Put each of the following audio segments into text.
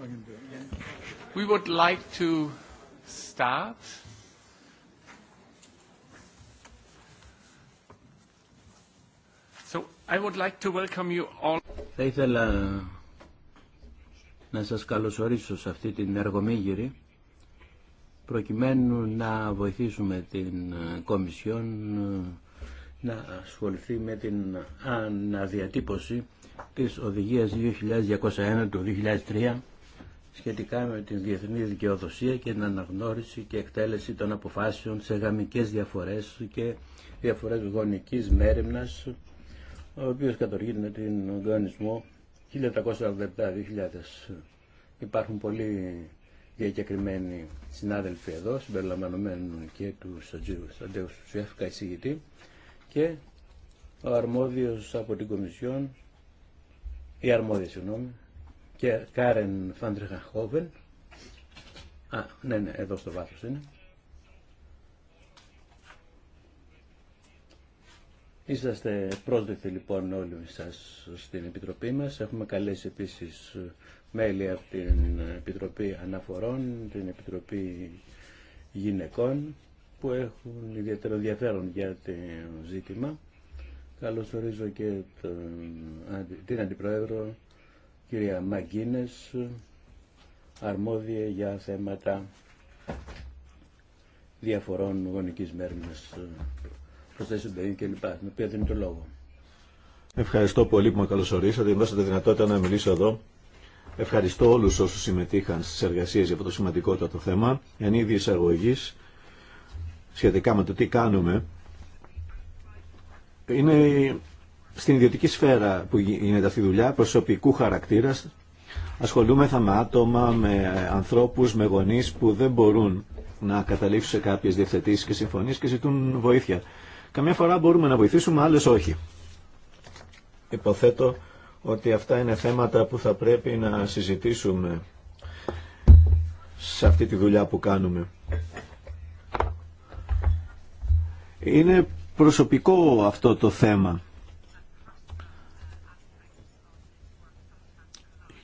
Θα ήθελα να σας καλωσορίσω σε αυτή την εργομήγυρη προκειμένου να βοηθήσουμε την Κομισιόν να ασχοληθεί με την αναδιατύπωση της Οδηγίας 2201 του 2003 σχετικά με την διεθνή δικαιοδοσία και την αναγνώριση και εκτέλεση των αποφάσεων σε γαμικές διαφορές και διαφορές γονικής μέρημνας, ο οποίος κατοργείται με τον οργανισμό 1347-2000. Υπάρχουν πολλοί διακεκριμένοι συνάδελφοι εδώ, συμπεριλαμβανομένου και του Σαντέου Σουσιάφκα εισηγητή και ο αρμόδιος από την Κομισιόν, η αρμόδια συγγνώμη, και Κάρεν Φαντριχαχόβεν. Α, ναι, ναι, εδώ στο βάθος είναι. Είσαστε πρόσδεκτοι λοιπόν όλοι σας στην Επιτροπή μας. Έχουμε καλέσει επίσης μέλη από την Επιτροπή Αναφορών, την Επιτροπή Γυναικών που έχουν ιδιαίτερο ενδιαφέρον για το ζήτημα. Καλώς ορίζω και τον, την Αντιπρόεδρο κυρία Μαγκίνες, αρμόδια για θέματα διαφορών γονικής μέρημνας, προσθέσεων παιδιών κλπ. Με οποία δίνει το λόγο. Ευχαριστώ πολύ που με καλωσορίσατε, μου δώσατε δυνατότητα να μιλήσω εδώ. Ευχαριστώ όλους όσους συμμετείχαν στις εργασίες για αυτό το σημαντικότατο θέμα. Εν είδη εισαγωγή σχετικά με το τι κάνουμε, είναι στην ιδιωτική σφαίρα που γίνεται αυτή η δουλειά, προσωπικού χαρακτήρα, ασχολούμεθα με άτομα, με ανθρώπους, με γονείς που δεν μπορούν να καταλήξουν σε κάποιες διευθετήσει και συμφωνίες και ζητούν βοήθεια. Καμιά φορά μπορούμε να βοηθήσουμε, άλλες όχι. Υποθέτω ότι αυτά είναι θέματα που θα πρέπει να συζητήσουμε σε αυτή τη δουλειά που κάνουμε. Είναι προσωπικό αυτό το θέμα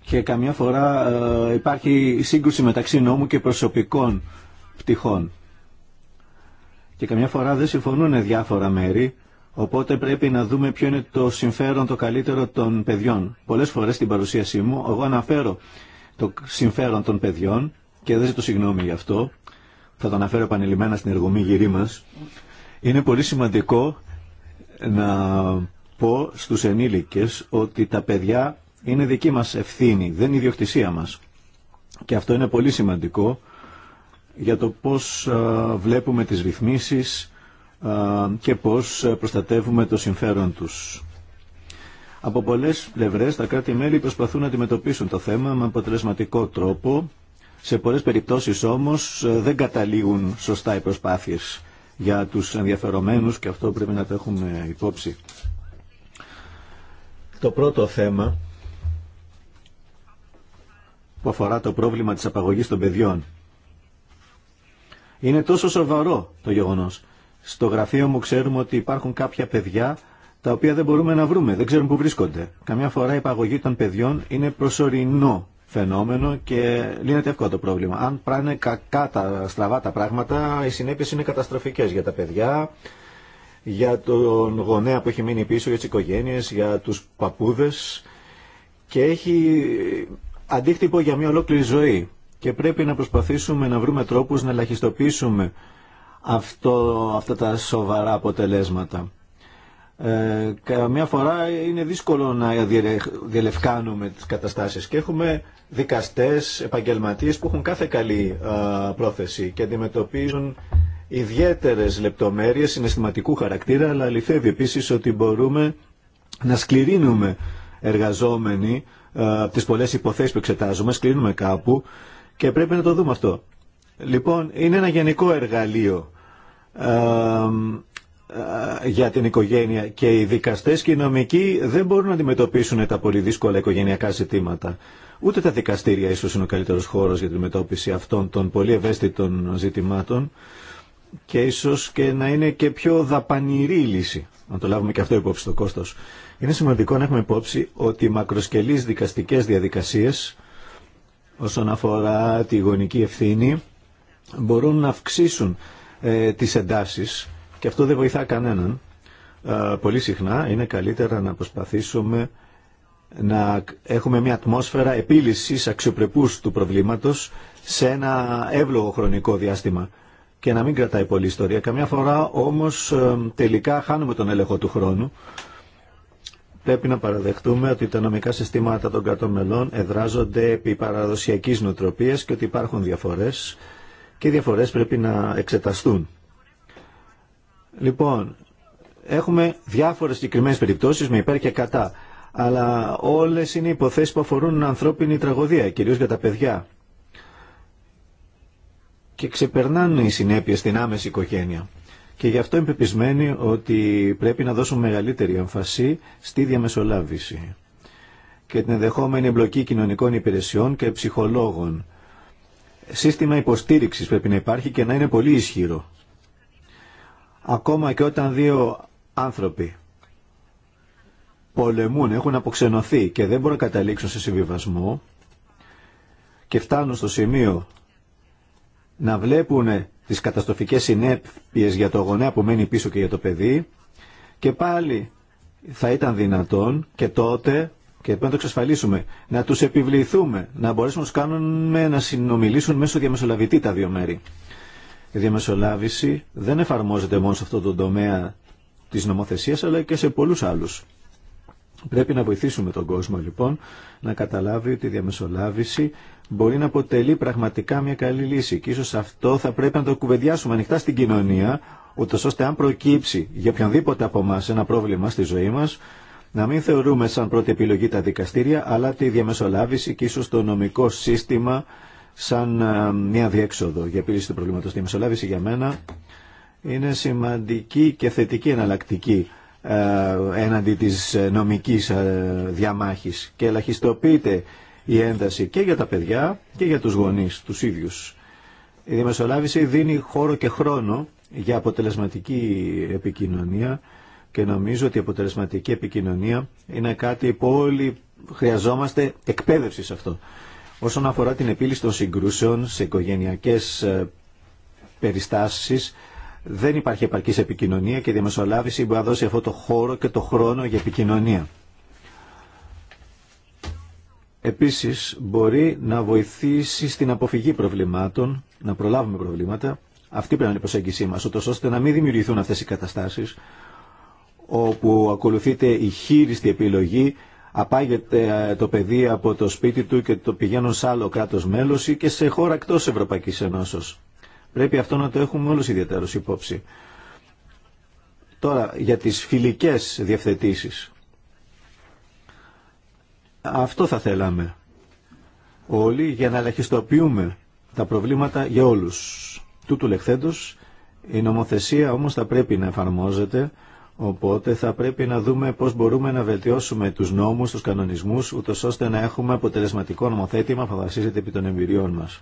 και καμιά φορά ε, υπάρχει σύγκρουση μεταξύ νόμου και προσωπικών πτυχών. Και καμιά φορά δεν συμφωνούν διάφορα μέρη, οπότε πρέπει να δούμε ποιο είναι το συμφέρον το καλύτερο των παιδιών. Πολλές φορές στην παρουσίασή μου εγώ αναφέρω το συμφέρον των παιδιών και δεν ζητώ συγγνώμη γι' αυτό, θα το αναφέρω επανειλημμένα στην εργομή γυρί μας. Είναι πολύ σημαντικό να πω στους ενήλικες ότι τα παιδιά είναι δική μας ευθύνη, δεν είναι ιδιοκτησία μας. Και αυτό είναι πολύ σημαντικό για το πώς ε, βλέπουμε τις ρυθμίσεις ε, και πώς ε, προστατεύουμε το συμφέρον τους. Από πολλές πλευρές τα κράτη-μέλη προσπαθούν να αντιμετωπίσουν το θέμα με αποτελεσματικό τρόπο. Σε πολλές περιπτώσεις όμως δεν καταλήγουν σωστά οι προσπάθειες για τους ενδιαφερομένους και αυτό πρέπει να το έχουμε υπόψη. Το πρώτο θέμα που αφορά το πρόβλημα της απαγωγής των παιδιών. Είναι τόσο σοβαρό το γεγονός. Στο γραφείο μου ξέρουμε ότι υπάρχουν κάποια παιδιά τα οποία δεν μπορούμε να βρούμε, δεν ξέρουμε που βρίσκονται. Καμιά φορά η απαγωγή των παιδιών είναι προσωρινό φαινόμενο και λύνεται εύκολα το πρόβλημα. Αν πράνε κακά τα στραβά τα πράγματα, οι συνέπειες είναι καταστροφικές για τα παιδιά, για τον γονέα που έχει μείνει πίσω, για τις οικογένειες, για τους παππούδες και έχει αντίκτυπο για μια ολόκληρη ζωή και πρέπει να προσπαθήσουμε να βρούμε τρόπους να ελαχιστοποιήσουμε αυτό, αυτά τα σοβαρά αποτελέσματα. Ε, καμιά φορά είναι δύσκολο να διελευκάνουμε τις καταστάσεις και έχουμε δικαστές, επαγγελματίες που έχουν κάθε καλή πρόθεση και αντιμετωπίζουν ιδιαίτερες λεπτομέρειες συναισθηματικού χαρακτήρα αλλά αληθεύει επίσης ότι μπορούμε να σκληρύνουμε εργαζόμενοι από ε, τις πολλές υποθέσεις που εξετάζουμε, σκλίνουμε κάπου και πρέπει να το δούμε αυτό. Λοιπόν, είναι ένα γενικό εργαλείο ε, ε, για την οικογένεια και οι δικαστές και οι νομικοί δεν μπορούν να αντιμετωπίσουν τα πολύ δύσκολα οικογενειακά ζητήματα. Ούτε τα δικαστήρια ίσως είναι ο καλύτερος χώρος για την αντιμετώπιση αυτών των πολύ ευαίσθητων ζητημάτων και ίσως και να είναι και πιο δαπανηρή λύση, να το λάβουμε και αυτό υπόψη το κόστος. Είναι σημαντικό να έχουμε υπόψη ότι οι μακροσκελείς δικαστικές διαδικασίες όσον αφορά τη γονική ευθύνη μπορούν να αυξήσουν ε, τις εντάσεις και αυτό δεν βοηθά κανέναν. Ε, πολύ συχνά είναι καλύτερα να προσπαθήσουμε να έχουμε μια ατμόσφαιρα επίλυσης αξιοπρεπούς του προβλήματος σε ένα εύλογο χρονικό διάστημα και να μην κρατάει πολλή ιστορία. Καμιά φορά όμως ε, τελικά χάνουμε τον έλεγχο του χρόνου Πρέπει να παραδεχτούμε ότι τα νομικά συστήματα των κρατών εδράζονται επί παραδοσιακής νοοτροπία και ότι υπάρχουν διαφορές και οι διαφορές πρέπει να εξεταστούν. Λοιπόν, έχουμε διάφορες συγκεκριμένε περιπτώσεις με υπέρ και κατά, αλλά όλες είναι υποθέσεις που αφορούν ανθρώπινη τραγωδία, κυρίω για τα παιδιά. Και ξεπερνάνε οι συνέπειε στην άμεση οικογένεια. Και γι' αυτό είμαι πεπισμένη ότι πρέπει να δώσουμε μεγαλύτερη έμφαση στη διαμεσολάβηση και την ενδεχόμενη εμπλοκή κοινωνικών υπηρεσιών και ψυχολόγων. Σύστημα υποστήριξης πρέπει να υπάρχει και να είναι πολύ ισχυρό. Ακόμα και όταν δύο άνθρωποι πολεμούν, έχουν αποξενωθεί και δεν μπορούν να καταλήξουν σε συμβιβασμό και φτάνουν στο σημείο να βλέπουν τι καταστροφικέ συνέπειε για το γονέα που μένει πίσω και για το παιδί και πάλι θα ήταν δυνατόν και τότε και πρέπει να το εξασφαλίσουμε, να του επιβληθούμε, να μπορέσουμε να τους κάνουμε να συνομιλήσουν μέσω διαμεσολαβητή τα δύο μέρη. Η διαμεσολάβηση δεν εφαρμόζεται μόνο σε αυτό το τομέα τη νομοθεσία, αλλά και σε πολλού άλλου. Πρέπει να βοηθήσουμε τον κόσμο λοιπόν να καταλάβει ότι η διαμεσολάβηση μπορεί να αποτελεί πραγματικά μια καλή λύση και ίσως αυτό θα πρέπει να το κουβεντιάσουμε ανοιχτά στην κοινωνία ούτως ώστε αν προκύψει για οποιονδήποτε από εμά ένα πρόβλημα στη ζωή μας να μην θεωρούμε σαν πρώτη επιλογή τα δικαστήρια αλλά τη διαμεσολάβηση και ίσως το νομικό σύστημα σαν ε, μια διέξοδο για επίλυση του προβλήματος. Η διαμεσολάβηση για μένα είναι σημαντική και θετική εναλλακτική ε, έναντι της ε, νομικής ε, διαμάχης και ελαχιστοποιείται η ένταση και για τα παιδιά και για τους γονείς, τους ίδιους. Η διαμεσολάβηση δίνει χώρο και χρόνο για αποτελεσματική επικοινωνία και νομίζω ότι η αποτελεσματική επικοινωνία είναι κάτι που όλοι χρειαζόμαστε εκπαίδευση σε αυτό. Όσον αφορά την επίλυση των συγκρούσεων σε οικογενειακές περιστάσεις, δεν υπάρχει επαρκή επικοινωνία και η διαμεσολάβηση μπορεί να δώσει αυτό το χώρο και το χρόνο για επικοινωνία. Επίσης μπορεί να βοηθήσει στην αποφυγή προβλημάτων, να προλάβουμε προβλήματα. Αυτή πρέπει να είναι η προσέγγισή μας, ώστε να μην δημιουργηθούν αυτές οι καταστάσεις όπου ακολουθείται η χείριστη επιλογή, απάγεται ε, το παιδί από το σπίτι του και το πηγαίνουν σε άλλο κράτος μέλο, ή και σε χώρα εκτός Ευρωπαϊκής Ενώσεως. Πρέπει αυτό να το έχουμε όλους ιδιαίτερους υπόψη. Τώρα, για τις φιλικές διευθετήσεις. Αυτό θα θέλαμε όλοι για να ελαχιστοποιούμε τα προβλήματα για όλους. Τούτου λεχθέντος, η νομοθεσία όμως θα πρέπει να εφαρμόζεται, οπότε θα πρέπει να δούμε πώς μπορούμε να βελτιώσουμε τους νόμους, τους κανονισμούς, ούτως ώστε να έχουμε αποτελεσματικό νομοθέτημα που βασίζεται επί των εμπειριών μας.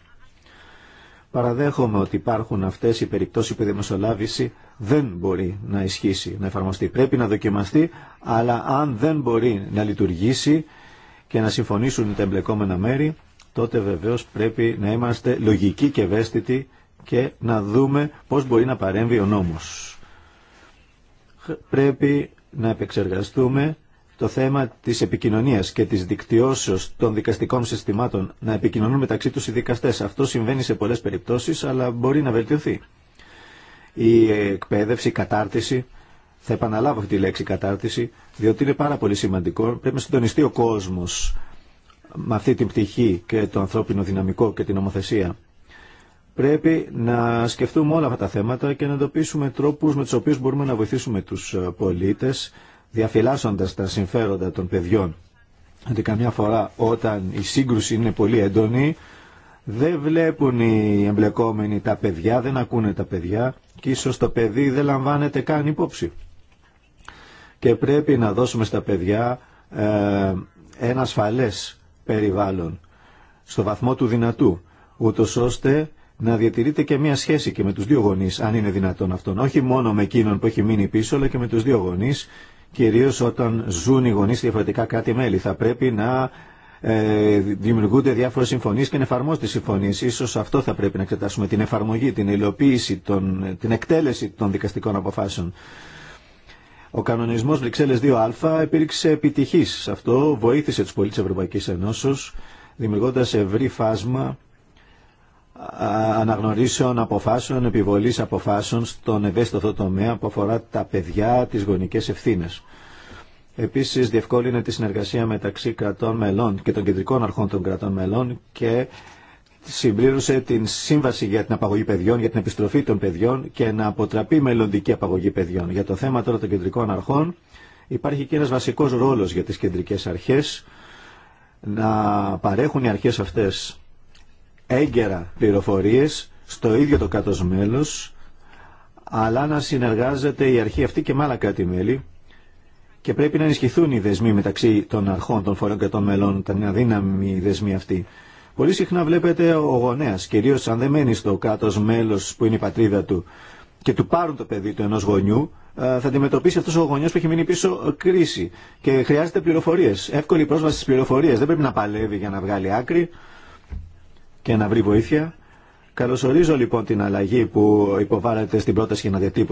Παραδέχομαι ότι υπάρχουν αυτές οι περιπτώσεις που η δημοσιολάβηση δεν μπορεί να ισχύσει, να εφαρμοστεί. Πρέπει να δοκιμαστεί, αλλά αν δεν μπορεί να λειτουργήσει και να συμφωνήσουν τα εμπλεκόμενα μέρη, τότε βεβαίως πρέπει να είμαστε λογικοί και ευαίσθητοι και να δούμε πώς μπορεί να παρέμβει ο νόμος. Πρέπει να επεξεργαστούμε το θέμα της επικοινωνίας και της δικτυώσεως των δικαστικών συστημάτων να επικοινωνούν μεταξύ τους οι δικαστές. Αυτό συμβαίνει σε πολλές περιπτώσεις, αλλά μπορεί να βελτιωθεί. Η εκπαίδευση, η κατάρτιση, θα επαναλάβω αυτή τη λέξη κατάρτιση, διότι είναι πάρα πολύ σημαντικό. Πρέπει να συντονιστεί ο κόσμος με αυτή την πτυχή και το ανθρώπινο δυναμικό και την ομοθεσία. Πρέπει να σκεφτούμε όλα αυτά τα θέματα και να εντοπίσουμε τρόπους με τους οποίους μπορούμε να βοηθήσουμε τους πολίτες διαφυλάσσοντας τα συμφέροντα των παιδιών. Ότι καμιά φορά όταν η σύγκρουση είναι πολύ έντονη, δεν βλέπουν οι εμπλεκόμενοι τα παιδιά, δεν ακούνε τα παιδιά και ίσως το παιδί δεν λαμβάνεται καν υπόψη. Και πρέπει να δώσουμε στα παιδιά ε, ένα ασφαλές περιβάλλον στο βαθμό του δυνατού, ούτως ώστε να διατηρείται και μια σχέση και με τους δύο γονείς, αν είναι δυνατόν αυτόν. Όχι μόνο με εκείνον που έχει μείνει πίσω, αλλά και με τους δύο γονείς κυρίως όταν ζουν οι γονείς κάτι κράτη-μέλη. Θα πρέπει να ε, δημιουργούνται διάφορες συμφωνίες και να εφαρμόζονται συμφωνίες. Ίσως αυτό θα πρέπει να εξετάσουμε, την εφαρμογή, την υλοποίηση, τον, την εκτέλεση των δικαστικών αποφάσεων. Ο κανονισμός Βρυξέλλες 2α υπήρξε επιτυχής. Αυτό βοήθησε τους πολίτες Ευρωπαϊκής Ενώσεως, δημιουργώντας ευρύ φάσμα αναγνωρίσεων αποφάσεων, επιβολή αποφάσεων στον ευαίσθητο τομέα που αφορά τα παιδιά, τι γονικέ ευθύνε. Επίση, διευκόλυνε τη συνεργασία μεταξύ κρατών μελών και των κεντρικών αρχών των κρατών μελών και συμπλήρωσε την σύμβαση για την απαγωγή παιδιών, για την επιστροφή των παιδιών και να αποτραπεί μελλοντική απαγωγή παιδιών. Για το θέμα τώρα των κεντρικών αρχών υπάρχει και ένα βασικό ρόλο για τι κεντρικέ αρχέ να παρέχουν οι αρχές αυτές έγκαιρα πληροφορίες στο ίδιο το κάτω μέλος, αλλά να συνεργάζεται η αρχή αυτή και με άλλα κράτη-μέλη και πρέπει να ενισχυθούν οι δεσμοί μεταξύ των αρχών, των φορέων και των μελών, τα δύναμη δεσμοί αυτοί. Πολύ συχνά βλέπετε ο γονέα, κυρίω αν δεν μένει στο κάτω μέλο που είναι η πατρίδα του και του πάρουν το παιδί του ενό γονιού, ε, θα αντιμετωπίσει αυτό ο γονιό που έχει μείνει πίσω κρίση. Και χρειάζεται πληροφορίε. Εύκολη πρόσβαση στι πληροφορίε. Δεν πρέπει να παλεύει για να βγάλει άκρη και να βρει βοήθεια. Καλωσορίζω λοιπόν την αλλαγή που υποβάλλεται στην πρόταση για να τη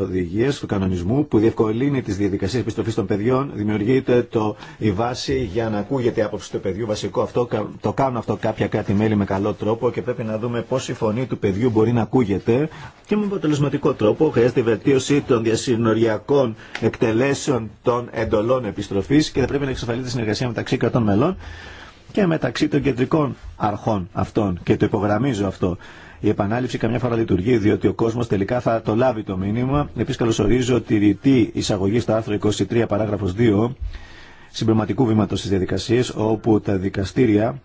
οδηγία του κανονισμού που διευκολύνει τι διαδικασίε επιστροφή των παιδιών. Δημιουργείται το, η βάση για να ακούγεται η άποψη του παιδιού. Βασικό αυτό, το κάνουν αυτό κάποια κάτι μέλη με καλό τρόπο και πρέπει να δούμε πώ η φωνή του παιδιού μπορεί να ακούγεται και με αποτελεσματικό τρόπο. Χρειάζεται η βελτίωση των διασυνοριακών εκτελέσεων των εντολών επιστροφή και θα πρέπει να εξασφαλίσει τη συνεργασία μεταξύ κρατών μελών και μεταξύ των κεντρικών αρχών αυτών. Και το υπογραμμίζω αυτό. Η επανάληψη καμιά φορά λειτουργεί, διότι ο κόσμο τελικά θα το λάβει το μήνυμα. Επίση, καλωσορίζω τη ρητή εισαγωγή στο άρθρο 23, παράγραφο 2, συμπληρωματικού βήματο τη διαδικασία, όπου τα δικαστήρια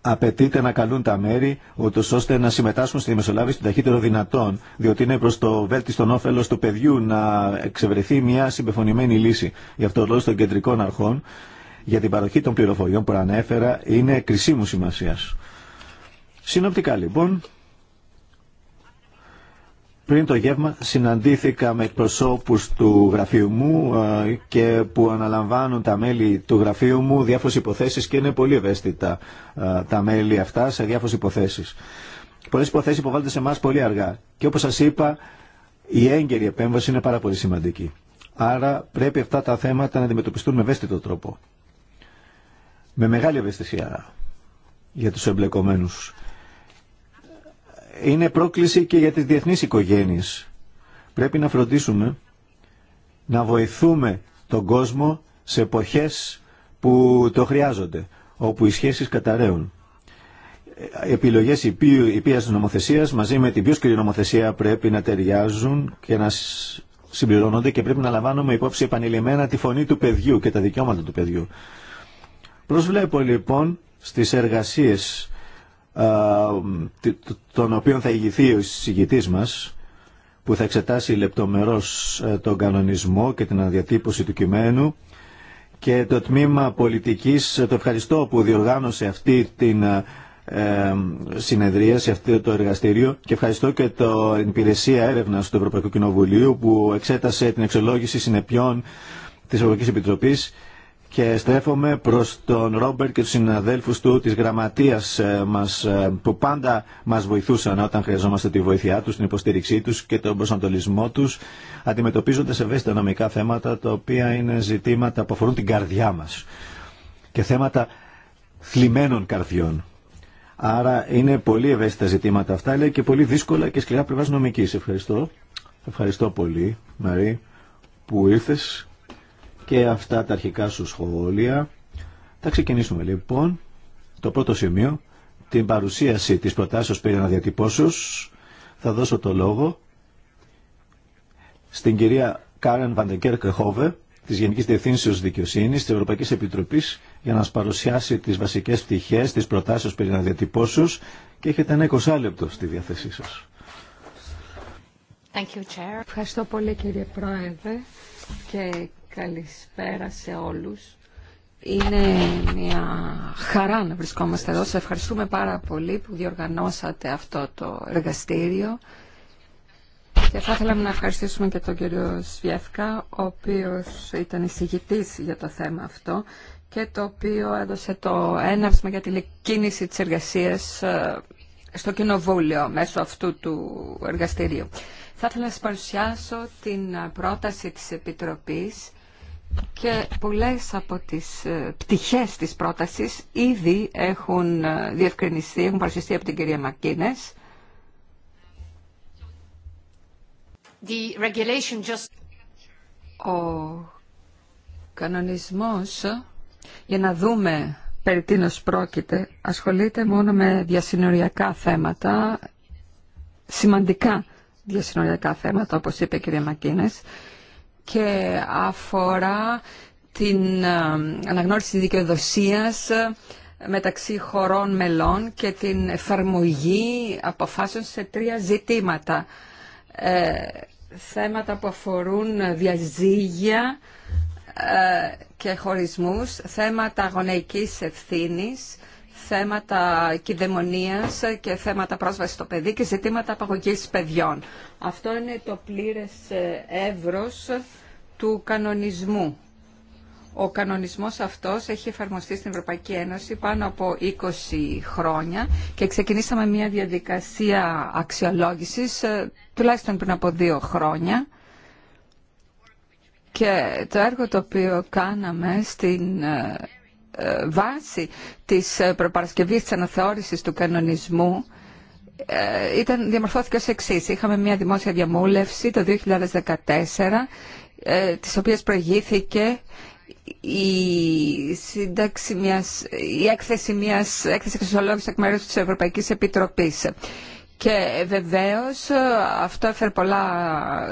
απαιτείται να καλούν τα μέρη, ούτω ώστε να συμμετάσχουν στη μεσολάβηση του ταχύτερο δυνατόν, διότι είναι προ το βέλτιστον όφελο του παιδιού να εξευρεθεί μια συμπεφωνημένη λύση. Γι' αυτό ο των κεντρικών αρχών για την παροχή των πληροφοριών που ανέφερα είναι κρισίμου σημασία. Συνοπτικά λοιπόν, πριν το γεύμα συναντήθηκα με εκπροσώπους του γραφείου μου ε, και που αναλαμβάνουν τα μέλη του γραφείου μου διάφορες υποθέσεις και είναι πολύ ευαίσθητα ε, τα μέλη αυτά σε διάφορες υποθέσεις. Πολλές υποθέσεις υποβάλλονται σε εμά πολύ αργά και όπως σας είπα η έγκαιρη επέμβαση είναι πάρα πολύ σημαντική. Άρα πρέπει αυτά τα θέματα να αντιμετωπιστούν με ευαίσθητο τρόπο με μεγάλη ευαισθησία για τους εμπλεκομένους. Είναι πρόκληση και για τις διεθνείς οικογένειες. Πρέπει να φροντίσουμε να βοηθούμε τον κόσμο σε εποχές που το χρειάζονται, όπου οι σχέσεις καταραίουν. Επιλογές υπείας νομοθεσίας μαζί με την πιο σκληρή νομοθεσία πρέπει να ταιριάζουν και να συμπληρώνονται και πρέπει να λαμβάνουμε υπόψη επανειλημμένα τη φωνή του παιδιού και τα δικαιώματα του παιδιού. Προσβλέπω λοιπόν στις εργασίες των οποίων θα ηγηθεί ο εισηγητής μας που θα εξετάσει λεπτομερώς ε, τον κανονισμό και την αναδιατύπωση του κειμένου και το τμήμα πολιτικής ε, το ευχαριστώ που διοργάνωσε αυτή την ε, συνεδρία σε αυτό το εργαστήριο και ευχαριστώ και το υπηρεσία έρευνας του Ευρωπαϊκού Κοινοβουλίου που εξέτασε την εξολόγηση συνεπιών της Ευρωπαϊκής Επιτροπής και στρέφομαι προς τον Ρόμπερτ και τους συναδέλφους του της γραμματείας ε, μας ε, που πάντα μας βοηθούσαν όταν χρειαζόμαστε τη βοήθειά τους, την υποστήριξή τους και τον προσανατολισμό τους αντιμετωπίζοντας ευαίσθητα νομικά θέματα τα οποία είναι ζητήματα που αφορούν την καρδιά μας και θέματα θλιμμένων καρδιών. Άρα είναι πολύ ευαίσθητα ζητήματα αυτά, αλλά και πολύ δύσκολα και σκληρά πλευρά νομική. Ευχαριστώ. Ευχαριστώ πολύ, Μαρή, που ήρθες και αυτά τα αρχικά σου σχόλια. Θα ξεκινήσουμε λοιπόν το πρώτο σημείο, την παρουσίαση της προτάσεως περί αναδιατυπώσεως. Θα δώσω το λόγο στην κυρία Κάρεν Βαντεκέρ Κρεχόβε της Γενικής Διευθύνσεως Δικαιοσύνης της Ευρωπαϊκής Επιτροπής για να μας παρουσιάσει τις βασικές πτυχές της προτάσεως περί αναδιατυπώσεως και έχετε ένα εικοσάλεπτο στη διάθεσή σας. Thank you, Chair. Ευχαριστώ πολύ κύριε Πρόεδρε και Καλησπέρα σε όλους. Είναι μια χαρά να βρισκόμαστε εδώ. Σας ευχαριστούμε πάρα πολύ που διοργανώσατε αυτό το εργαστήριο. Και θα ήθελα να ευχαριστήσουμε και τον κύριο Σβιεύκα, ο οποίος ήταν εισηγητής για το θέμα αυτό και το οποίο έδωσε το έναυσμα για την κίνηση της εργασίας ε, στο Κοινοβούλιο μέσω αυτού του εργαστηρίου. Θα ήθελα να σας παρουσιάσω την πρόταση της Επιτροπής και πολλές από τις ε, πτυχές της πρότασης ήδη έχουν ε, διευκρινιστεί, έχουν παρουσιαστεί από την κυρία Μακίνες. The regulation just... Ο κανονισμός, για να δούμε περί τίνος πρόκειται, ασχολείται μόνο με διασυνοριακά θέματα, σημαντικά διασυνοριακά θέματα, όπως είπε η κυρία Μακίνες, και αφορά την ε, αναγνώριση της δικαιοδοσίας ε, μεταξύ χωρών μελών και την εφαρμογή αποφάσεων σε τρία ζητήματα. Ε, θέματα που αφορούν διαζύγια και χωρισμούς, θέματα γονεϊκής ευθύνης θέματα κυδαιμονίας και θέματα πρόσβασης στο παιδί και ζητήματα απαγωγής παιδιών. Αυτό είναι το πλήρες ε, εύρος του κανονισμού. Ο κανονισμός αυτός έχει εφαρμοστεί στην Ευρωπαϊκή Ένωση πάνω από 20 χρόνια και ξεκινήσαμε μια διαδικασία αξιολόγησης ε, τουλάχιστον πριν από δύο χρόνια. Και το έργο το οποίο κάναμε στην ε, ε, βάση της ε, προπαρασκευής της αναθεώρησης του κανονισμού ε, ήταν, διαμορφώθηκε ως εξή. Είχαμε μια δημόσια διαμούλευση το 2014, της οποίας προηγήθηκε η σύνταξη μιας, η έκθεση μιας, έκθεση εκ μέρους της Ευρωπαϊκής Επιτροπής. Και βεβαίως ε, αυτό έφερε πολλά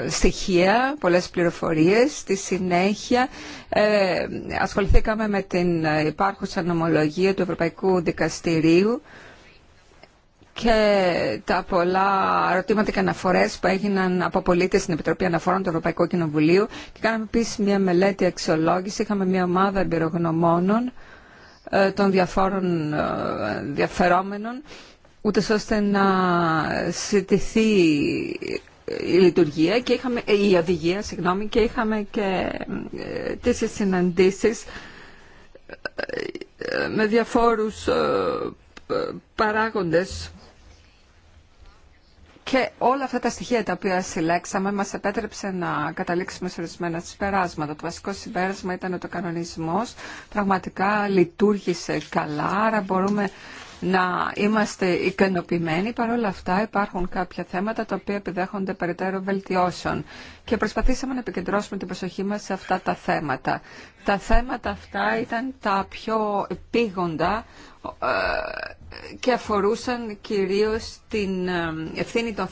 στοιχεία, πολλές πληροφορίες. Στη συνέχεια ε, ασχοληθήκαμε με την υπάρχουσα νομολογία του Ευρωπαϊκού Δικαστηρίου και τα πολλά ερωτήματα και αναφορέ που έγιναν από πολίτες στην Επιτροπή Αναφορών του Ευρωπαϊκού Κοινοβουλίου και κάναμε επίση μια μελέτη αξιολόγηση, είχαμε μια ομάδα εμπειρογνωμόνων ε, των διαφόρων ε, διαφερόμενων ούτε ώστε να συντηθεί η λειτουργία και είχαμε, ε, η οδηγία συγγνώμη, και είχαμε και ε, τις συναντήσεις ε, με διαφόρους παράγοντες και όλα αυτά τα στοιχεία τα οποία συλλέξαμε μας επέτρεψε να καταλήξουμε σε ορισμένα συμπεράσματα. Το βασικό συμπέρασμα ήταν ότι ο κανονισμός πραγματικά λειτουργήσε καλά, άρα μπορούμε να είμαστε ικανοποιημένοι. Παρ' όλα αυτά υπάρχουν κάποια θέματα τα οποία επιδέχονται περαιτέρω βελτιώσεων και προσπαθήσαμε να επικεντρώσουμε την προσοχή μας σε αυτά τα θέματα. Τα θέματα αυτά ήταν τα πιο επίγοντα ε, και αφορούσαν κυρίως την ε, ευθύνη των,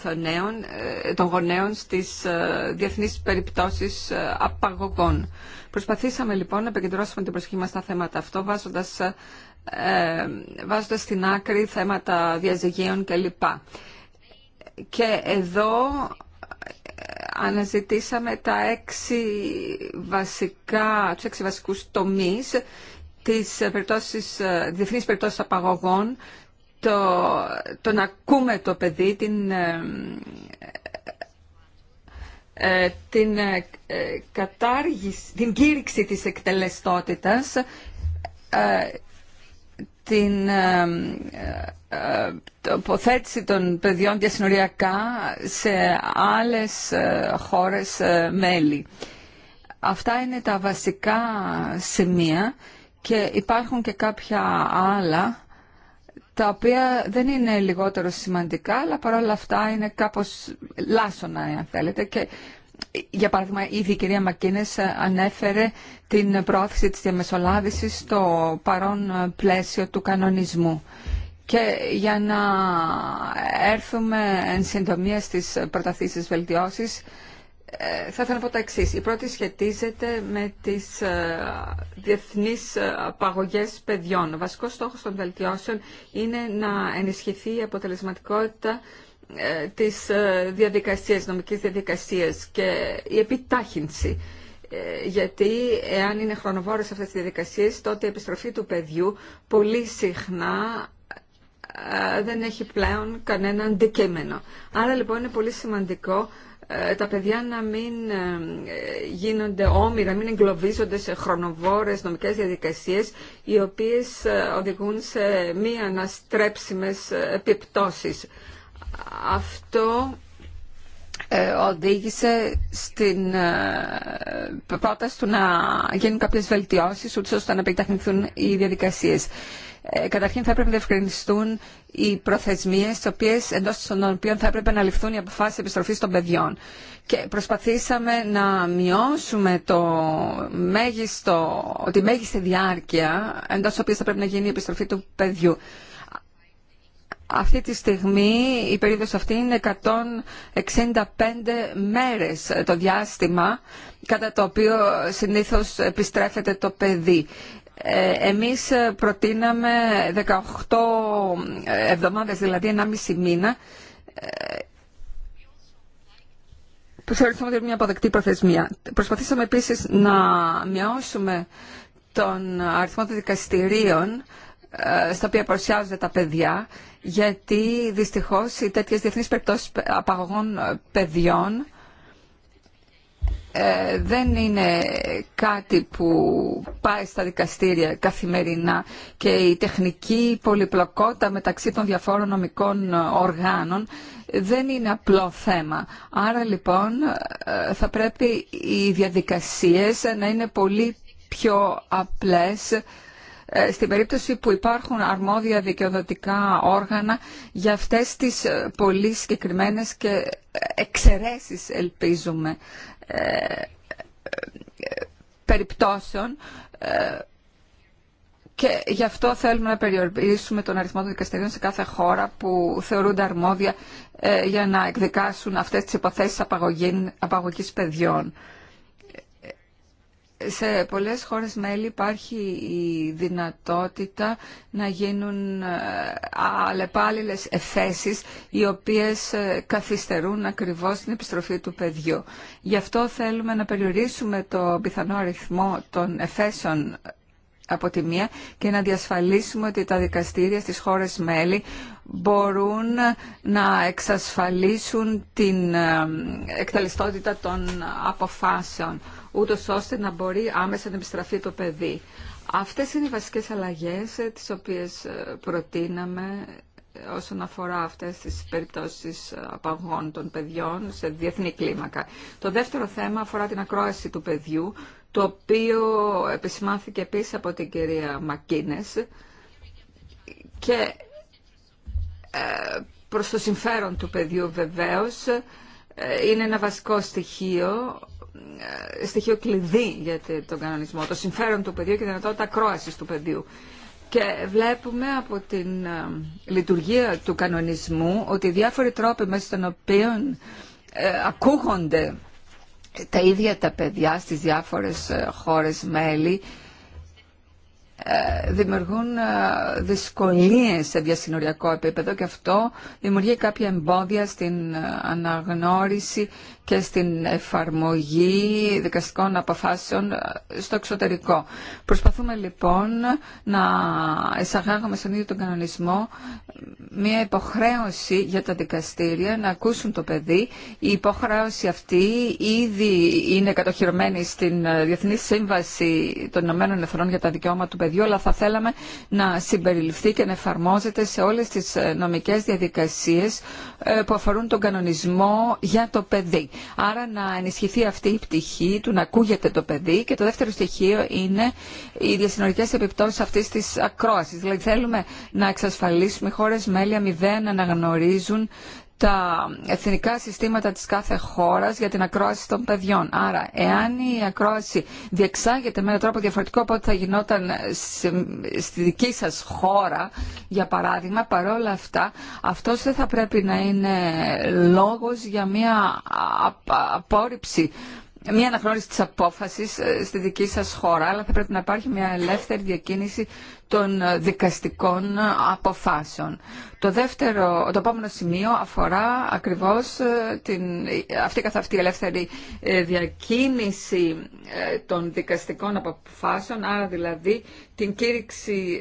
ε, των γονέων στις διεθνείς περιπτώσεις απαγωγών. Προσπαθήσαμε λοιπόν να επικεντρώσουμε την προσοχή μας στα θέματα αυτό βάζοντας ε, Βάζοντα στην άκρη θέματα διαζυγίων κλπ. Και εδώ ε, αναζητήσαμε τα έξι βασικά, τους έξι βασικούς τομείς της ε, περιπτώσης, διεθνής περιπτώσης απαγωγών, το, το να ακούμε το παιδί, την, την κατάργηση, την κήρυξη της εκτελεστότητας, την ε, ε, τοποθέτηση των παιδιών διασυνοριακά σε άλλες ε, χώρες μέλη. Αυτά είναι τα βασικά σημεία και υπάρχουν και κάποια άλλα τα οποία δεν είναι λιγότερο σημαντικά αλλά παρόλα αυτά είναι κάπως λάσονα αν θέλετε και για παράδειγμα, ήδη η κυρία Μακίνες ε, ανέφερε την πρόθεση της διαμεσολάβησης στο παρόν ε, πλαίσιο του κανονισμού. Και για να έρθουμε εν συντομία στις προταθήσεις βελτιώσεις, ε, θα ήθελα να πω τα εξή. Η πρώτη σχετίζεται με τις διεθνείς παγωγές παιδιών. Ο βασικός στόχος των βελτιώσεων είναι να ενισχυθεί η αποτελεσματικότητα ε, της ε, διαδικασίας, νομικής διαδικασίας και η επιτάχυνση. Ε, γιατί εάν είναι χρονοβόρες αυτές τις διαδικασίες, τότε η επιστροφή του παιδιού πολύ συχνά δεν έχει πλέον κανένα αντικείμενο. Άρα λοιπόν είναι πολύ σημαντικό τα παιδιά να μην γίνονται όμοιρα, να μην εγκλωβίζονται σε χρονοβόρες νομικές διαδικασίες οι οποίες οδηγούν σε μη αναστρέψιμες επιπτώσεις αυτό ε, οδήγησε στην ε, πρόταση του να γίνουν κάποιες βελτιώσεις ούτως ώστε να επιταχυνθούν οι διαδικασίες. Ε, καταρχήν θα έπρεπε να διευκρινιστούν οι προθεσμίες τις εντός των οποίων θα έπρεπε να ληφθούν οι αποφάσεις επιστροφής των παιδιών. Και προσπαθήσαμε να μειώσουμε το μέγιστο, τη μέγιστη διάρκεια εντός της οποίας θα πρέπει να γίνει η επιστροφή του παιδιού. Αυτή τη στιγμή η περίοδος αυτή είναι 165 μέρες το διάστημα κατά το οποίο συνήθως επιστρέφεται το παιδί. Ε, εμείς προτείναμε 18 εβδομάδες, δηλαδή 1,5 μήνα, ε, που ότι είναι μια αποδεκτή προθεσμία. Προσπαθήσαμε επίσης να μειώσουμε τον αριθμό των δικαστηρίων ε, στα οποία παρουσιάζονται τα παιδιά γιατί δυστυχώς οι τέτοιες διεθνείς περιπτώσεις απαγωγών παιδιών ε, δεν είναι κάτι που πάει στα δικαστήρια καθημερινά και η τεχνική πολυπλοκότητα μεταξύ των διαφόρων νομικών οργάνων δεν είναι απλό θέμα. Άρα λοιπόν ε, θα πρέπει οι διαδικασίες να είναι πολύ πιο απλές ε, στην περίπτωση που υπάρχουν αρμόδια δικαιοδοτικά όργανα για αυτές τις ε, πολύ συγκεκριμένε και ε, εξαιρέσεις ελπίζουμε περιπτώσεων και γι' αυτό θέλουμε να περιορίσουμε τον αριθμό των δικαστηρίων σε κάθε χώρα που θεωρούνται αρμόδια για να εκδικάσουν αυτές τις υποθέσεις απαγωγής παιδιών σε πολλές χώρες μέλη υπάρχει η δυνατότητα να γίνουν αλλεπάλληλες ε, εφέσεις οι οποίες ε, καθυστερούν ακριβώς την επιστροφή του παιδιού. Γι' αυτό θέλουμε να περιορίσουμε το πιθανό αριθμό των εφέσεων από τη μία και να διασφαλίσουμε ότι τα δικαστήρια στις χώρες μέλη μπορούν να εξασφαλίσουν την ε, εκταλιστότητα των αποφάσεων ούτω ώστε να μπορεί άμεσα να επιστραφεί το παιδί. Αυτές είναι οι βασικές αλλαγές ε, τις οποίες ε, προτείναμε ε, όσον αφορά αυτές τις περιπτώσεις απαγών των παιδιών σε διεθνή κλίμακα. Το δεύτερο θέμα αφορά την ακρόαση του παιδιού, το οποίο επισημάνθηκε επίσης από την κυρία Μακίνες και προς το συμφέρον του παιδιού βεβαίως είναι ένα βασικό στοιχείο ε, στοιχείο κλειδί για τον κανονισμό, το συμφέρον του παιδιού και η δυνατότητα κρόασης του παιδιού. Και βλέπουμε από την ε, λειτουργία του κανονισμού ότι οι διάφοροι τρόποι μέσα των οποίων ε, ακούγονται τα ίδια τα παιδιά στις διάφορες χώρες μέλη δημιουργούν δυσκολίες σε διασυνοριακό επίπεδο και αυτό δημιουργεί κάποια εμπόδια στην αναγνώριση και στην εφαρμογή δικαστικών αποφάσεων στο εξωτερικό. Προσπαθούμε λοιπόν να εισαγάγουμε στον ίδιο τον κανονισμό μια υποχρέωση για τα δικαστήρια να ακούσουν το παιδί. Η υποχρέωση αυτή ήδη είναι κατοχυρωμένη στην Διεθνή Σύμβαση των Ηνωμένων Εθνών για τα Δικαιώματα του Παιδιού, αλλά θα θέλαμε να συμπεριληφθεί και να εφαρμόζεται σε όλες τις νομικές διαδικασίες ε, που αφορούν τον κανονισμό για το παιδί. Άρα να ενισχυθεί αυτή η πτυχή του να ακούγεται το παιδί και το δεύτερο στοιχείο είναι οι διασυνορικές επιπτώσεις αυτής της ακρόασης. Δηλαδή θέλουμε να εξασφαλίσουμε χώρες μέλη αμοιβαία να αναγνωρίζουν τα εθνικά συστήματα της κάθε χώρας για την ακρόαση των παιδιών. Άρα, εάν η ακρόαση διεξάγεται με έναν τρόπο διαφορετικό από ό,τι θα γινόταν στη δική σας χώρα, για παράδειγμα, παρόλα αυτά, αυτός δεν θα πρέπει να είναι λόγος για μια απόρριψη μια αναγνώριση της απόφασης ε, στη δική σας χώρα, αλλά θα πρέπει να υπάρχει μια ελεύθερη διακίνηση των δικαστικών αποφάσεων. Το δεύτερο, το επόμενο σημείο αφορά ακριβώς ε, την, αυτή καθ' αυτή η ελεύθερη ε, διακίνηση ε, των δικαστικών αποφάσεων, άρα δηλαδή την κήρυξη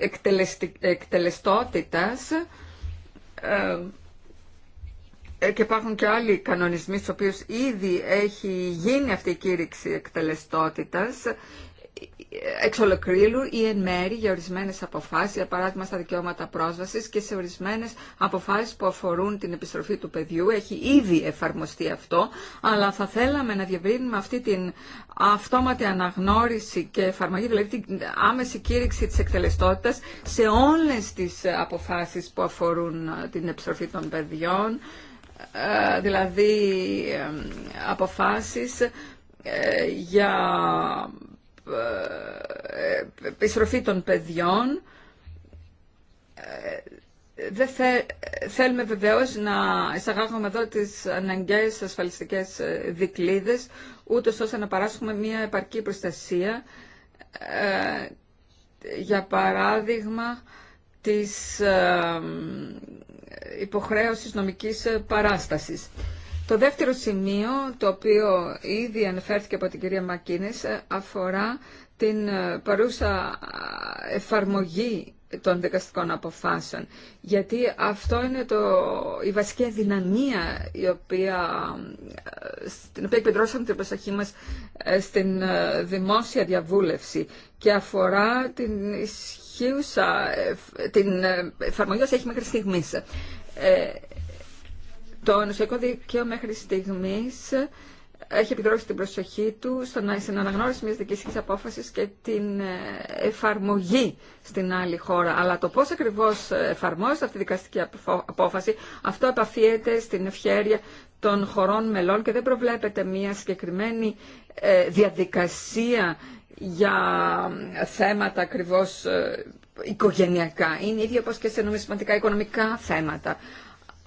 εκτελεστότητας και υπάρχουν και άλλοι κανονισμοί στους οποίους ήδη έχει γίνει αυτή η κήρυξη εκτελεστότητας εξ ολοκλήρου ή εν μέρη για ορισμένε αποφάσει για παράδειγμα στα δικαιώματα πρόσβαση και σε ορισμένε αποφάσει που αφορούν την επιστροφή του παιδιού. Έχει ήδη εφαρμοστεί αυτό, αλλά θα θέλαμε να διευρύνουμε αυτή την αυτόματη αναγνώριση και εφαρμογή, δηλαδή την άμεση κήρυξη τη εκτελεστότητας σε όλε τι αποφάσει που αφορούν ε, την επιστροφή των παιδιών, ε, δηλαδή ε, αποφάσεις για επιστροφή των παιδιών. θε, θέλουμε βεβαίως να εισαγάγουμε εδώ τις αναγκαίες ασφαλιστικές δικλίδες, ούτως ώστε να παράσχουμε μια επαρκή προστασία, ε, για παράδειγμα, της ε, υποχρέωσης νομικής παράστασης. Το δεύτερο σημείο, το οποίο ήδη αναφέρθηκε από την κυρία Μακίνης, αφορά την ε, παρούσα ε, εφαρμογή των δικαστικών αποφάσεων. Γιατί αυτό είναι το, η βασική δυναμία η οποία, ε, στην οποία επιδρώσαμε την προσοχή μας στην δημόσια διαβούλευση και αφορά την ισχύουσα, την εφαρμογή όσο έχει μέχρι στιγμής. Το ενωσιακό δίκαιο μέχρι στιγμή έχει επιδρώσει την προσοχή του στην αναγνώριση μιας της απόφασης και την ε, εφαρμογή στην άλλη χώρα. Αλλά το πώς ακριβώς εφαρμόζεται αυτή η δικαστική απόφαση, αυτό επαφιέται στην ευχέρεια των χωρών μελών και δεν προβλέπεται μια συγκεκριμένη ε, διαδικασία για ε, θέματα ακριβώ οικογενειακά. Είναι ίδια όπω και σε νομισματικά οικονομικά θέματα.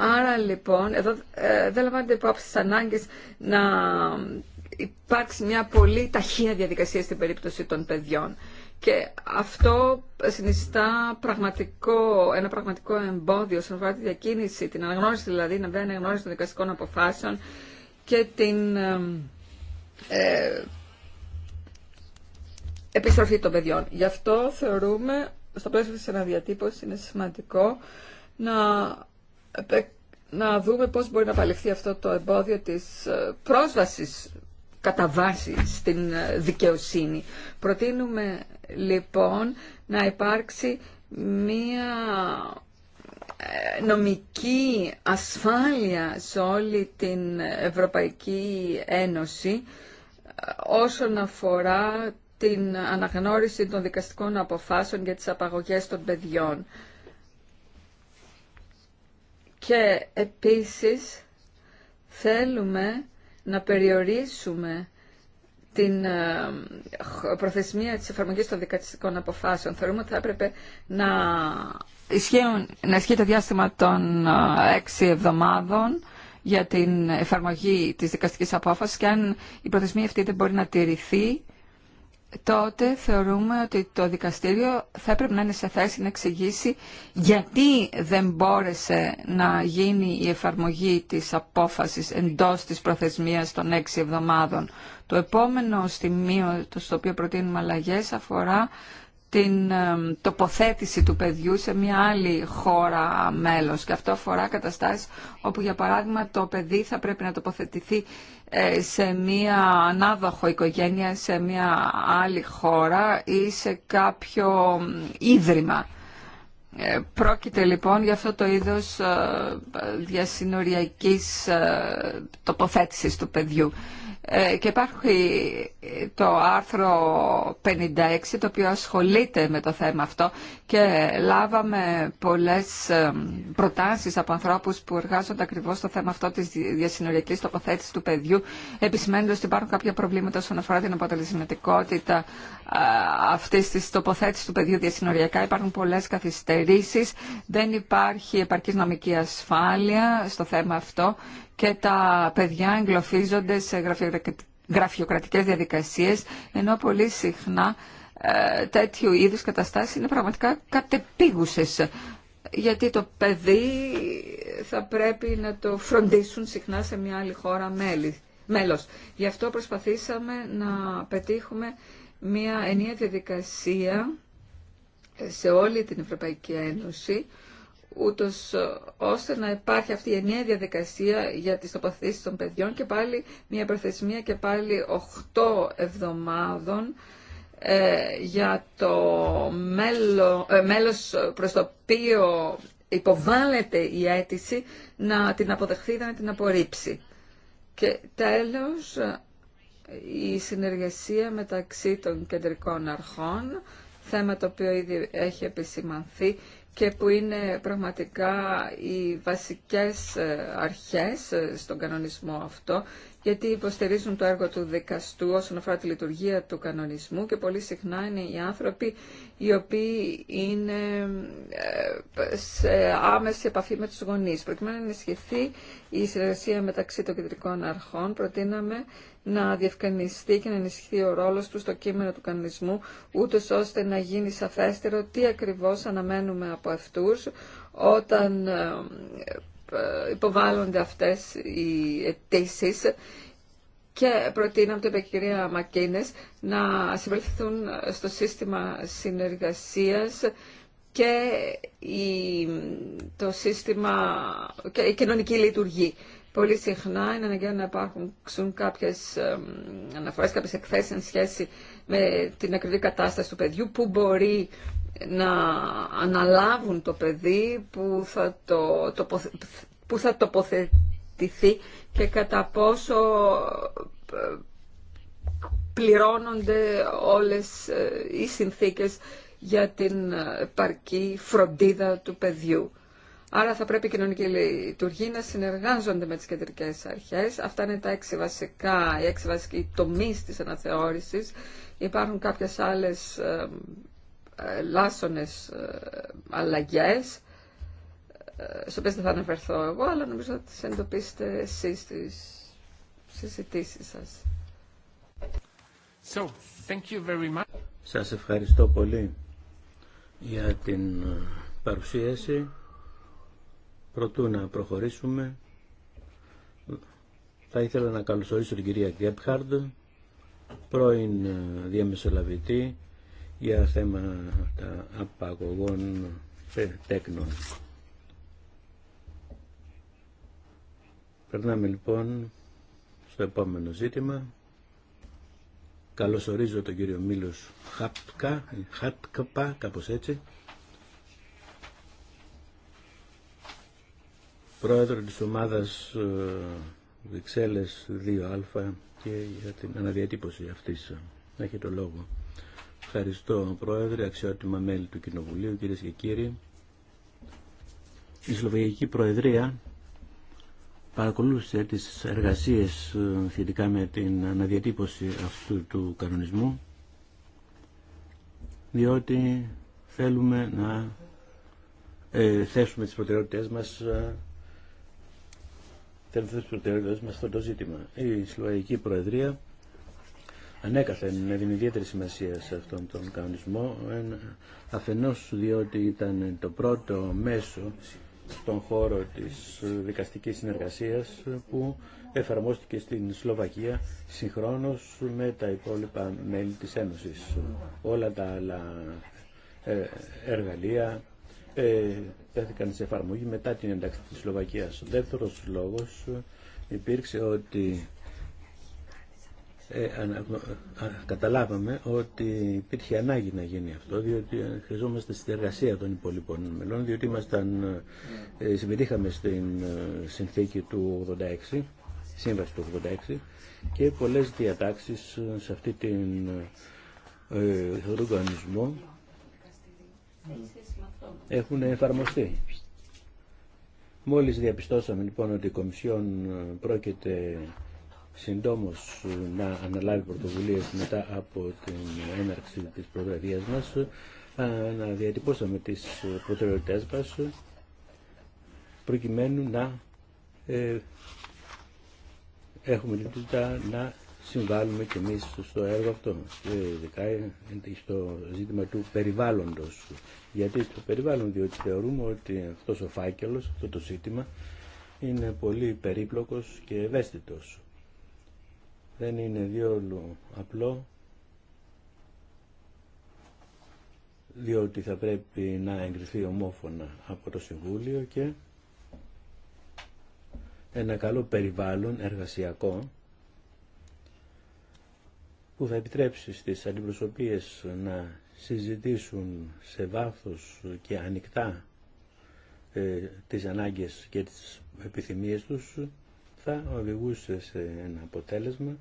Άρα λοιπόν, εδώ ε, δεν λαμβάνεται υπόψη τι ανάγκες να υπάρξει μια πολύ ταχεία διαδικασία στην περίπτωση των παιδιών. Και αυτό συνιστά πραγματικό, ένα πραγματικό εμπόδιο όσον αφορά τη διακίνηση, την αναγνώριση δηλαδή, να μπαίνει αναγνώριση των δικαστικών αποφάσεων και την ε, επιστροφή των παιδιών. Γι' αυτό θεωρούμε, στο πλαίσιο της αναδιατύπωσης, είναι σημαντικό να ε, να δούμε πώς μπορεί να παλευθεί αυτό το εμπόδιο της ε, πρόσβασης κατά βάση στην ε, δικαιοσύνη. Προτείνουμε λοιπόν να υπάρξει μία νομική ασφάλεια σε όλη την Ευρωπαϊκή Ένωση όσον αφορά την αναγνώριση των δικαστικών αποφάσεων για τις απαγωγές των παιδιών. Και επίσης θέλουμε να περιορίσουμε την ε, προθεσμία της εφαρμογής των δικαστικών αποφάσεων. Θεωρούμε ότι θα έπρεπε να, να ισχύει το διάστημα των ε, έξι εβδομάδων για την εφαρμογή της δικαστικής απόφασης και αν η προθεσμία αυτή δεν μπορεί να τηρηθεί, τότε θεωρούμε ότι το δικαστήριο θα έπρεπε να είναι σε θέση να εξηγήσει γιατί δεν μπόρεσε να γίνει η εφαρμογή της απόφασης εντός της προθεσμίας των έξι εβδομάδων. Το επόμενο σημείο στο οποίο προτείνουμε αλλαγέ αφορά την τοποθέτηση του παιδιού σε μια άλλη χώρα μέλος και αυτό αφορά καταστάσεις όπου για παράδειγμα το παιδί θα πρέπει να τοποθετηθεί ε, σε μία ανάδοχο οικογένεια, σε μία άλλη χώρα ή σε κάποιο ίδρυμα. Ε, πρόκειται λοιπόν για αυτό το είδος ε, διασυνοριακής τοποθέτησης του παιδιού. Ε, και υπάρχει το άρθρο 56 το οποίο ασχολείται με το θέμα αυτό και λάβαμε πολλές ε, προτάσεις από ανθρώπους που εργάζονται ακριβώς στο θέμα αυτό της διασυνοριακής τοποθέτησης του παιδιού επισημένοντας ότι υπάρχουν κάποια προβλήματα όσον αφορά την αποτελεσματικότητα αυτή τη τοποθέτηση του παιδιού διασυνοριακά. Υπάρχουν πολλέ καθυστερήσει. δεν υπάρχει επαρκή νομική ασφάλεια στο θέμα αυτό και τα παιδιά εγκλωφίζονται σε γραφειοκρατικές διαδικασίε, ενώ πολύ συχνά ε, τέτοιου είδου καταστάσει είναι πραγματικά κατεπίγουσες γιατί το παιδί θα πρέπει να το φροντίσουν συχνά σε μια άλλη χώρα μέλη, μέλος. Γι' αυτό προσπαθήσαμε να πετύχουμε μια ενιαία διαδικασία σε όλη την Ευρωπαϊκή Ένωση, ούτως ώστε να υπάρχει αυτή η ενιαία διαδικασία για τις τοποθετήσεις των παιδιών και πάλι μια προθεσμία και πάλι 8 εβδομάδων ε, για το μέλο, ε, μέλος προς το οποίο υποβάλλεται η αίτηση να την αποδεχθεί ή να την απορρίψει. Και τέλος, η συνεργασία μεταξύ των κεντρικών αρχών, θέμα το οποίο ήδη έχει επισημανθεί και που είναι πραγματικά οι βασικές ε, αρχές ε, στον κανονισμό αυτό, γιατί υποστηρίζουν το έργο του δικαστού όσον αφορά τη λειτουργία του κανονισμού και πολύ συχνά είναι οι άνθρωποι οι οποίοι είναι ε, σε άμεση επαφή με τους γονείς. Προκειμένου να ενισχυθεί η συνεργασία μεταξύ των κεντρικών αρχών, προτείναμε να διευκρινιστεί και να ενισχυθεί ο ρόλος του στο κείμενο του κανονισμού, ούτως ώστε να γίνει σαφέστερο τι ακριβώς αναμένουμε από αυτούς όταν ε, ε, υποβάλλονται αυτές οι αιτήσει και προτείναμε, το είπε η Μακίνες, να συμπεριφερθούν στο σύστημα συνεργασίας και η, το σύστημα, και η κοινωνική λειτουργή. Πολύ συχνά είναι αναγκαίο να υπάρχουν κάποιες ε, αναφορές, κάποιες εκθέσεις σε σχέση με την ακριβή κατάσταση του παιδιού, που μπορεί να αναλάβουν το παιδί που θα, το, που θα τοποθετηθεί και κατά πόσο ε, πληρώνονται όλες ε, οι συνθήκες για την ε, παρκή φροντίδα του παιδιού. Άρα θα πρέπει οι κοινωνικοί λειτουργοί να συνεργάζονται με τις κεντρικές αρχές. Αυτά είναι τα έξι βασικά, οι έξι βασικοί τομείς της αναθεώρησης. Υπάρχουν κάποιες άλλες ε, λάσονες ε, αλλαγές ε, στις οποίες δεν θα αναφερθώ εγώ αλλά νομίζω ότι τις εντοπίσετε εσείς στις συζητήσεις σας. So, thank you Σας ευχαριστώ πολύ για την παρουσίαση. Προτού να προχωρήσουμε, θα ήθελα να καλωσορίσω την κυρία Γκέπχαρντ, πρώην διαμεσολαβητή για θέματα απαγωγών τέκνων. Περνάμε λοιπόν στο επόμενο ζήτημα. Καλωσορίζω τον κύριο Μίλος Χάπτκα, Χάτκαπα, κάπως έτσι. Πρόεδρο της ομαδας βιξελες Βιξέλλες 2α και για την αναδιατύπωση αυτής. Έχει το λόγο. Ευχαριστώ, Πρόεδρε, αξιότιμα μέλη του Κοινοβουλίου, κυρίε και κύριοι. Η Σλοβακική Προεδρία παρακολούθησε τις εργασίες ε, σχετικά με την αναδιατύπωση αυτού του κανονισμού διότι θέλουμε να ε, θέσουμε τις προτεραιότητες μας ε, θέλουμε τις προτεραιότητες μας αυτό ζήτημα. Η Σλοβακική Προεδρία ανέκαθεν την ιδιαίτερη σημασία σε αυτόν τον κανονισμό αφενός διότι ήταν το πρώτο μέσο στον χώρο της δικαστικής συνεργασίας που εφαρμόστηκε στην Σλοβακία συγχρόνως με τα υπόλοιπα μέλη της Ένωσης. Όλα τα άλλα ε, εργαλεία ε, τέθηκαν σε εφαρμογή μετά την ένταξη της Σλοβακίας. Ο δεύτερος λόγος ε, υπήρξε ότι ε, καταλάβαμε ότι υπήρχε ανάγκη να γίνει αυτό, διότι ε, χρειαζόμαστε συνεργασία των υπολοιπών μελών, διότι ήμασταν, ε, συμμετείχαμε στην συνθήκη του 86, σύμβαση του 86, και πολλές διατάξεις σε αυτή την ε, οργανισμό έχουν εφαρμοστεί. Μόλις διαπιστώσαμε λοιπόν ότι η Κομισιόν πρόκειται συντόμως ε, να αναλάβει πρωτοβουλίες μετά από την έναρξη της προεδρίας μας να διατυπώσαμε τις ε, προτεραιότητες μας ε, προκειμένου να έχουμε έχουμε δυνατότητα να συμβάλλουμε και εμείς στο έργο αυτό, ειδικά στο ζήτημα του περιβάλλοντος. Γιατί το περιβάλλον, διότι θεωρούμε ότι αυτός ο φάκελος, αυτό το ζήτημα, είναι πολύ περίπλοκος και ευαίσθητος δεν είναι διόλου απλό διότι θα πρέπει να εγκριθεί ομόφωνα από το Συμβούλιο και ένα καλό περιβάλλον εργασιακό που θα επιτρέψει στις αντιπροσωπείες να συζητήσουν σε βάθος και ανοιχτά ε, τις ανάγκες και τις επιθυμίες τους θα οδηγούσε σε ένα αποτέλεσμα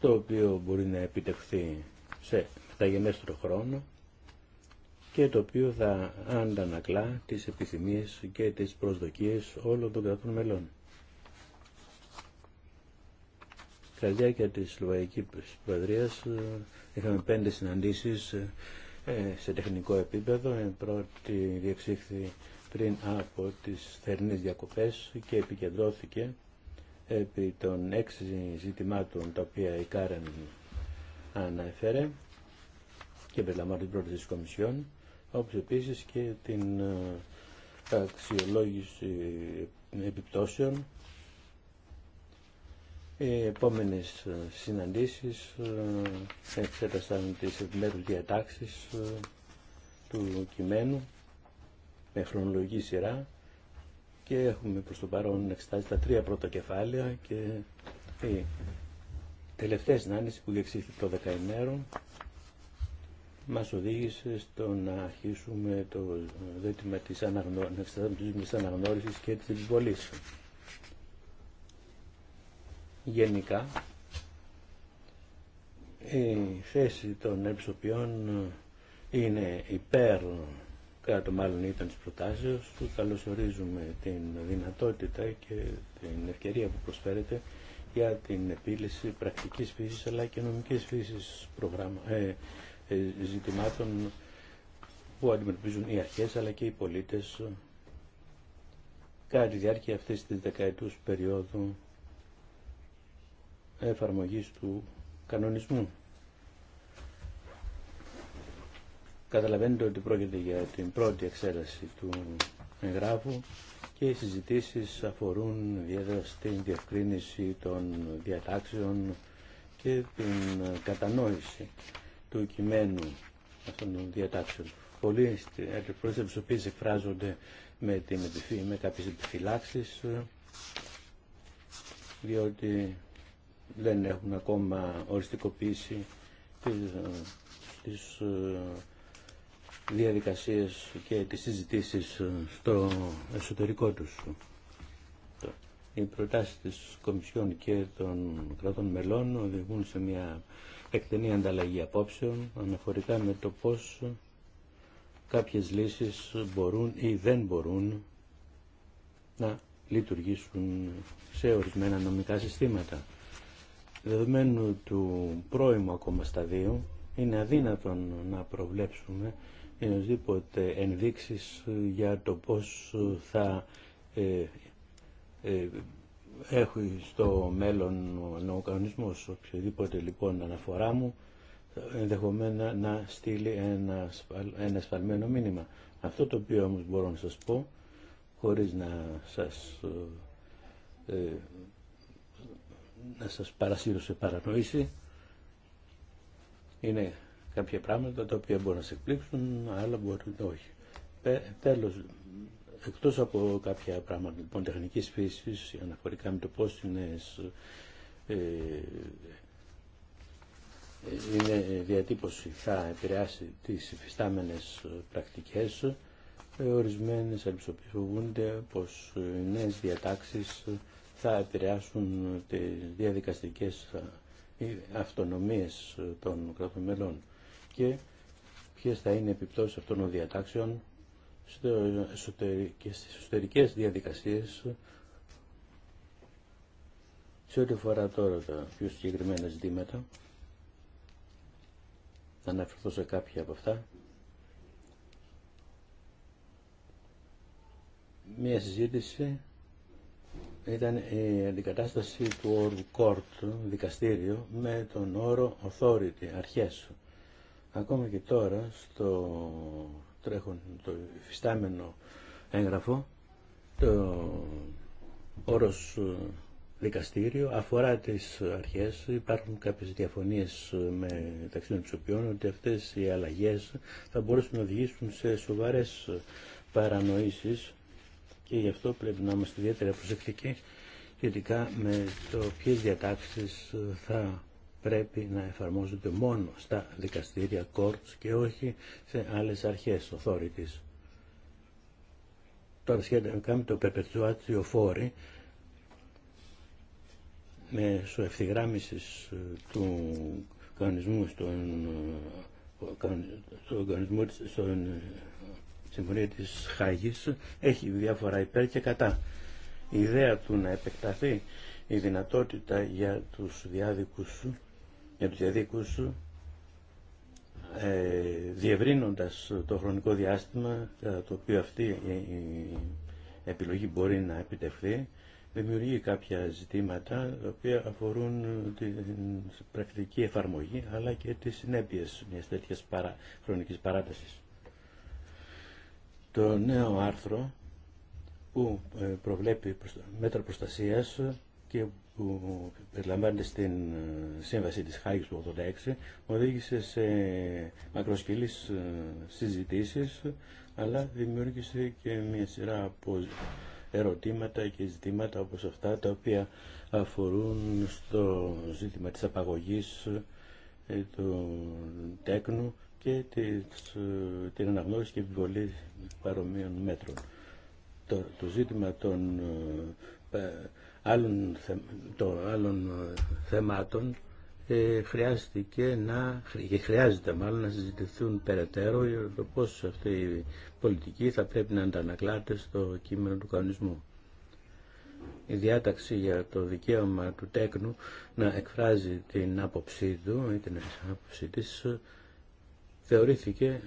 το οποίο μπορεί να επιτευχθεί σε μεταγενέστερο χρόνο και το οποίο θα αντανακλά τις επιθυμίες και τις προσδοκίες όλων των κρατών μελών. Κατά τη διάρκεια της Σλοβαϊκής Προεδρίας ε, είχαμε πέντε συναντήσεις ε, σε τεχνικό επίπεδο. Η ε, πρώτη διεξήχθη πριν από τις θερινές διακοπές και επικεντρώθηκε επί των έξι ζητημάτων τα οποία η Κάραν αναφέρε και περιλαμβάνει την πρόταση της Κομισιόν, όπως επίσης και την ε, αξιολόγηση επιπτώσεων. Οι επόμενες ε, συναντήσεις ε, εξέτασαν τις επιμέρους διατάξεις του κειμένου με χρονολογική σειρά και έχουμε προς το παρόν εξετάσει τα τρία πρώτα κεφάλαια και η τελευταία συνάντηση που διεξήχθη το δεκαημέρο μας οδήγησε στο να αρχίσουμε το δέτημα της, αναγνω... της αναγνώρισης και της επιβολής. Γενικά, η θέση των εψοποιών είναι υπέρ κάτω μάλλον ήταν της προτάσεως του, καλωσορίζουμε την δυνατότητα και την ευκαιρία που προσφέρεται για την επίλυση πρακτικής φύσης αλλά και νομικής φύσης προγράμμα, ε, ε, ζητημάτων που αντιμετωπίζουν οι αρχές αλλά και οι πολίτες κατά τη διάρκεια αυτής της δεκαετούς περίοδου εφαρμογής του κανονισμού. Καταλαβαίνετε ότι πρόκειται για την πρώτη εξέταση του εγγράφου και οι συζητήσεις αφορούν ιδιαίτερα στην διευκρίνηση των διατάξεων και την κατανόηση του κειμένου αυτών των διατάξεων. Πολλοί εκπρόσωποι στους οποίε εκφράζονται με, την, με κάποιες επιφυλάξεις διότι δεν έχουν ακόμα οριστικοποίηση τις, ε, τις ε, διαδικασίες και τις συζητήσεις στο εσωτερικό τους. Οι προτάσεις της Κομισιόν και των κρατών μελών οδηγούν σε μια εκτενή ανταλλαγή απόψεων αναφορικά με το πώς κάποιες λύσεις μπορούν ή δεν μπορούν να λειτουργήσουν σε ορισμένα νομικά συστήματα. Δεδομένου του πρώιμου ακόμα σταδίου, είναι αδύνατον να προβλέψουμε ενωσδήποτε ενδείξεις για το πώς θα ε, ε έχει στο μέλλον ο νοοκανονισμός οποιοδήποτε λοιπόν αναφορά μου ενδεχομένα να στείλει ένα, ένα σφαλμένο μήνυμα. Αυτό το οποίο όμως μπορώ να σας πω χωρίς να σας ε, να σας παρασύρω σε παρανοήσει, είναι κάποια πράγματα τα οποία μπορούν να σε εκπλήξουν, άλλα μπορεί να όχι. Τέλο, εκτός από κάποια πράγματα λοιπόν τεχνικής φύσης αναφορικά με το πω είναι, ε, διατύπωση θα επηρεάσει τις υφιστάμενε πρακτικές ε, ορισμένες ορισμένε πω πως οι ε, νέε διατάξεις θα επηρεάσουν τις διαδικαστικές ε, αυτονομίες των κρατών μελών και ποιες θα είναι οι επιπτώσεις αυτών των διατάξεων και στις εσωτερικές διαδικασίες σε ό,τι αφορά τώρα τα πιο συγκεκριμένα ζητήματα θα αναφερθώ σε κάποια από αυτά μία συζήτηση ήταν η αντικατάσταση του όρου court, δικαστήριο, με τον όρο authority, αρχές. Ακόμα και τώρα στο τρέχον το υφιστάμενο έγγραφο το όρος ε, δικαστήριο αφορά τις αρχές. Υπάρχουν κάποιες διαφωνίες ε, μεταξύ των οποίων ότι αυτές οι αλλαγές θα μπορούσαν να οδηγήσουν σε σοβαρές ε, παρανοήσεις και γι' αυτό πρέπει να είμαστε ιδιαίτερα προσεκτικοί σχετικά με το ποιες διατάξεις θα πρέπει να εφαρμόζονται μόνο στα δικαστήρια κόρτς και όχι σε άλλες αρχές οθόρητης. Τώρα σχετικά με το πεπετσουάτσιο φόρη, σου ευθυγράμμιση ε, του κανονισμού στον, ε, στον ε, της Χάγης έχει διάφορα υπέρ και κατά. Η ιδέα του να επεκταθεί η δυνατότητα για τους διάδικους για τους διαδίκους ε, διευρύνοντας το χρονικό διάστημα το οποίο αυτή η επιλογή μπορεί να επιτευχθεί δημιουργεί κάποια ζητήματα τα οποία αφορούν την πρακτική εφαρμογή αλλά και τις συνέπειες μιας τέτοιας παρα... χρονικής παράτασης. Το νέο άρθρο που ε, προβλέπει μέτρα προστασίας και που περιλαμβάνεται στην ε, σύμβαση της Χάγης του 1986 οδήγησε σε μακροσκελείς ε, συζητήσεις αλλά δημιούργησε και μια σειρά από ερωτήματα και ζητήματα όπως αυτά τα οποία αφορούν στο ζήτημα της απαγωγής ε, του τέκνου και την αναγνώριση και επιβολή παρομοίων μέτρων. Το, το ζήτημα των άλλων, το, άλλων ε, θεμάτων ε, να, χρειάζεται μάλλον να συζητηθούν περαιτέρω για το πώς αυτή η πολιτική θα πρέπει να αντανακλάται στο κείμενο του κανονισμού. Η διάταξη για το δικαίωμα του τέκνου να εκφράζει την άποψή του ή την άποψή τη θεωρήθηκε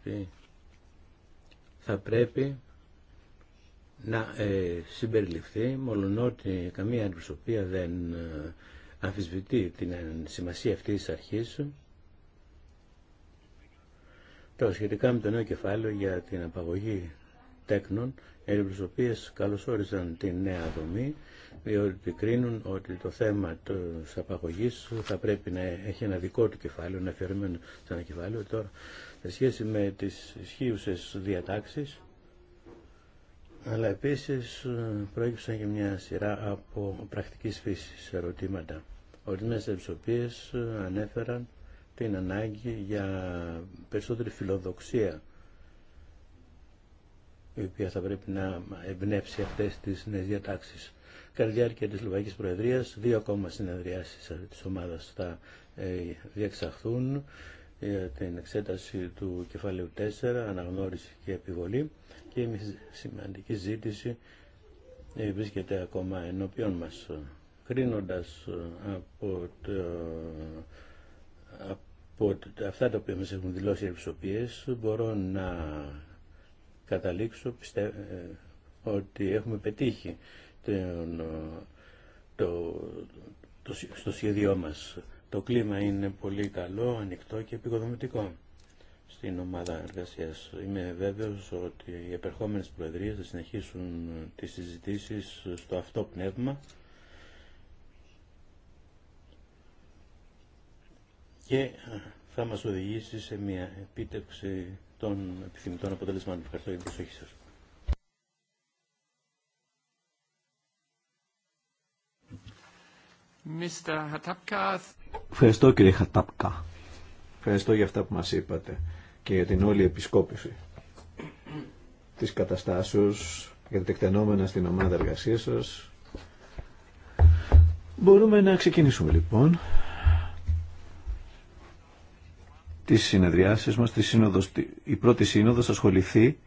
ότι θα πρέπει να ε, συμπεριληφθεί, ότι καμία αντιπροσωπεία δεν ε, αμφισβητεί την ε, σημασία αυτής της αρχής. Τώρα, σχετικά με το νέο κεφάλαιο για την απαγωγή τέκνων, οι αντιπροσωπείες καλωσόρισαν την νέα δομή, διότι κρίνουν ότι το θέμα της απαγωγής θα πρέπει να έχει ένα δικό του κεφάλαιο, να αφιερωμένο σε ένα κεφάλαιο. Τώρα, σε σχέση με τις ισχύουσες διατάξεις, αλλά επίσης ε, προέκυψαν και μια σειρά από πρακτικής φύσης ερωτήματα, ορισμένε από τις οποίες ε, ανέφεραν την ανάγκη για περισσότερη φιλοδοξία η οποία θα πρέπει να εμπνεύσει αυτές τις νέες διατάξεις. Κατά τη διάρκεια της Λουβαϊκής Προεδρίας, δύο ακόμα συνεδριάσεις της ομάδας θα ε, διεξαχθούν για την εξέταση του κεφαλαίου 4, αναγνώριση και επιβολή και η σημαντική ζήτηση ε, βρίσκεται ακόμα ενώπιον μας. Κρίνοντας ε, από, από αυτά τα οποία μας έχουν δηλώσει οι μπορώ να καταλήξω πιστε, ε, ότι έχουμε πετύχει το, το, το, στο σχέδιό μας. Το κλίμα είναι πολύ καλό, ανοιχτό και επικοδομητικό στην ομάδα εργασία. Είμαι βέβαιος ότι οι επερχόμενες προεδρίες θα συνεχίσουν τις συζητήσει στο αυτό πνεύμα και θα μας οδηγήσει σε μια επίτευξη των επιθυμητών αποτελεσμάτων. Ευχαριστώ για την προσοχή σα. Mr. Ευχαριστώ κύριε Χατάπκα. Ευχαριστώ για αυτά που μας είπατε και για την όλη επισκόπηση της καταστάσεως για τα τεκτενόμενα στην ομάδα εργασίας σας. Μπορούμε να ξεκινήσουμε λοιπόν τις συνεδριάσεις μας. Τη σύνοδος, η πρώτη σύνοδος ασχοληθεί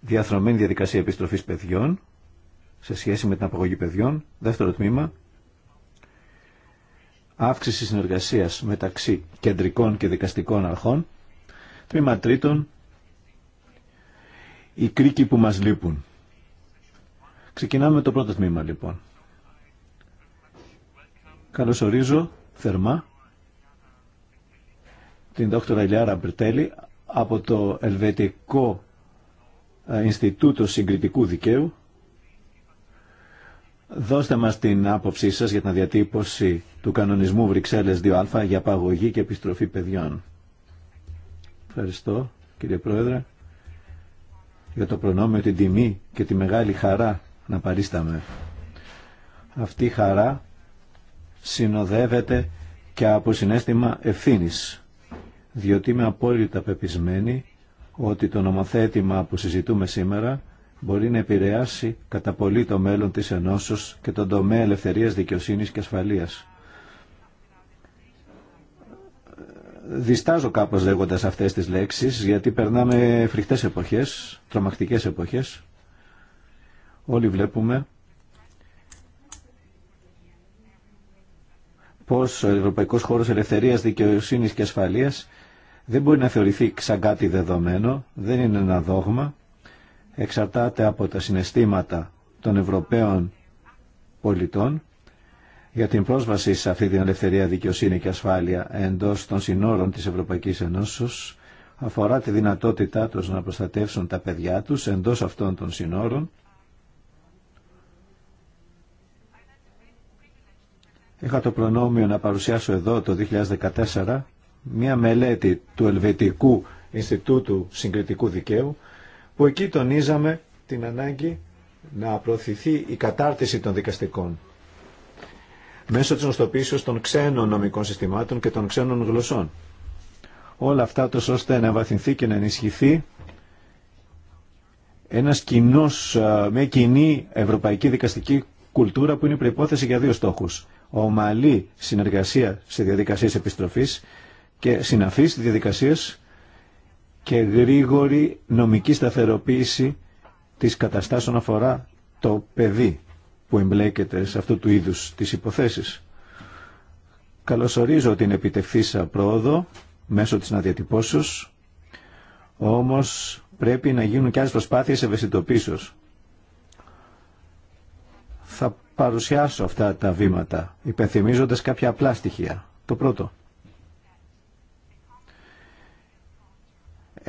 διαθρωμένη διαδικασία επιστροφής παιδιών σε σχέση με την απαγωγή παιδιών. Δεύτερο τμήμα, αύξηση συνεργασίας μεταξύ κεντρικών και δικαστικών αρχών. Τμήμα τρίτον, οι κρίκοι που μας λείπουν. Ξεκινάμε με το πρώτο τμήμα λοιπόν. Καλωσορίζω θερμά την δόκτωρα Ηλιάρα Μπρτέλη από το Ελβετικό ε, Ινστιτούτο Συγκριτικού Δικαίου Δώστε μας την άποψή σας για την διατύπωση του κανονισμού Βρυξέλλες 2α για παγωγή και επιστροφή παιδιών. Ευχαριστώ κύριε Πρόεδρε για το προνόμιο, την τιμή και τη μεγάλη χαρά να παρίσταμε. Αυτή η χαρά συνοδεύεται και από συνέστημα ευθύνης, διότι είμαι απόλυτα πεπισμένη ότι το νομοθέτημα που συζητούμε σήμερα μπορεί να επηρεάσει κατά πολύ το μέλλον της ενώσεως και τον τομέα ελευθερίας, δικαιοσύνης και ασφαλείας. Διστάζω κάπως λέγοντας αυτές τις λέξεις, γιατί περνάμε φρικτές εποχές, τρομακτικές εποχές. Όλοι βλέπουμε πως ο Ευρωπαϊκός Χώρος Ελευθερίας, Δικαιοσύνης και Ασφαλείας δεν μπορεί να θεωρηθεί σαν κάτι δεδομένο, δεν είναι ένα δόγμα, εξαρτάται από τα συναισθήματα των Ευρωπαίων πολιτών για την πρόσβαση σε αυτή την ελευθερία δικαιοσύνη και ασφάλεια εντός των συνόρων της Ευρωπαϊκής Ενώσεως αφορά τη δυνατότητά τους να προστατεύσουν τα παιδιά τους εντός αυτών των συνόρων Είχα το προνόμιο να παρουσιάσω εδώ το 2014 μια μελέτη του Ελβετικού Ινστιτούτου Συγκριτικού Δικαίου που εκεί τονίζαμε την ανάγκη να προωθηθεί η κατάρτιση των δικαστικών μέσω της γνωστοποίησης των ξένων νομικών συστημάτων και των ξένων γλωσσών. Όλα αυτά τόσο ώστε να βαθυνθεί και να ενισχυθεί ένας κοινός, μια κοινή ευρωπαϊκή δικαστική κουλτούρα που είναι προϋπόθεση για δύο στόχους. Ομαλή συνεργασία σε διαδικασίες επιστροφής και συναφείς διαδικασίες και γρήγορη νομική σταθεροποίηση της καταστάσεων αφορά το παιδί που εμπλέκεται σε αυτού του είδους τις υποθέσεις. Καλωσορίζω την επιτευθύσα πρόοδο μέσω της αναδιατυπώσεως, όμως πρέπει να γίνουν και άλλες προσπάθειες ευαισθητοποίησεως. Θα παρουσιάσω αυτά τα βήματα, υπενθυμίζοντας κάποια απλά στοιχεία. Το πρώτο.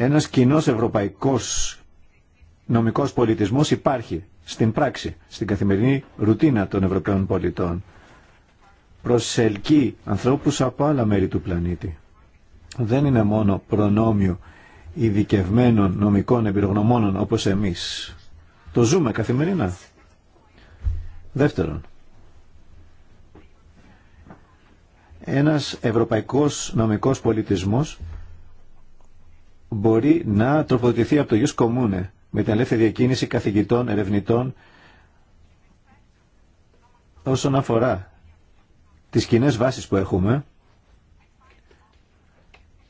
Ένας κοινό ευρωπαϊκός νομικός πολιτισμός υπάρχει στην πράξη, στην καθημερινή ρουτίνα των Ευρωπαίων πολιτών. Προσελκύει ανθρώπους από άλλα μέρη του πλανήτη. Δεν είναι μόνο προνόμιο ειδικευμένων νομικών εμπειρογνωμόνων όπως εμείς. Το ζούμε καθημερινά. Δεύτερον, ένας ευρωπαϊκός νομικός πολιτισμός μπορεί να τροποδοτηθεί από το Ιους Κομούνε με την ελεύθερη διακίνηση καθηγητών, ερευνητών όσον αφορά τις κοινέ βάσεις που έχουμε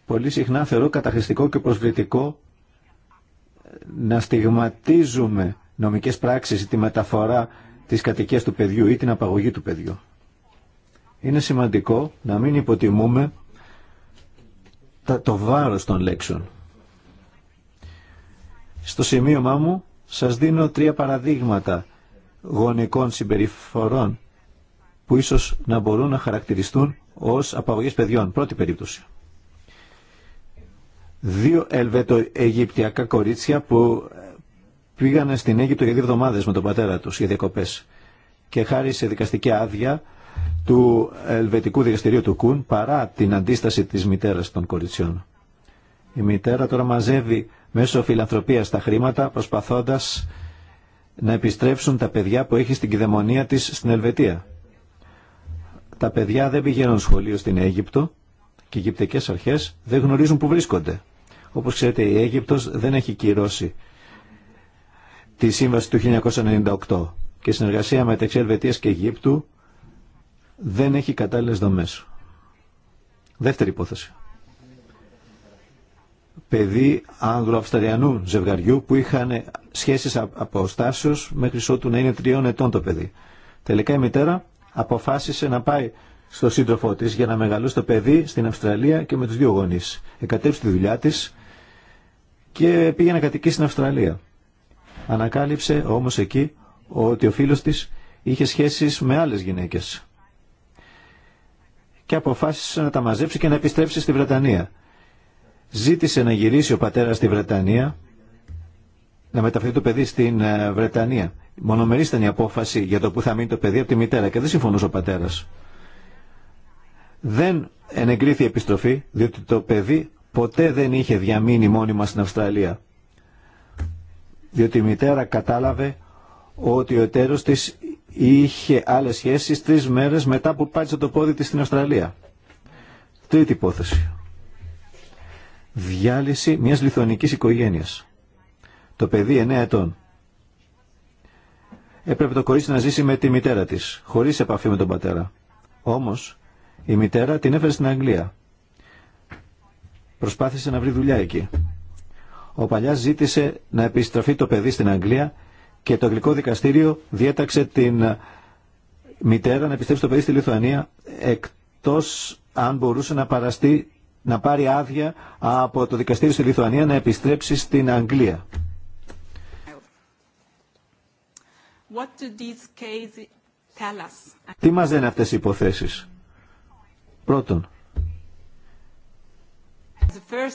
πολύ συχνά θεωρώ καταχρηστικό και προσβλητικό να στιγματίζουμε νομικές πράξεις ή τη μεταφορά της κατοικίας του παιδιού ή την απαγωγή του παιδιού. Είναι σημαντικό να μην υποτιμούμε το βάρος των λέξεων. Στο σημείωμά μου σας δίνω τρία παραδείγματα γονικών συμπεριφορών που ίσως να μπορούν να χαρακτηριστούν ως απαγωγές παιδιών. Πρώτη περίπτωση. Δύο ελβετοαιγυπτιακά κορίτσια που πήγαν στην Αίγυπτο για δύο εβδομάδες με τον πατέρα τους για διακοπές και χάρη σε δικαστική άδεια του Ελβετικού Δικαστηρίου του Κουν παρά την αντίσταση της μητέρας των κοριτσιών. Η μητέρα τώρα μαζεύει μέσω φιλανθρωπίας τα χρήματα προσπαθώντας να επιστρέψουν τα παιδιά που έχει στην κυδαιμονία της στην Ελβετία. Τα παιδιά δεν πηγαίνουν σχολείο στην Αίγυπτο και οι Αιγυπτικές αρχές δεν γνωρίζουν που βρίσκονται. Όπως ξέρετε η Αίγυπτος δεν έχει κυρώσει τη σύμβαση του 1998 και η συνεργασία μεταξύ Ελβετίας και Αιγύπτου δεν έχει κατάλληλες δομές. Δεύτερη υπόθεση παιδί αυστριανού ζευγαριού που είχαν σχέσεις αποστάσεως μέχρι ότου να είναι τριών ετών το παιδί. Τελικά η μητέρα αποφάσισε να πάει στο σύντροφό της για να μεγαλώσει το παιδί στην Αυστραλία και με τους δύο γονεί. Εκατέψει τη δουλειά της και πήγε να κατοικεί στην Αυστραλία. Ανακάλυψε όμως εκεί ότι ο φίλο της είχε σχέσεις με άλλες γυναίκες και αποφάσισε να τα μαζέψει και να επιστρέψει στη Βρετανία. Ζήτησε να γυρίσει ο πατέρας στη Βρετανία, να μεταφέρει το παιδί στην ε, Βρετανία. Μονομερή ήταν η απόφαση για το που θα μείνει το παιδί από τη μητέρα και δεν συμφωνούσε ο πατέρας. Δεν ενεγκρίθη η επιστροφή, διότι το παιδί ποτέ δεν είχε διαμείνει μόνιμα στην Αυστραλία. Διότι η μητέρα κατάλαβε ότι ο εταίρος της είχε άλλες σχέσεις τρεις μέρες μετά που πάτησε το πόδι της στην Αυστραλία. Τρίτη υπόθεση διάλυση μιας λιθωνικής οικογένειας. Το παιδί 9 ετών. Έπρεπε το κορίτσι να ζήσει με τη μητέρα της, χωρίς επαφή με τον πατέρα. Όμως, η μητέρα την έφερε στην Αγγλία. Προσπάθησε να βρει δουλειά εκεί. Ο παλιάς ζήτησε να επιστραφεί το παιδί στην Αγγλία και το αγγλικό δικαστήριο διέταξε την μητέρα να επιστρέψει το παιδί στη Λιθουανία εκτός αν μπορούσε να παραστεί να πάρει άδεια από το δικαστήριο στη Λιθουανία να επιστρέψει στην Αγγλία. Τι μας λένε αυτές οι υποθέσεις. Πρώτον, for...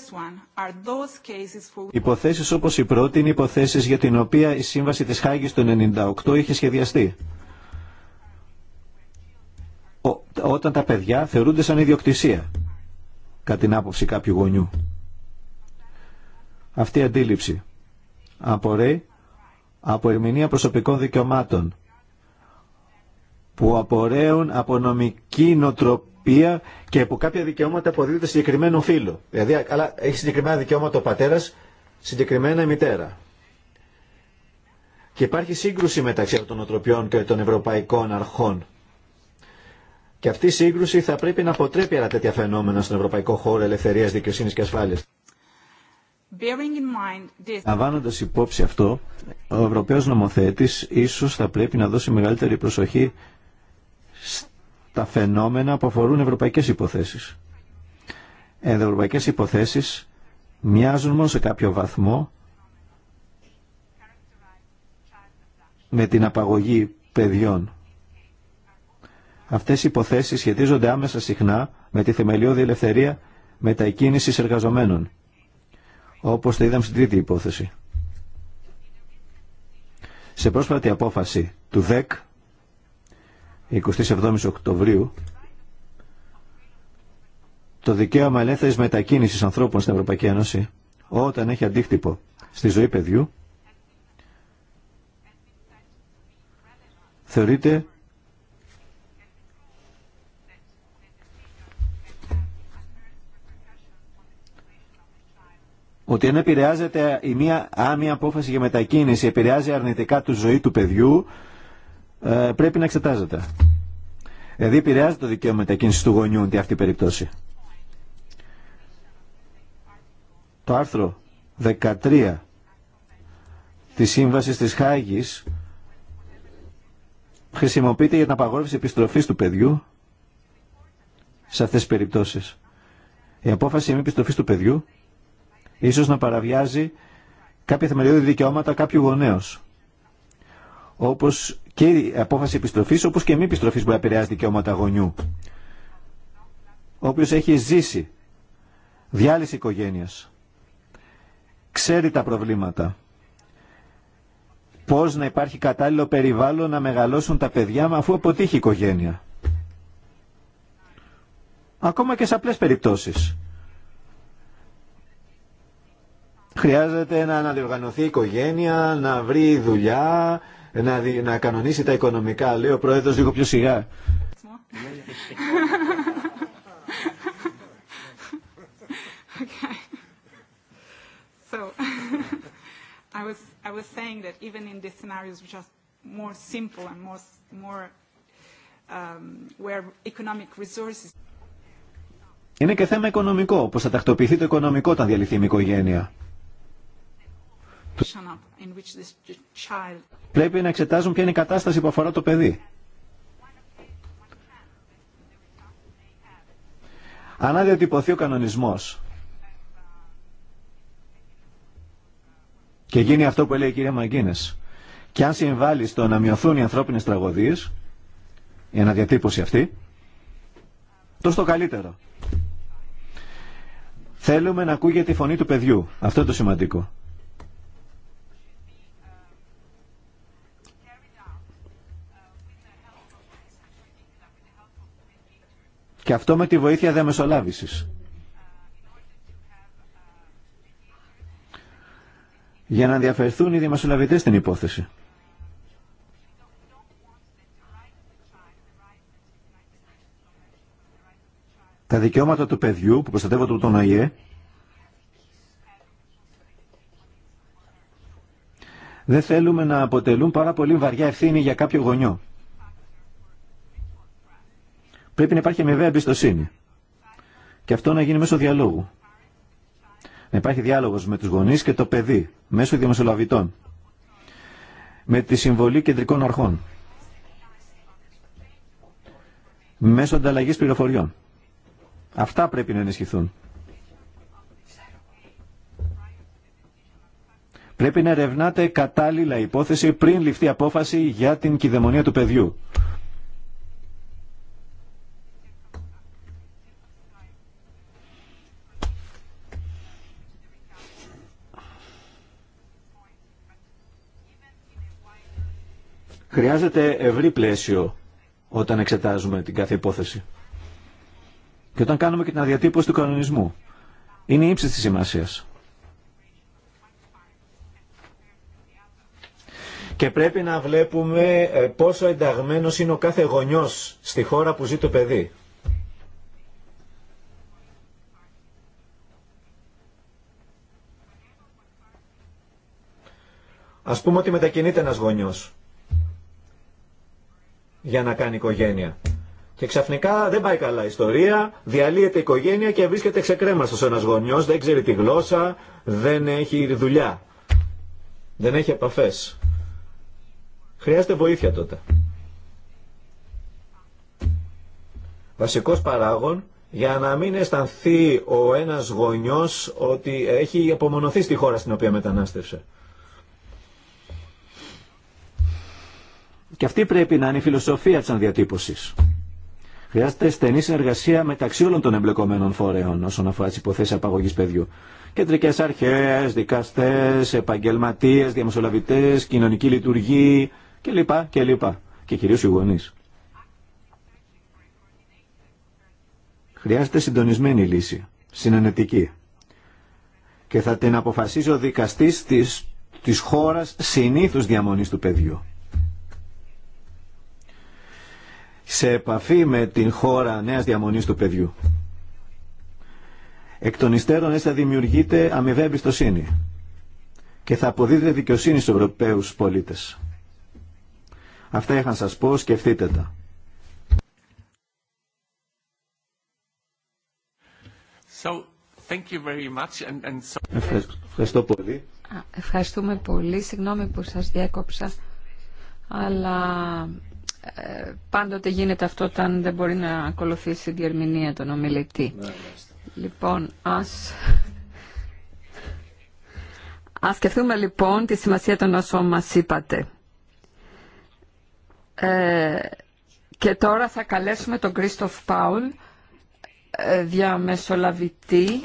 υποθέσεις όπως η πρώτη είναι υποθέσεις για την οποία η Σύμβαση της Χάγης του 1998 είχε σχεδιαστεί. Ο, όταν τα παιδιά θεωρούνται σαν ιδιοκτησία κατά την άποψη κάποιου γονιού. Αυτή η αντίληψη απορρέει από ερμηνεία προσωπικών δικαιωμάτων που απορρέουν από νομική νοτροπία και που κάποια δικαιώματα αποδίδεται συγκεκριμένο φίλο. Δηλαδή, αλλά έχει συγκεκριμένα δικαιώματα ο πατέρα, συγκεκριμένα η μητέρα. Και υπάρχει σύγκρουση μεταξύ των νοτροπιών και των ευρωπαϊκών αρχών. Και αυτή η σύγκρουση θα πρέπει να αποτρέπει άλλα τέτοια φαινόμενα στον ευρωπαϊκό χώρο ελευθερίας, δικαιοσύνης και ασφάλειας. Λαμβάνοντα υπόψη αυτό, ο Ευρωπαίος νομοθέτης ίσως θα πρέπει να δώσει μεγαλύτερη προσοχή στα φαινόμενα που αφορούν ευρωπαϊκές υποθέσεις. Ευρωπαϊκές υποθέσεις μοιάζουν μόνο σε κάποιο βαθμό με την απαγωγή παιδιών Αυτές οι υποθέσεις σχετίζονται άμεσα συχνά με τη θεμελιώδη ελευθερία μετακίνησης εργαζομένων, όπως το είδαμε στην τρίτη υπόθεση. Σε πρόσφατη απόφαση του ΔΕΚ, 27 Οκτωβρίου, το δικαίωμα ελεύθερης μετακίνησης ανθρώπων στην Ευρωπαϊκή Ένωση, όταν έχει αντίκτυπο στη ζωή παιδιού, θεωρείται ότι αν επηρεάζεται η μία άμυα απόφαση για μετακίνηση, επηρεάζει αρνητικά τη ζωή του παιδιού, ε, πρέπει να εξετάζεται. Δηλαδή επηρεάζει το δικαίωμα μετακίνηση του γονιού, ότι αυτή την περίπτωση. Το άρθρο 13 της Σύμβασης της Χάγης χρησιμοποιείται για την απαγόρευση επιστροφής του παιδιού σε αυτές τις περιπτώσεις. Η απόφαση επιστροφής του παιδιού ίσως να παραβιάζει κάποια θεμελιώδη δικαιώματα κάποιου γονέως. Όπως και η απόφαση επιστροφή, όπως και μη επιστροφή μπορεί να επηρεάζει δικαιώματα γονιού. οποίο έχει ζήσει διάλυση οικογένεια. ξέρει τα προβλήματα, πώς να υπάρχει κατάλληλο περιβάλλον να μεγαλώσουν τα παιδιά μου αφού αποτύχει η οικογένεια. Ακόμα και σε απλές περιπτώσεις. Χρειάζεται να αναδιοργανωθεί η οικογένεια, να βρει δουλειά, να, κανονίσει τα οικονομικά. Λέει ο πρόεδρος λίγο πιο σιγά. Um, είναι και θέμα οικονομικό, πως θα τακτοποιηθεί το οικονομικό όταν διαλυθεί η οικογένεια. Πρέπει να εξετάζουν ποια είναι η κατάσταση που αφορά το παιδί. Αν αδιατυπωθεί ο κανονισμός και γίνει αυτό που λέει η κυρία Μαγκίνες και αν συμβάλλει στο να μειωθούν οι ανθρώπινες τραγωδίες η αναδιατύπωση αυτή τόσο το καλύτερο. Θέλουμε να ακούγεται η φωνή του παιδιού. Αυτό είναι το σημαντικό. Και αυτό με τη βοήθεια διαμεσολάβησης. Για να διαφερθούν οι διαμεσολαβητές στην υπόθεση. Τα δικαιώματα του παιδιού που προστατεύονται από τον ΑΙΕ δεν θέλουμε να αποτελούν πάρα πολύ βαριά ευθύνη για κάποιο γονιό. Πρέπει να υπάρχει αμοιβαία εμπιστοσύνη. Και αυτό να γίνει μέσω διαλόγου. Να υπάρχει διάλογο με του γονεί και το παιδί, μέσω διαμεσολαβητών. Με τη συμβολή κεντρικών αρχών. Μέσω ανταλλαγή πληροφοριών. Αυτά πρέπει να ενισχυθούν. Πρέπει να ερευνάτε κατάλληλα υπόθεση πριν ληφθεί απόφαση για την κυδαιμονία του παιδιού. Χρειάζεται ευρύ πλαίσιο όταν εξετάζουμε την κάθε υπόθεση. Και όταν κάνουμε και την αδιατύπωση του κανονισμού. Είναι η ύψη της σημασίας. Και πρέπει να βλέπουμε ε, πόσο ενταγμένος είναι ο κάθε γονιός στη χώρα που ζει το παιδί. Ας πούμε ότι μετακινείται ένας γονιός για να κάνει οικογένεια. Και ξαφνικά δεν πάει καλά η ιστορία, διαλύεται η οικογένεια και βρίσκεται ξεκρέμαστος ένας γονιός, δεν ξέρει τη γλώσσα, δεν έχει δουλειά, δεν έχει επαφές. Χρειάζεται βοήθεια τότε. Βασικός παράγων για να μην αισθανθεί ο ένας γονιός ότι έχει απομονωθεί στη χώρα στην οποία μετανάστευσε. Και αυτή πρέπει να είναι η φιλοσοφία τη ανδιατύπωσης. Χρειάζεται στενή συνεργασία μεταξύ όλων των εμπλεκομένων φορέων όσον αφορά τι υποθέσει απαγωγή παιδιού. Κεντρικέ αρχέ, δικαστέ, επαγγελματίε, διαμεσολαβητέ, κοινωνική λειτουργή κλπ. κλπ. Και κυρίω οι γονεί. Χρειάζεται συντονισμένη λύση, συνενετική. Και θα την αποφασίζει ο δικαστή τη χώρα συνήθου διαμονή του παιδιού. σε επαφή με την χώρα νέας διαμονής του παιδιού. Εκ των υστέρων έτσι θα δημιουργείται αμοιβαία εμπιστοσύνη και θα αποδίδεται δικαιοσύνη στους Ευρωπαίους πολίτες. Αυτά είχα να σας πω, σκεφτείτε τα. So, thank you very much and, and so... Ευχαριστώ, πολύ. Ευχαριστούμε πολύ. Συγγνώμη που σας διέκοψα, αλλά πάντοτε γίνεται αυτό όταν δεν μπορεί να ακολουθήσει η διερμηνία τον ομιλητή. Ναι, λοιπόν, ας... Ας σκεφτούμε λοιπόν τη σημασία των όσων μας είπατε. Ε, και τώρα θα καλέσουμε τον Κρίστοφ Πάουλ, ε, διαμεσολαβητή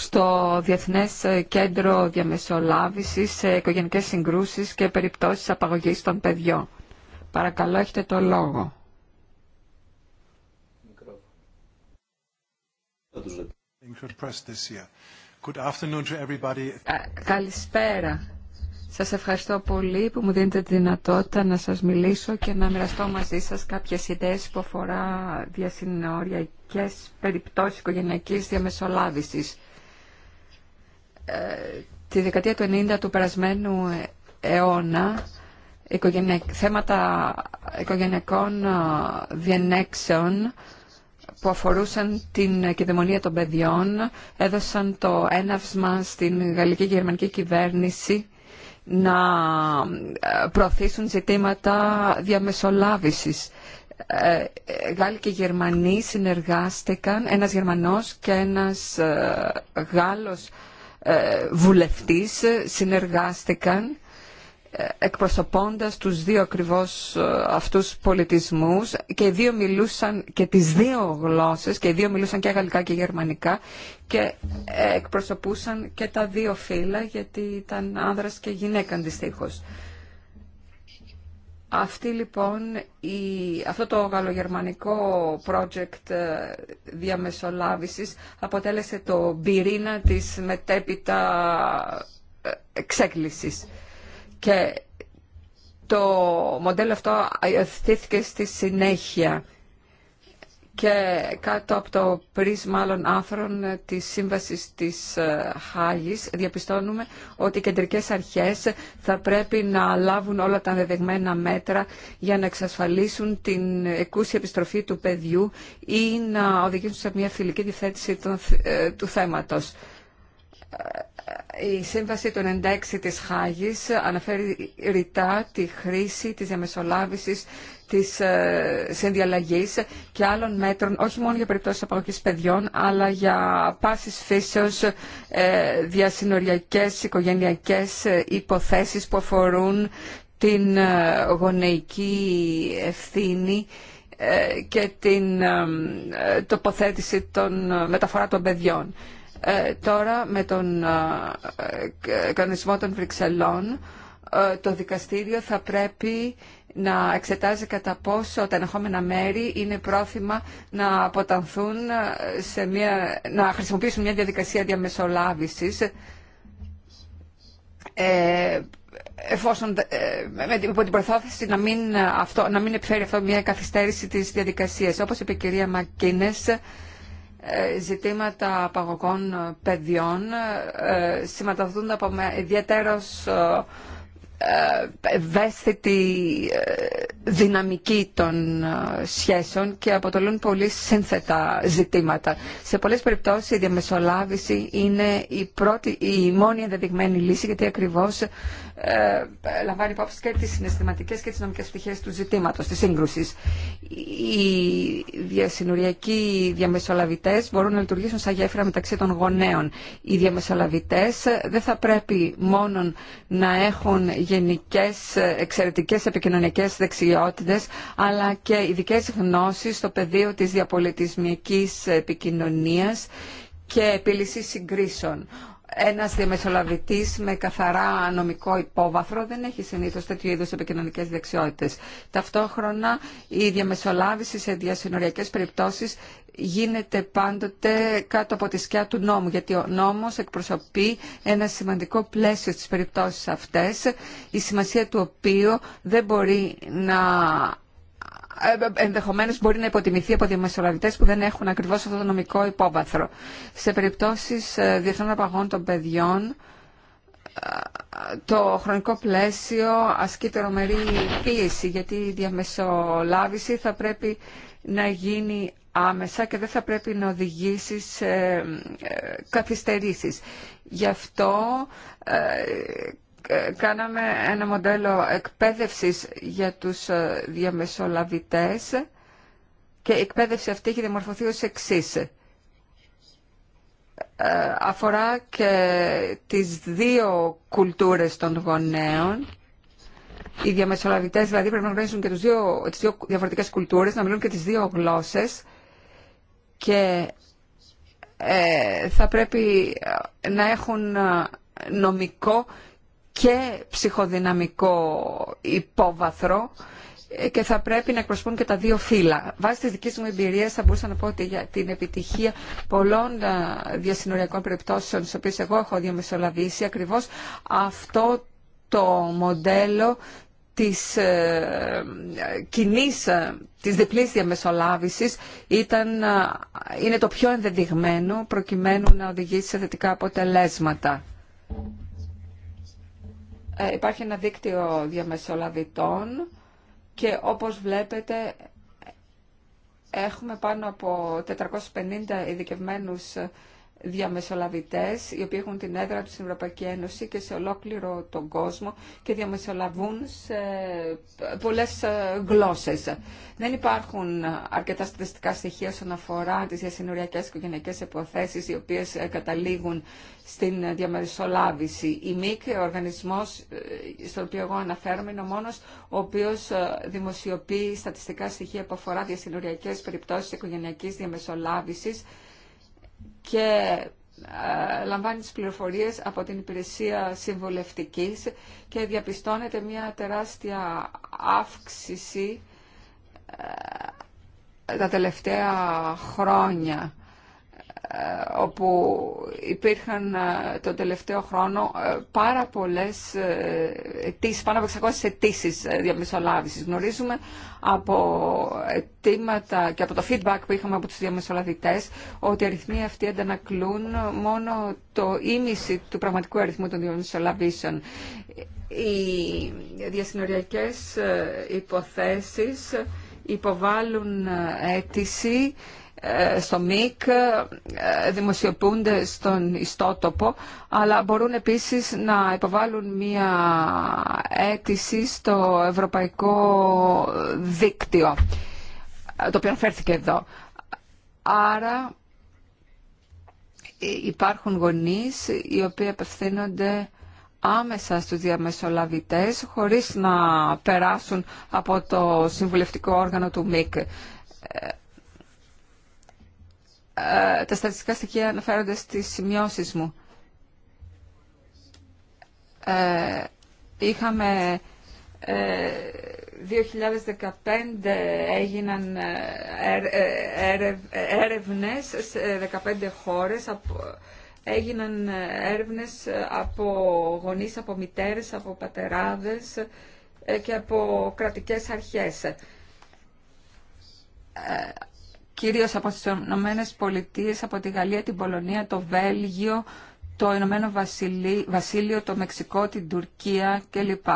στο Διεθνές Κέντρο Διαμεσολάβησης σε οικογενικές συγκρούσεις και περιπτώσεις απαγωγής των παιδιών. Παρακαλώ, έχετε το λόγο. Καλησπέρα. Σας ευχαριστώ πολύ που μου δίνετε τη δυνατότητα να σας μιλήσω και να μοιραστώ μαζί σας κάποιες ιδέες που αφορά διασυνοριακές περιπτώσεις οικογενειακής διαμεσολάβησης τη δεκαετία του 90 του περασμένου αιώνα θέματα οικογενειακών διενέξεων που αφορούσαν την κυδαιμονία των παιδιών έδωσαν το έναυσμα στην γαλλική και γερμανική κυβέρνηση να προωθήσουν ζητήματα διαμεσολάβησης. Ε, Γάλλοι και Γερμανοί συνεργάστηκαν, ένας Γερμανός και ένας ε, Γάλλος ε, βουλευτής ε, συνεργάστηκαν ε, εκπροσωπώντας τους δύο ακριβώς αυτούς πολιτισμούς και οι δύο μιλούσαν και τις δύο γλώσσες και οι δύο μιλούσαν και γαλλικά και γερμανικά και εκπροσωπούσαν και τα δύο φύλλα γιατί ήταν άνδρας και γυναίκα αντιστοίχως. Αυτή λοιπόν, η, αυτό το γαλλογερμανικό project ε, διαμεσολάβησης αποτέλεσε το πυρήνα της μετέπειτα ε, εξέκλησης. Και το μοντέλο αυτό υιοθετήθηκε στη συνέχεια και κάτω από το πρίσμα άλλων άθρων της Σύμβασης της ε, Χάγης διαπιστώνουμε ότι οι κεντρικές αρχές θα πρέπει να λάβουν όλα τα δεδεγμένα μέτρα για να εξασφαλίσουν την εκούσια επιστροφή του παιδιού ή να οδηγήσουν σε μια φιλική διθέτηση ε, του θέματος. Ε, η Σύμβαση των 96 της Χάγης αναφέρει ρητά τη χρήση της διαμεσολάβησης της ε, συνδιαλλαγής και άλλων μέτρων, όχι μόνο για περιπτώσεις απαγωγής παιδιών, αλλά για πάσης φύσεως ε, διασυνοριακές οικογενειακές ε, υποθέσεις που αφορούν την γονεϊκή ευθύνη και την τοποθέτηση των μεταφορά των παιδιών. Ε, τώρα με τον ε, ε, κανονισμό των Βρυξελών το δικαστήριο θα πρέπει να εξετάζει κατά πόσο τα ενεχόμενα μέρη είναι πρόθυμα να αποτανθούν σε μια, να χρησιμοποιήσουν μια διαδικασία διαμεσολάβησης ε, εφόσον με, υπό την προθόθεση να μην, αυτό, να μην επιφέρει αυτό μια καθυστέρηση της διαδικασίας. Όπως είπε η κυρία Μακίνες, ε, ζητήματα παγωγών ε, παιδιών ε, σηματοδοτούνται από μια ιδιαίτερος ευαίσθητη δυναμική των σχέσεων και αποτελούν πολύ σύνθετα ζητήματα. Σε πολλές περιπτώσεις η διαμεσολάβηση είναι η, πρώτη, η μόνη ενδεδειγμένη λύση γιατί ακριβώς ε, λαμβάνει υπόψη και τις συναισθηματικές και τις νομικές πτυχές του ζητήματος, της σύγκρουση. Οι διασυνοριακοί διαμεσολαβητές μπορούν να λειτουργήσουν σαν γέφυρα μεταξύ των γονέων. Οι διαμεσολαβητές δεν θα πρέπει μόνο να έχουν γενικές εξαιρετικές επικοινωνικές δεξιότητες, αλλά και ειδικέ γνώσεις στο πεδίο της διαπολιτισμικής επικοινωνίας και επίλυση συγκρίσεων ένας διαμεσολαβητής με καθαρά νομικό υπόβαθρο δεν έχει συνήθως τέτοιου είδους επικοινωνικές δεξιότητες. Ταυτόχρονα η διαμεσολάβηση σε διασυνοριακές περιπτώσεις γίνεται πάντοτε κάτω από τη σκιά του νόμου, γιατί ο νόμος εκπροσωπεί ένα σημαντικό πλαίσιο στις περιπτώσεις αυτές, η σημασία του οποίου δεν μπορεί να ε, ενδεχομένω μπορεί να υποτιμηθεί από διαμεσολαβητέ που δεν έχουν ακριβώ αυτό το νομικό υπόβαθρο. Σε περιπτώσει ε, διεθνών απαγών των παιδιών, ε, το χρονικό πλαίσιο ασκεί τρομερή πίεση, γιατί η διαμεσολάβηση θα πρέπει να γίνει άμεσα και δεν θα πρέπει να οδηγήσει σε καθυστερήσεις. Γι' αυτό ε, κάναμε ένα μοντέλο εκπαίδευσης για τους ε, διαμεσολαβητές και η εκπαίδευση αυτή έχει δημορφωθεί ως εξής. Ε, αφορά και τις δύο κουλτούρες των γονέων. Οι διαμεσολαβητές δηλαδή πρέπει να γνωρίζουν και τους δύο, τις δύο διαφορετικές κουλτούρες, να μιλούν και τις δύο γλώσσες και θα πρέπει να έχουν νομικό και ψυχοδυναμικό υπόβαθρο ε, και θα πρέπει να εκπροσωπούν και τα δύο φύλλα. Βάσει τη δική μου εμπειρία, θα μπορούσα να πω ότι για την επιτυχία πολλών ε, διασυνοριακών περιπτώσεων, στι οποίε εγώ έχω διαμεσολαβήσει, ακριβώ αυτό το μοντέλο της ε, κοινής, ε, της διπλής διαμεσολάβησης ήταν, είναι το πιο ενδεδειγμένο προκειμένου να οδηγήσει σε θετικά αποτελέσματα. Ε, υπάρχει ένα δίκτυο διαμεσολαβητών και όπως βλέπετε έχουμε πάνω από 450 ειδικευμένους διαμεσολαβητές οι οποίοι έχουν την έδρα του στην Ευρωπαϊκή Ένωση και σε ολόκληρο τον κόσμο και διαμεσολαβούν σε πολλές ε, γλώσσες. Δεν υπάρχουν αρκετά στατιστικά στοιχεία όσον αφορά τις διασυνοριακές οικογενειακές υποθέσεις οι οποίες ε, καταλήγουν στην διαμεσολάβηση. Η ΜΙΚ, ο οργανισμός ε, στον οποίο εγώ αναφέρομαι, είναι ο μόνος ο οποίος δημοσιοποιεί στατιστικά στοιχεία που αφορά διασυνοριακές περιπτώσεις οικογενειακής διαμεσολάβησης και ε, λαμβάνει τις πληροφορίες από την υπηρεσία συμβουλευτικής και διαπιστώνεται μια τεράστια αύξηση ε, τα τελευταία χρόνια ε, όπου υπήρχαν ε, τον τελευταίο χρόνο ε, πάρα πολλές αιτήσεις, πάνω από 600 αιτήσει διαμεσολάβησης. Γνωρίζουμε από αιτήματα και από το feedback που είχαμε από τους διαμεσολαβητές ότι οι αριθμοί αυτοί αντανακλούν μόνο το ίμιση του πραγματικού αριθμού των διαμεσολαβήσεων. Οι διασυνοριακές υποθέσεις υποβάλλουν αίτηση ε, στο ΜΙΚ, ε, δημοσιοποιούνται στον ιστότοπο, αλλά μπορούν επίσης να υποβάλουν μία αίτηση στο Ευρωπαϊκό Δίκτυο, ε, το οποίο αναφέρθηκε εδώ. Άρα υπάρχουν γονείς οι οποίοι απευθύνονται άμεσα στους διαμεσολαβητές χωρίς να περάσουν από το συμβουλευτικό όργανο του ΜΙΚ. Ε, τα στατιστικά στοιχεία αναφέρονται στι σημειώσεις μου. Ε, είχαμε ε, 2015 έγιναν ε, ε, έρευνε. έρευνες σε 15 χώρες, έγιναν έρευνες από γονείς, από μητέρες, από πατεράδες και από κρατικές αρχές κυρίως από τις Ηνωμένε Πολιτείε, από τη Γαλλία, την Πολωνία, το Βέλγιο, το Ηνωμένο Βασίλειο, το Μεξικό, την Τουρκία κλπ.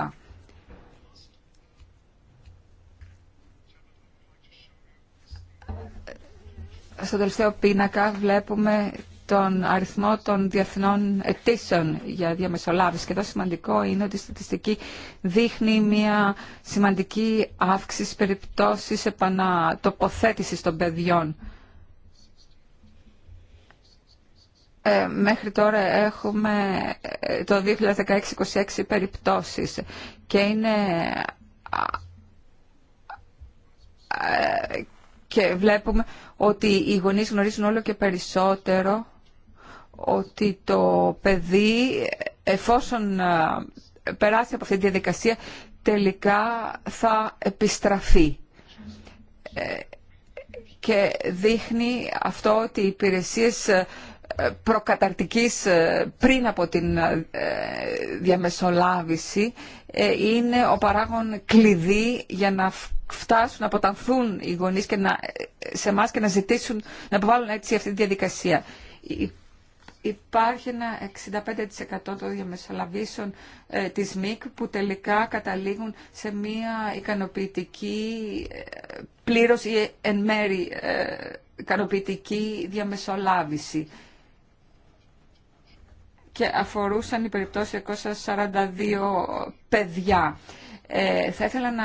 Στο τελευταίο πίνακα βλέπουμε τον αριθμό των διεθνών αιτήσεων για διαμεσολάβηση. Και εδώ σημαντικό είναι ότι η στατιστική δείχνει μια σημαντική αύξηση περιπτώσεις επανατοποθέτησης των παιδιών. Ε, μέχρι τώρα έχουμε ε, το 2016-26 περιπτώσεις και είναι ε, και βλέπουμε ότι οι γονείς γνωρίζουν όλο και περισσότερο ότι το παιδί εφόσον ε, περάσει από αυτή τη διαδικασία τελικά θα επιστραφεί. Ε, και δείχνει αυτό ότι οι υπηρεσίες ε, προκαταρτικής πριν από την διαμεσολάβηση είναι ο παράγον κλειδί για να φτάσουν, να αποτανθούν οι γονείς και να, σε εμά και να ζητήσουν, να αποβάλουν έτσι αυτή τη διαδικασία υπάρχει ένα 65% των διαμεσολαβήσεων ε, της ΜΙΚ που τελικά καταλήγουν σε μια ικανοποιητική ε, πλήρως ή εν μέρη ε, ικανοποιητική διαμεσολάβηση. Και αφορούσαν οι περιπτώσεις 242 παιδιά. Ε, θα ήθελα να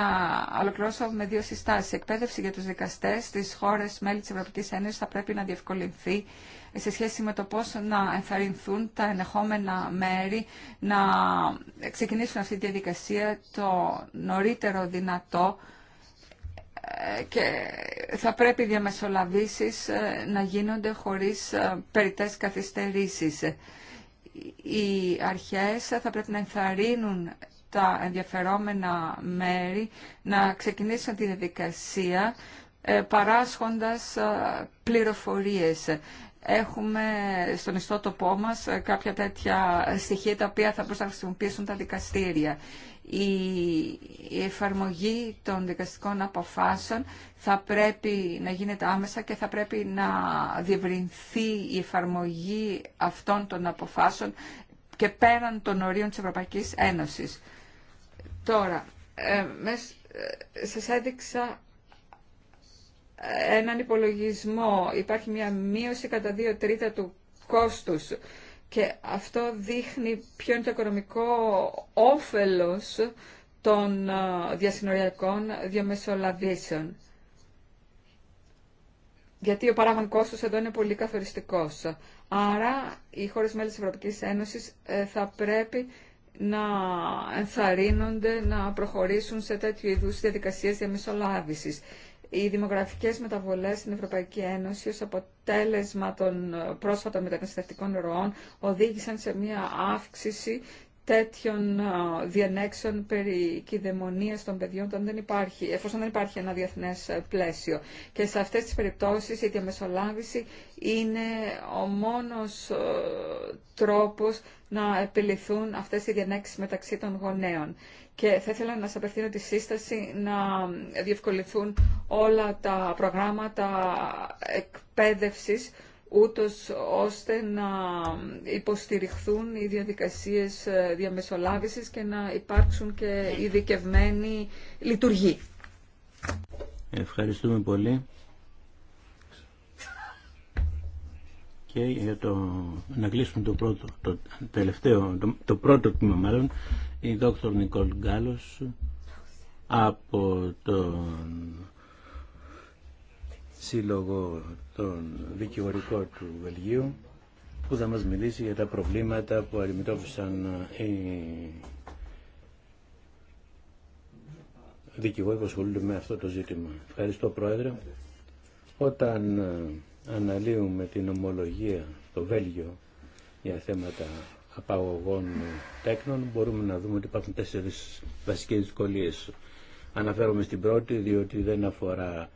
ολοκληρώσω με δύο συστάσεις. Η εκπαίδευση για τους δικαστές στις χώρες μέλη της Ευρωπαϊκής Ένωσης θα πρέπει να διευκολυνθεί σε σχέση με το πώς να ενθαρρυνθούν τα ενεχόμενα μέρη να ξεκινήσουν αυτή τη διαδικασία το νωρίτερο δυνατό ε, και θα πρέπει οι διαμεσολαβήσεις ε, να γίνονται χωρίς ε, περιττές καθυστερήσεις. Οι αρχές θα πρέπει να ενθαρρύνουν τα ενδιαφερόμενα μέρη να ξεκινήσουν τη διαδικασία παράσχοντας πληροφορίες έχουμε στον ιστότοπό μας κάποια τέτοια στοιχεία τα οποία θα μπορούσαν να χρησιμοποιήσουν τα δικαστήρια. Η εφαρμογή των δικαστικών αποφάσεων θα πρέπει να γίνεται άμεσα και θα πρέπει να διευρυνθεί η εφαρμογή αυτών των αποφάσεων και πέραν των ορίων της Ευρωπαϊκής Ένωσης. Τώρα, ε, ε σας έδειξα έναν υπολογισμό. Υπάρχει μια μείωση κατά δύο τρίτα του κόστους και αυτό δείχνει ποιο είναι το οικονομικό όφελος των ε, διασυνοριακών διαμεσολαβήσεων. Γιατί ο παράγον κόστος εδώ είναι πολύ καθοριστικός. Άρα οι χώρες μέλη της Ευρωπαϊκής Ένωσης ε, θα πρέπει να ενθαρρύνονται να προχωρήσουν σε τέτοιου είδους διαδικασίες διαμεσολάβησης. Οι δημογραφικές μεταβολές στην Ευρωπαϊκή Ένωση ως αποτέλεσμα των πρόσφατων μεταναστευτικών ροών οδήγησαν σε μία αύξηση τέτοιων διανέξεων περί κυδαιμονία των παιδιών όταν δεν υπάρχει, εφόσον δεν υπάρχει ένα διεθνές πλαίσιο. Και σε αυτές τις περιπτώσεις η διαμεσολάβηση είναι ο μόνος τρόπος να επιληθούν αυτές οι διανέξεις μεταξύ των γονέων και θα ήθελα να σας απευθύνω τη σύσταση να διευκολυθούν όλα τα προγράμματα εκπαίδευσης ούτως ώστε να υποστηριχθούν οι διαδικασίες διαμεσολάβησης και να υπάρξουν και ειδικευμένοι λειτουργοί. Ευχαριστούμε πολύ. Και για το, να κλείσουμε το πρώτο, το τελευταίο, το, το πρώτο τμήμα μάλλον η δόκτωρ Νικόλ Γκάλος από τον σύλλογο των δικηγορικών του Βελγίου που θα μας μιλήσει για τα προβλήματα που αντιμετώπισαν οι δικηγόροι που ασχολούνται με αυτό το ζήτημα. Ευχαριστώ Πρόεδρε. Όταν ε, αναλύουμε την ομολογία το Βέλγιο για θέματα απαγωγών τέκνων μπορούμε να δούμε ότι υπάρχουν τέσσερις βασικές δυσκολίε. Αναφέρομαι στην πρώτη διότι δεν αφορά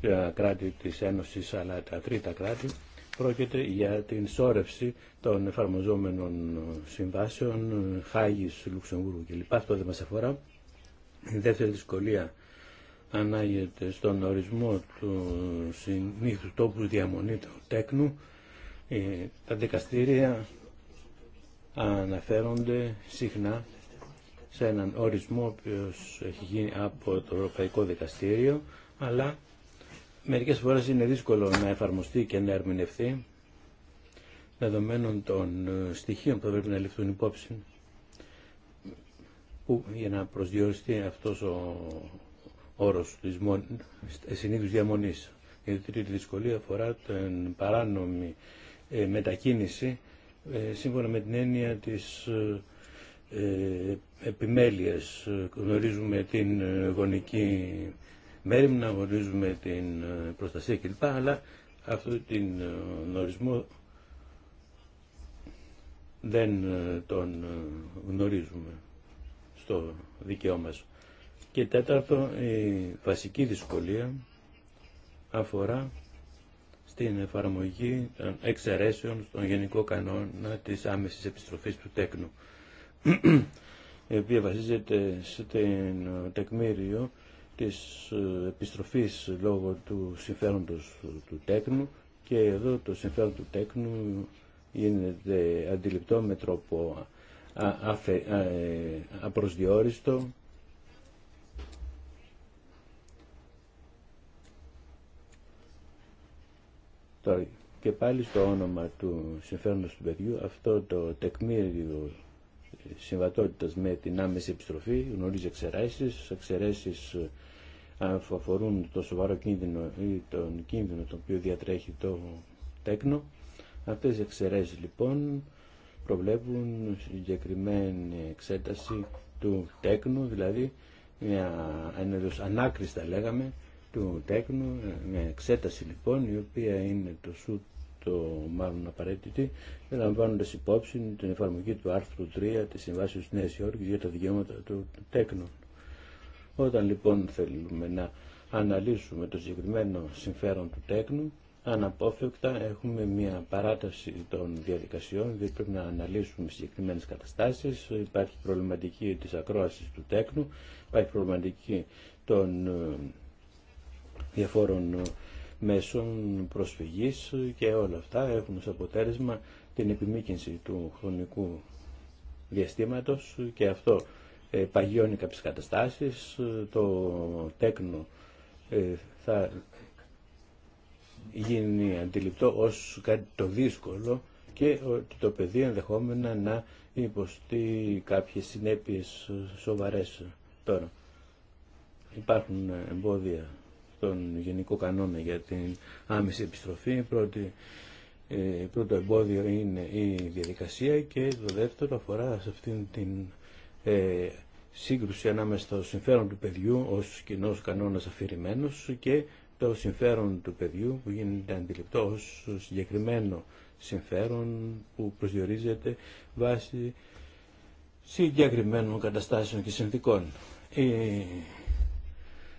τα ε, κράτη της Ένωσης αλλά τα τρίτα κράτη. Πρόκειται για την σόρευση των εφαρμοζόμενων συμβάσεων, Χάγης, Λουξεμβούργου κλπ. Αυτό δεν μας αφορά. Η δεύτερη δυσκολία ανάγεται στον ορισμό του συνήθου τόπου διαμονή του τέκνου. Ε, τα δικαστήρια αναφέρονται συχνά σε έναν ορισμό ο οποίος έχει γίνει από το Ευρωπαϊκό Δικαστήριο, αλλά μερικές φορές είναι δύσκολο να εφαρμοστεί και να ερμηνευθεί δεδομένων των ε, στοιχείων που πρέπει να ληφθούν υπόψη που για να προσδιοριστεί αυτός ο όρος της συνήθους διαμονής. Η δυσκολία αφορά την παράνομη ε, μετακίνηση ε, σύμφωνα με την έννοια της ε, επιμέλειας. Ε, γνωρίζουμε την γονική μέρημνα, γνωρίζουμε την προστασία κλπ. Αλλά αυτό την γνωρισμό δεν τον γνωρίζουμε στο δικαίωμα μας. Και τέταρτο, η βασική δυσκολία αφορά την εφαρμογή των εξαιρέσεων στον γενικό κανόνα της άμεσης επιστροφής του τέκνου η οποία βασίζεται στο ε, τεκμήριο της ε, επιστροφής λόγω του συμφέροντος του τέκνου και εδώ το συμφέρον του τέκνου γίνεται αντιληπτό με τρόπο ε, απροσδιόριστο και πάλι στο όνομα του συμφέροντος του παιδιού αυτό το τεκμήριο συμβατότητας με την άμεση επιστροφή γνωρίζει εξαιρέσεις, εξαιρέσεις ε, αφορούν το σοβαρό κίνδυνο ή τον κίνδυνο τον οποίο διατρέχει το τέκνο. Αυτές οι εξαιρέσεις λοιπόν προβλέπουν συγκεκριμένη εξέταση του τέκνου, δηλαδή μια, ανάκριστα λέγαμε, του τέκνου, ε, με εξέταση λοιπόν, η οποία είναι το σου το μάλλον απαραίτητη, λαμβάνοντα υπόψη την εφαρμογή του άρθρου 3 της Συμβάσεως της Νέας Υόρκης για τα δικαιώματα του τέκνου. Όταν λοιπόν θέλουμε να αναλύσουμε το συγκεκριμένο συμφέρον του τέκνου, αναπόφευκτα έχουμε μια παράταση των διαδικασιών, διότι πρέπει να αναλύσουμε συγκεκριμένες καταστάσεις, υπάρχει προβληματική τη ακρόαση του τέκνου, υπάρχει προβληματική των ε, διαφόρων μέσων προσφυγής και όλα αυτά έχουν ως αποτέλεσμα την επιμήκυνση του χρονικού διαστήματος και αυτό ε, παγιώνει κάποιες καταστάσεις, ε, το τέκνο ε, θα γίνει αντιληπτό ως κάτι το δύσκολο και ότι το παιδί ενδεχόμενα να υποστεί κάποιες συνέπειες σοβαρές τώρα. Υπάρχουν εμπόδια τον Γενικό Κανόνα για την άμεση επιστροφή. Πρώτη, ε, πρώτο εμπόδιο είναι η διαδικασία και το δεύτερο αφορά σε αυτήν την ε, σύγκρουση ανάμεσα στο συμφέρον του παιδιού ως κοινό κανόνας αφηρημένος και το συμφέρον του παιδιού που γίνεται αντιληπτό ως συγκεκριμένο συμφέρον που προσδιορίζεται βάσει συγκεκριμένων καταστάσεων και συνθήκων.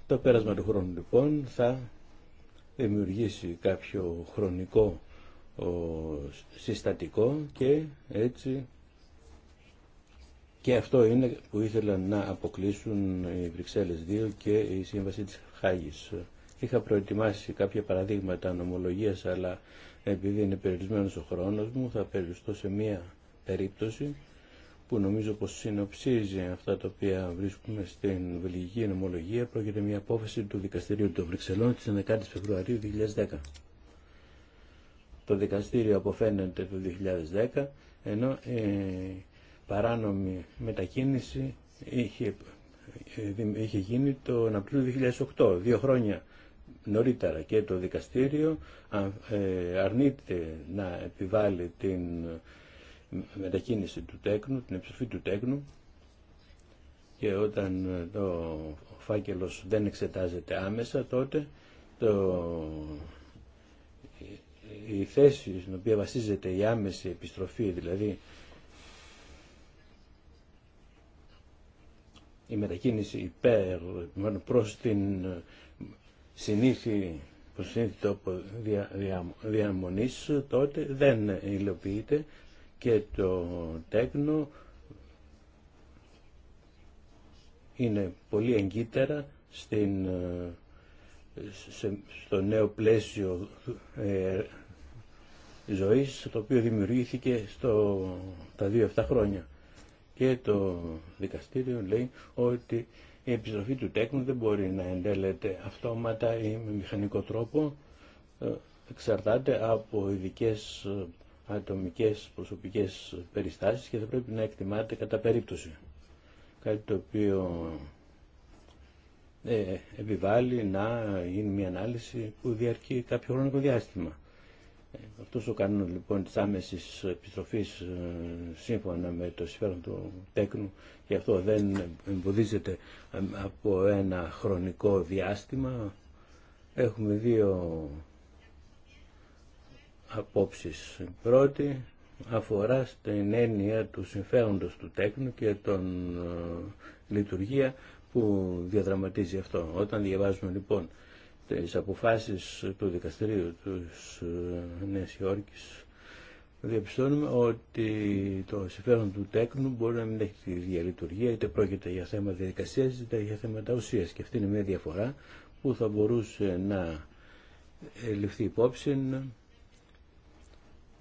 Το πέρασμα του χρόνου λοιπόν θα δημιουργήσει κάποιο χρονικό συστατικό και έτσι και αυτό είναι που ήθελαν να αποκλείσουν οι Βρυξέλλες 2 και η Σύμβαση της Χάγης. Είχα προετοιμάσει κάποια παραδείγματα νομολογίας αλλά επειδή είναι περιορισμένος ο χρόνος μου θα περιοριστώ σε μία περίπτωση που νομίζω πως συνοψίζει αυτά τα οποία βρίσκουμε στην βελγική νομολογία πρόκειται μια απόφαση του Δικαστηρίου των Βρυξελών της 11 Φεβρουαρίου 2010. Το δικαστήριο αποφαίνεται το 2010 ενώ η ε, παράνομη μετακίνηση είχε, ε, είχε γίνει το Απρίλιο 2008, δύο χρόνια νωρίτερα και το δικαστήριο ε, αρνείται να επιβάλλει την μετακίνηση του τέκνου, την επιστροφή του τέκνου και όταν ε, το φάκελος δεν εξετάζεται άμεσα τότε το... η θέση στην οποία βασίζεται η άμεση επιστροφή δηλαδή η μετακίνηση υπέρ προς την ε, συνήθη προς συνήθι τόπο ε, δια, τότε δεν υλοποιείται και το τέκνο είναι πολύ εγκύτερα στην, ε, στο νέο πλαίσιο ε, ζωής το οποίο δημιουργήθηκε στο, τα δύο εφτά χρόνια. Και το δικαστήριο λέει ότι η επιστροφή του τέκνου δεν μπορεί να εντέλεται αυτόματα ή με μηχανικό τρόπο, ε, εξαρτάται από ειδικέ ατομικές προσωπικές περιστάσεις και θα πρέπει να εκτιμάται κατά περίπτωση. Κάτι το οποίο ε, επιβάλλει να γίνει μια ανάλυση που διαρκεί κάποιο χρονικό διάστημα. Ε, αυτός ο κανόνα λοιπόν της άμεσης επιστροφής ε, σύμφωνα με το συμφέρον του τέκνου και αυτό δεν εμποδίζεται ε, από ένα χρονικό διάστημα. Έχουμε δύο απόψεις. Πρώτη αφορά στην έννοια του συμφέροντος του τέκνου και τον ε, λειτουργία που διαδραματίζει αυτό. Όταν διαβάζουμε λοιπόν τις αποφάσεις του δικαστηρίου της ε, Νέας Υόρκης διαπιστώνουμε ότι το συμφέρον του τέκνου μπορεί να μην έχει τη λειτουργία είτε πρόκειται για θέματα διαδικασίας είτε για θέματα ουσίας και αυτή είναι μια διαφορά που θα μπορούσε να ε, ληφθεί υπόψη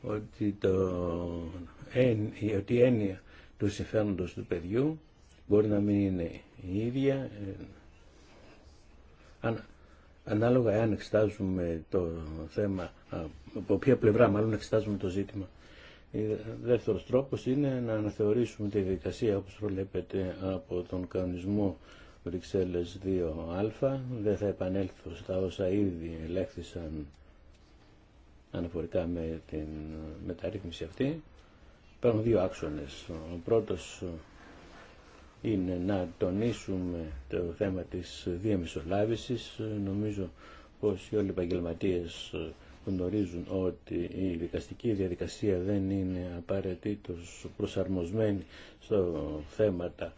ότι, το, ότι η έννοια του συμφέροντος του παιδιού μπορεί να μην είναι η ίδια ε, αν, ανάλογα εάν εξετάζουμε το θέμα από ποια πλευρά μάλλον εξετάζουμε το ζήτημα Ο ε, δεύτερος τρόπος είναι να αναθεωρήσουμε τη διαδικασία όπως προβλέπετε από τον κανονισμό Βρυξέλλες 2α δεν θα επανέλθω στα όσα ήδη ελέγχθησαν αναφορικά με την μεταρρύθμιση αυτή. Υπάρχουν δύο άξονες. Ο πρώτος είναι να τονίσουμε το θέμα της διαμεσολάβησης. Νομίζω πως οι όλοι οι επαγγελματίε γνωρίζουν ότι η δικαστική διαδικασία δεν είναι απαραίτητο προσαρμοσμένη στο θέματα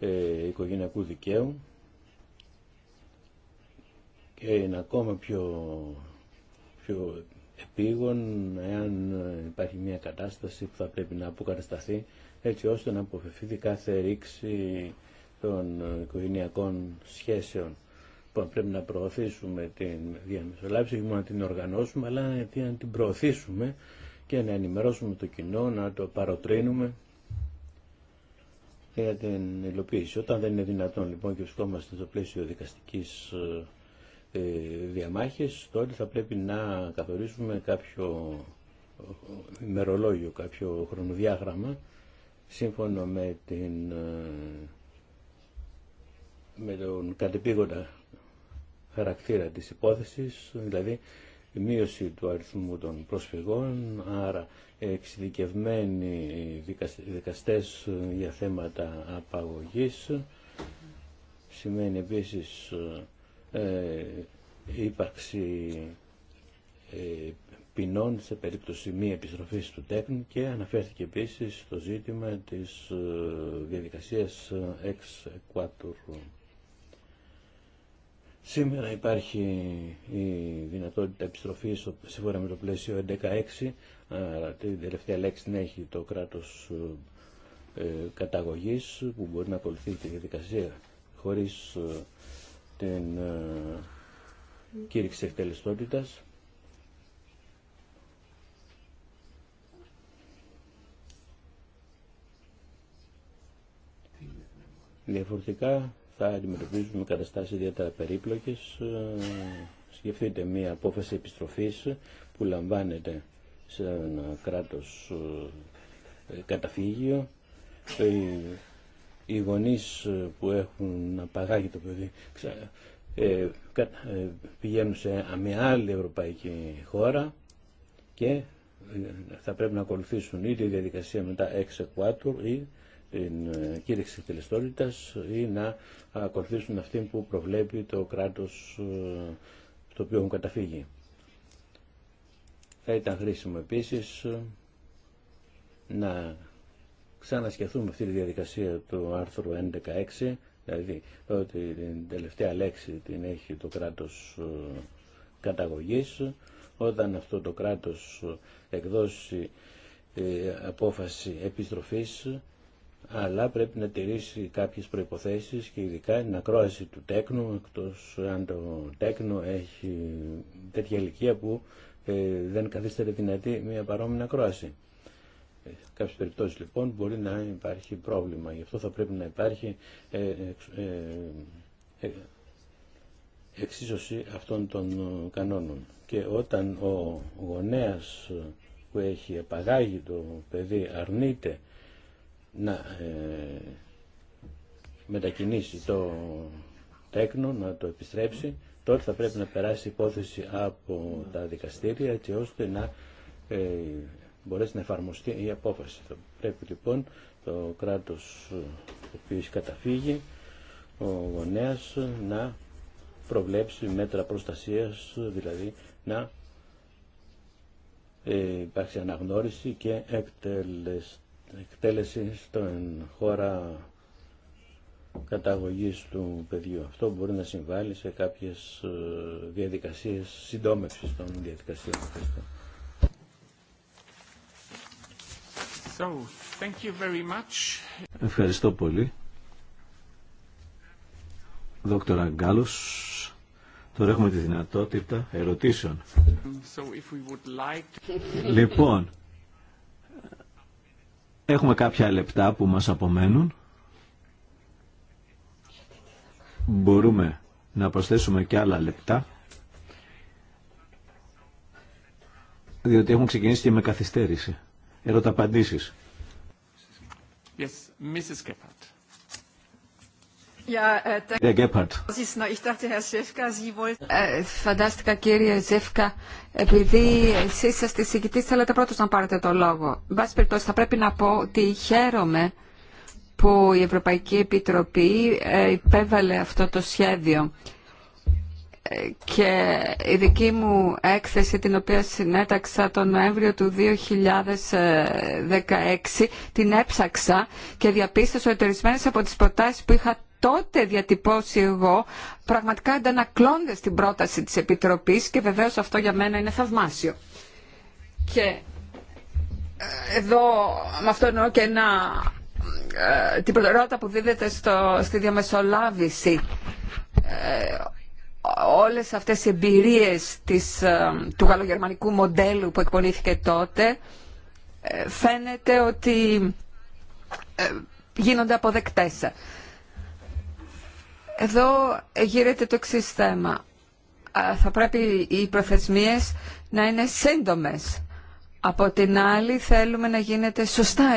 ε, οικογενειακού δικαίου και είναι ακόμα πιο επίγον εάν υπάρχει μια κατάσταση που θα πρέπει να αποκατασταθεί έτσι ώστε να αποφευθεί κάθε ρήξη των οικογενειακών σχέσεων που πρέπει να προωθήσουμε την διαμεσολάβηση, όχι μόνο να την οργανώσουμε, αλλά να την προωθήσουμε και να ενημερώσουμε το κοινό, να το παροτρύνουμε για την υλοποίηση. Όταν δεν είναι δυνατόν λοιπόν και βρισκόμαστε στο πλαίσιο δικαστικής ε, ε, διαμάχες, τότε θα πρέπει να καθορίσουμε κάποιο ε, ημερολόγιο, κάποιο χρονοδιάγραμμα, σύμφωνο με, την, ε, με τον κατεπίγοντα χαρακτήρα της υπόθεσης, δηλαδή η μείωση του αριθμού των προσφυγών, άρα εξειδικευμένοι δικαστές για θέματα απαγωγής, σημαίνει επίσης ε, ύπαρξη ε, ποινών σε περίπτωση μη επιστροφής του τέχνη και αναφέρθηκε επίσης στο ζήτημα της ε, διαδικασίας ex equator. Σήμερα υπάρχει η δυνατότητα επιστροφής σύμφωνα με το πλαίσιο 11.6, αλλά την τελευταία λέξη την έχει το κράτος καταγωγής που μπορεί να ακολουθεί τη διαδικασία χωρίς την ε, κήρυξη εκτελεστότητας. Διαφορετικά θα αντιμετωπίζουμε καταστάσει ιδιαίτερα περίπλοκε. Ε, σκεφτείτε μία απόφαση επιστροφής που λαμβάνεται σε ένα κράτος ε, καταφύγιο οι γονείς ε, που έχουν απαγάγει το παιδί ε, ε, πηγαίνουν σε μια άλλη ευρωπαϊκή χώρα και θα πρέπει να ακολουθήσουν ή τη διαδικασία μετά ex equator ή την κήρυξη εκτελεστότητας ή να ακολουθήσουν αυτή που προβλέπει το κράτος στο οποίο έχουν καταφύγει. Θα ήταν χρήσιμο επίσης να ξανασκεφτούμε αυτή τη διαδικασία του άρθρου 11.6, δηλαδή ότι την τελευταία λέξη την έχει το κράτος ε, καταγωγής, όταν αυτό το κράτος εκδώσει ε, απόφαση επιστροφής, αλλά πρέπει να τηρήσει κάποιες προϋποθέσεις και ειδικά την ακρόαση του τέκνου, εκτός αν το τέκνο έχει τέτοια ηλικία που ε, δεν καθίστερε δυνατή μια παρόμοια ακρόαση. Κάποιε περιπτώσει λοιπόν μπορεί να υπάρχει πρόβλημα. Γι' αυτό θα πρέπει να υπάρχει ε, ε, ε, εξίσωση αυτών των κανόνων. Και όταν ο γονέας που έχει επαγάγει το παιδί αρνείται να μετακινήσει το τέκνο, να το επιστρέψει, τότε θα πρέπει να περάσει υπόθεση από τα δικαστήρια έτσι ώστε να μπορέσει να εφαρμοστεί η απόφαση. Θα πρέπει λοιπόν το κράτος ε, το οποίο έχει καταφύγει, ο γονέας ε, να προβλέψει μέτρα προστασίας, ε, δηλαδή να υπάρξει αναγνώριση και εκτέλεση στον χώρα καταγωγής του παιδιού. Αυτό μπορεί να συμβάλλει σε κάποιες διαδικασίες συντόμευσης των διαδικασίων. Ευχαριστώ πολύ. Δόκτωρα Γκάλος, τώρα έχουμε τη δυνατότητα ερωτήσεων. Λοιπόν, έχουμε κάποια λεπτά που μας απομένουν. Μπορούμε να προσθέσουμε και άλλα λεπτά. διότι έχουν ξεκινήσει και με καθυστέρηση ερωταπαντήσεις. Yes, Mrs. φαντάστηκα κύριε Ζεύκα, επειδή εσεί είστε συγκητή, θέλετε πρώτο να πάρετε το λόγο. Εν περιπτώσει, θα πρέπει να πω ότι χαίρομαι που η Ευρωπαϊκή Επιτροπή ε, υπέβαλε αυτό το σχέδιο και η δική μου έκθεση την οποία συνέταξα τον Νοέμβριο του 2016 την έψαξα και διαπίστωσα ότι ορισμένε από τις προτάσεις που είχα τότε διατυπώσει εγώ πραγματικά αντανακλώνται στην πρόταση της Επιτροπής και βεβαίως αυτό για μένα είναι θαυμάσιο. Και ε, εδώ με αυτό εννοώ και ένα, ε, την προτεραιότητα που δίδεται στο, στη διαμεσολάβηση ε, όλες αυτές οι εμπειρίες της, ε, του γαλλογερμανικού μοντέλου που εκπονήθηκε τότε ε, φαίνεται ότι ε, γίνονται αποδεκτές. Εδώ γύρεται το εξή θέμα. Θα πρέπει οι προθεσμίες να είναι σύντομες. Από την άλλη θέλουμε να γίνεται σωστά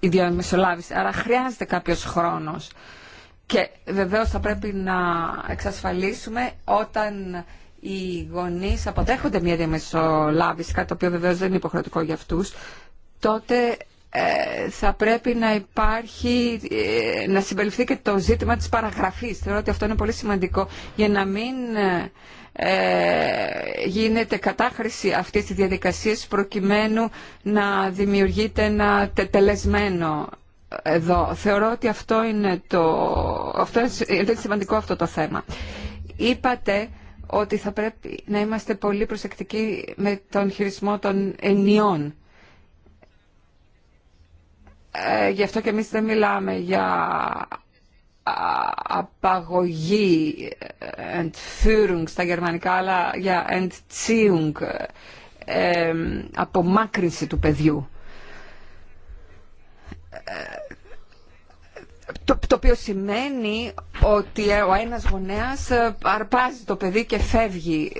η διαμεσολάβηση, άρα χρειάζεται κάποιος χρόνος. Και βεβαίως θα πρέπει να εξασφαλίσουμε όταν οι γονείς αποτέχονται μια διαμεσολάβηση, κάτι το οποίο βεβαίως δεν είναι υποχρεωτικό για αυτούς, τότε ε, θα πρέπει να υπάρχει, ε, να συμπεριληφθεί και το ζήτημα της παραγραφής. Θεωρώ ότι αυτό είναι πολύ σημαντικό για να μην ε, γίνεται κατάχρηση αυτής της διαδικασίας προκειμένου να δημιουργείται ένα τελεσμένο εδώ. Θεωρώ ότι αυτό είναι το, αυτό είναι σημαντικό αυτό το θέμα. Είπατε ότι θα πρέπει να είμαστε πολύ προσεκτικοί με τον χειρισμό των ενιών. Ε, γι' αυτό και εμείς δεν μιλάμε για απαγωγή entführung ε, στα γερμανικά αλλά για entziehung ε, απομάκρυνση του παιδιού. Ε, το, το οποίο σημαίνει ότι ο ένας γονέας ε, αρπάζει το παιδί και φεύγει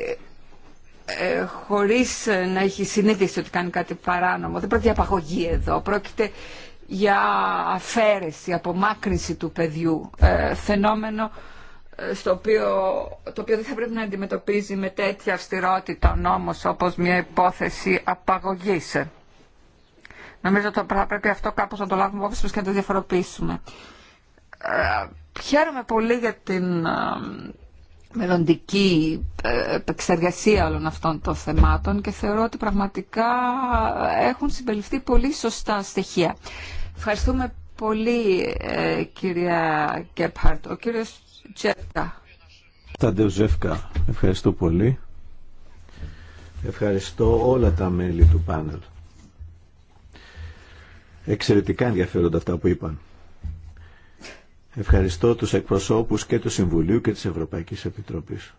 ε, ε, χωρίς να έχει συνείδηση ότι κάνει κάτι παράνομο. Δεν πρόκειται για απαγωγή εδώ, πρόκειται για αφαίρεση, απομάκρυνση του παιδιού, ε, φαινόμενο στο οποίο, το οποίο δεν θα πρέπει να αντιμετωπίζει με τέτοια αυστηρότητα ο νόμος όπως μια υπόθεση απαγωγής. Νομίζω ότι πρέπει αυτό κάπως να το λάβουμε υπόψη και να το διαφοροποιήσουμε. Ε, χαίρομαι πολύ για την ε, μελλοντική ε, επεξεργασία όλων αυτών των θεμάτων και θεωρώ ότι πραγματικά έχουν συμπεριληφθεί πολύ σωστά στοιχεία. Ευχαριστούμε πολύ κυρία Κέπχαρτ. Ο κύριος Τζέφκα. Ταντεουζεύκα, ευχαριστώ πολύ. Ευχαριστώ όλα τα μέλη του πάνελ. Εξαιρετικά ενδιαφέροντα αυτά που είπαν. Ευχαριστώ τους εκπροσώπους και του Συμβουλίου και της Ευρωπαϊκής Επιτροπής.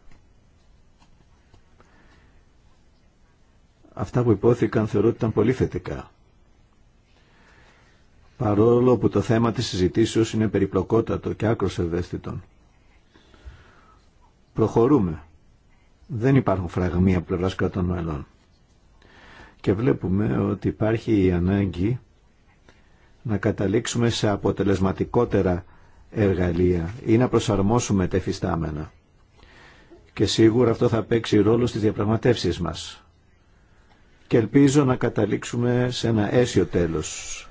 Αυτά που υπόθηκαν θεωρώ ότι ήταν πολύ θετικά. Παρόλο που το θέμα της συζητήσεως είναι περιπλοκότατο και άκρος ευαίσθητον. Προχωρούμε. Δεν υπάρχουν φραγμοί από πλευράς κρατών μελών. Και βλέπουμε ότι υπάρχει η ανάγκη να καταλήξουμε σε αποτελεσματικότερα εργαλεία ή να προσαρμόσουμε τα εφιστάμενα. Και σίγουρα αυτό θα παίξει ρόλο στις διαπραγματεύσεις μας. Και ελπίζω να καταλήξουμε σε ένα αίσιο τέλος.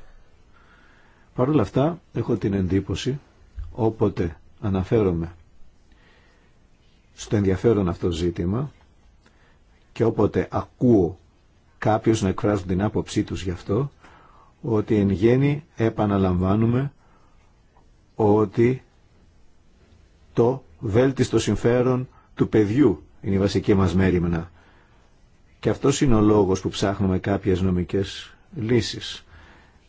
Παρ' όλα αυτά έχω την εντύπωση όποτε αναφέρομαι στο ενδιαφέρον αυτό ζήτημα και όποτε ακούω κάποιους να εκφράζουν την άποψή τους γι' αυτό, ότι εν γέννη επαναλαμβάνουμε ότι το βέλτιστο συμφέρον του παιδιού είναι η βασική μας μέρημνα. Και αυτός είναι ο λόγος που ψάχνουμε κάποιες νομικές λύσεις.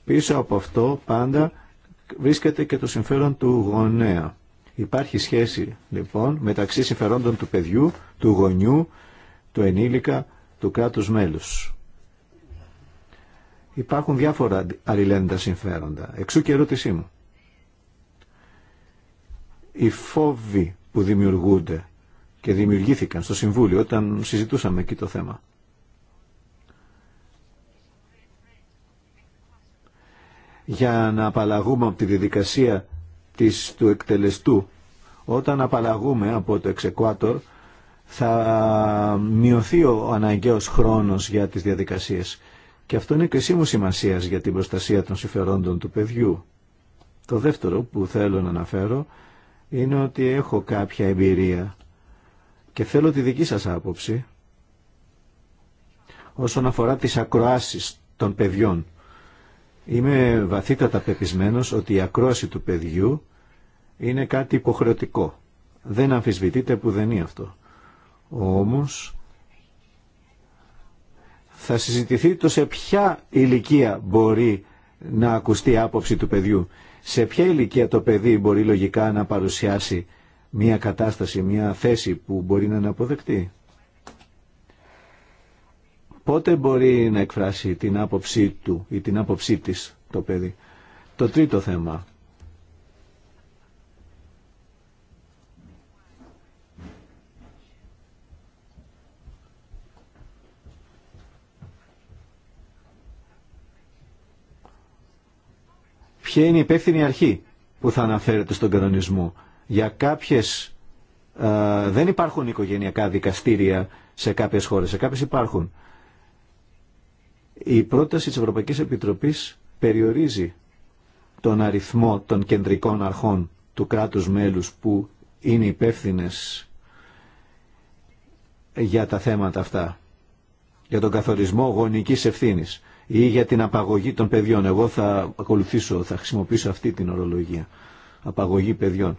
Πίσω από αυτό πάντα βρίσκεται και το συμφέρον του γονέα. Υπάρχει σχέση λοιπόν μεταξύ συμφερόντων του παιδιού, του γονιού, του ενήλικα, του κράτους μέλους. Υπάρχουν διάφορα αλληλένδα συμφέροντα. Εξού και ερώτησή μου οι φόβοι που δημιουργούνται και δημιουργήθηκαν στο Συμβούλιο όταν συζητούσαμε εκεί το θέμα. Για να απαλλαγούμε από τη διαδικασία της, του εκτελεστού, όταν απαλλαγούμε από το εξεκουάτορ, θα μειωθεί ο αναγκαίος χρόνος για τις διαδικασίες. Και αυτό είναι κρισίμου σημασία για την προστασία των συμφερόντων του παιδιού. Το δεύτερο που θέλω να αναφέρω είναι ότι έχω κάποια εμπειρία και θέλω τη δική σας άποψη όσον αφορά τις ακροάσεις των παιδιών. Είμαι βαθύτατα πεπισμένος ότι η ακρόαση του παιδιού είναι κάτι υποχρεωτικό. Δεν που δεν είναι αυτό. Όμως θα συζητηθεί το σε ποια ηλικία μπορεί να ακουστεί άποψη του παιδιού σε ποια ηλικία το παιδί μπορεί λογικά να παρουσιάσει μια κατάσταση, μια θέση που μπορεί να είναι αποδεκτή. Πότε μπορεί να εκφράσει την άποψή του ή την άποψή της το παιδί. Το τρίτο θέμα. ποια είναι η υπεύθυνη αρχή που θα αναφέρεται στον κανονισμό. Για κάποιες ε, δεν υπάρχουν οικογενειακά δικαστήρια σε κάποιες χώρες, σε κάποιες υπάρχουν. Η πρόταση της Ευρωπαϊκής Επιτροπής περιορίζει τον αριθμό των κεντρικών αρχών του κράτους μέλους που είναι υπεύθυνε για τα θέματα αυτά, για τον καθορισμό γονικής ευθύνης ή για την απαγωγή των παιδιών. Εγώ θα ακολουθήσω, θα χρησιμοποιήσω αυτή την ορολογία. Απαγωγή παιδιών.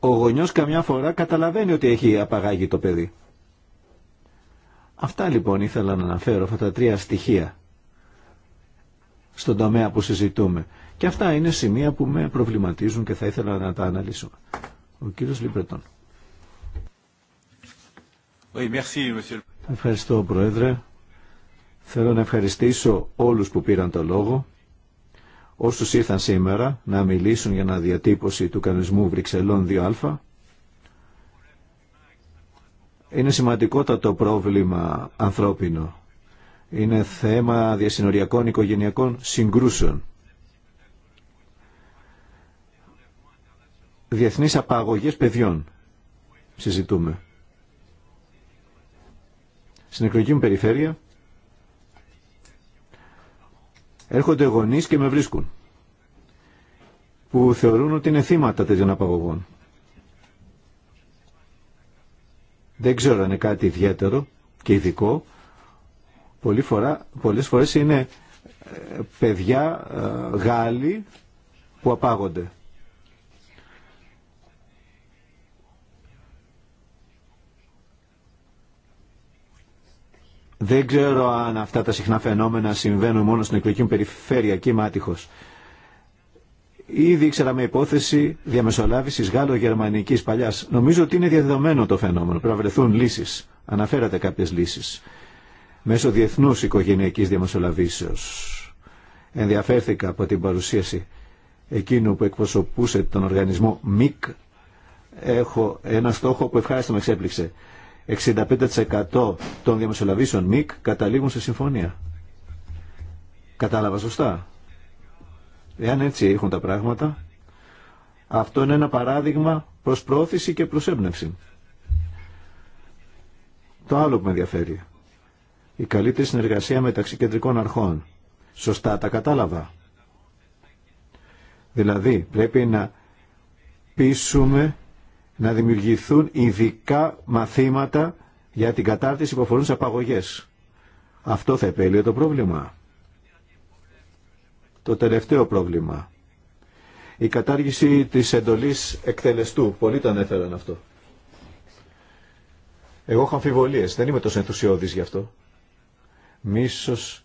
Ο γονιός καμιά φορά καταλαβαίνει ότι έχει απαγάγει το παιδί. Αυτά λοιπόν ήθελα να αναφέρω, αυτά τα τρία στοιχεία στον τομέα που συζητούμε. Και αυτά είναι σημεία που με προβληματίζουν και θα ήθελα να τα αναλύσω. Ο κύριος Λιμπρετών. Ευχαριστώ Πρόεδρε. Θέλω να ευχαριστήσω όλους που πήραν το λόγο, όσους ήρθαν σήμερα να μιλήσουν για διατύπωση του κανονισμού Βρυξελών 2α. Είναι σημαντικότατο πρόβλημα ανθρώπινο. Είναι θέμα διασυνοριακών οικογενειακών συγκρούσεων. διεθνείς απαγωγές παιδιών. Συζητούμε. Στην εκλογική μου περιφέρεια έρχονται γονείς και με βρίσκουν που θεωρούν ότι είναι θύματα τέτοιων απαγωγών. Δεν ξέρω αν είναι κάτι ιδιαίτερο και ειδικό. Πολλή φορά, πολλές φορές είναι ε, παιδιά ε, Γάλλοι που απάγονται. Δεν ξέρω αν αυτά τα συχνά φαινόμενα συμβαίνουν μόνο στην εκλογική μου περιφέρεια και κύμα Ήδη ήξερα με υπόθεση διαμεσολάβηση Γάλλο-Γερμανική παλιά. Νομίζω ότι είναι διαδεδομένο το φαινόμενο. Πρέπει να βρεθούν λύσει. Αναφέρατε κάποιε λύσει. Μέσω διεθνού οικογενειακή διαμεσολαβήσεω. Ενδιαφέρθηκα από την παρουσίαση εκείνου που εκπροσωπούσε τον οργανισμό ΜΙΚ. Έχω ένα στόχο που ευχάριστο με εξέπληξε. 65% των διαμεσολαβήσεων ΜΙΚ καταλήγουν σε συμφωνία. Κατάλαβα σωστά. Εάν έτσι έχουν τα πράγματα, αυτό είναι ένα παράδειγμα προς πρόθεση και προς έμπνευση. Το άλλο που με ενδιαφέρει. Η καλύτερη συνεργασία μεταξύ κεντρικών αρχών. Σωστά τα κατάλαβα. Δηλαδή πρέπει να πείσουμε να δημιουργηθούν ειδικά μαθήματα για την κατάρτιση που αφορούν σε Αυτό θα επέλυε το πρόβλημα. Το τελευταίο πρόβλημα. Η κατάργηση της εντολής εκτελεστού. Πολλοί το ανέφεραν αυτό. Εγώ έχω αμφιβολίες. Δεν είμαι τόσο ενθουσιώδης γι' αυτό. Μίσος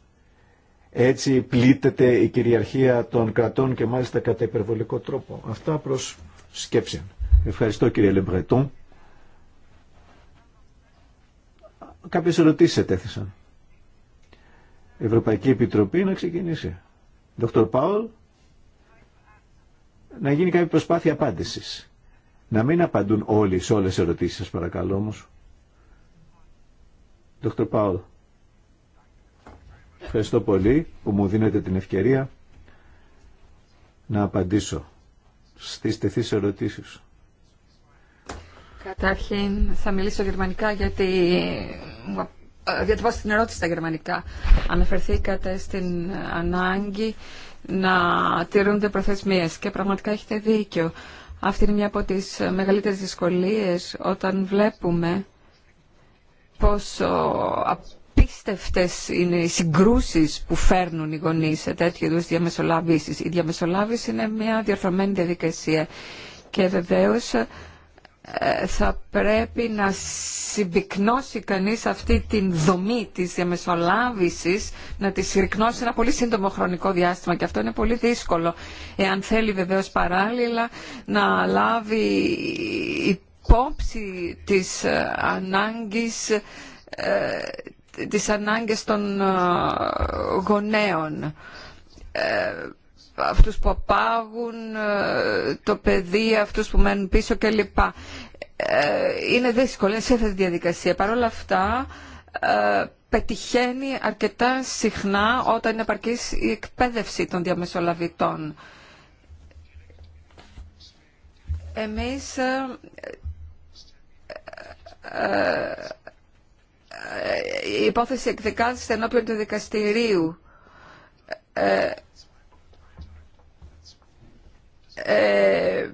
έτσι πλήττεται η κυριαρχία των κρατών και μάλιστα κατά υπερβολικό τρόπο. Αυτά προς σκέψη. Ευχαριστώ κύριε Λεμπρετών. Κάποιες ερωτήσεις ετέθησαν. Ευρωπαϊκή Επιτροπή να ξεκινήσει. Δόκτωρ Πάολ, να γίνει κάποια προσπάθεια απάντησης. Να μην απαντούν όλοι σε όλες τις ερωτήσεις σας παρακαλώ όμως. Δόκτωρ Πάολ, ευχαριστώ πολύ που μου δίνετε την ευκαιρία να απαντήσω στις τεθείς ερωτήσεις. Καταρχήν θα μιλήσω γερμανικά γιατί βάζω ε, την ερώτηση στα γερμανικά. Αναφερθήκατε στην ανάγκη να τηρούνται προθεσμίες και πραγματικά έχετε δίκιο. Αυτή είναι μια από τις μεγαλύτερες δυσκολίες όταν βλέπουμε πόσο απίστευτες είναι οι συγκρούσεις που φέρνουν οι γονείς σε τέτοιου Η διαμεσολάβηση είναι μια διορθωμένη διαδικασία και βεβαίως ε, θα πρέπει να συμπυκνώσει κανείς αυτή την δομή της διαμεσολάβησης, να τη συρρυκνώσει ένα πολύ σύντομο χρονικό διάστημα και αυτό είναι πολύ δύσκολο, εάν θέλει βεβαίως παράλληλα να λάβει υπόψη της ε, ανάγκης, ε, της τις των γονέων αυτούς που απάγουν, ε, το παιδί, αυτούς που μένουν πίσω κλπ. Ε, είναι δύσκολο, είναι τη διαδικασία. Παρ' όλα αυτά ε, πετυχαίνει αρκετά συχνά όταν είναι επαρκής η εκπαίδευση των διαμεσολαβητών. Εμείς η υπόθεση εκδικάζεται ενώπιον του δικαστηρίου. Ε,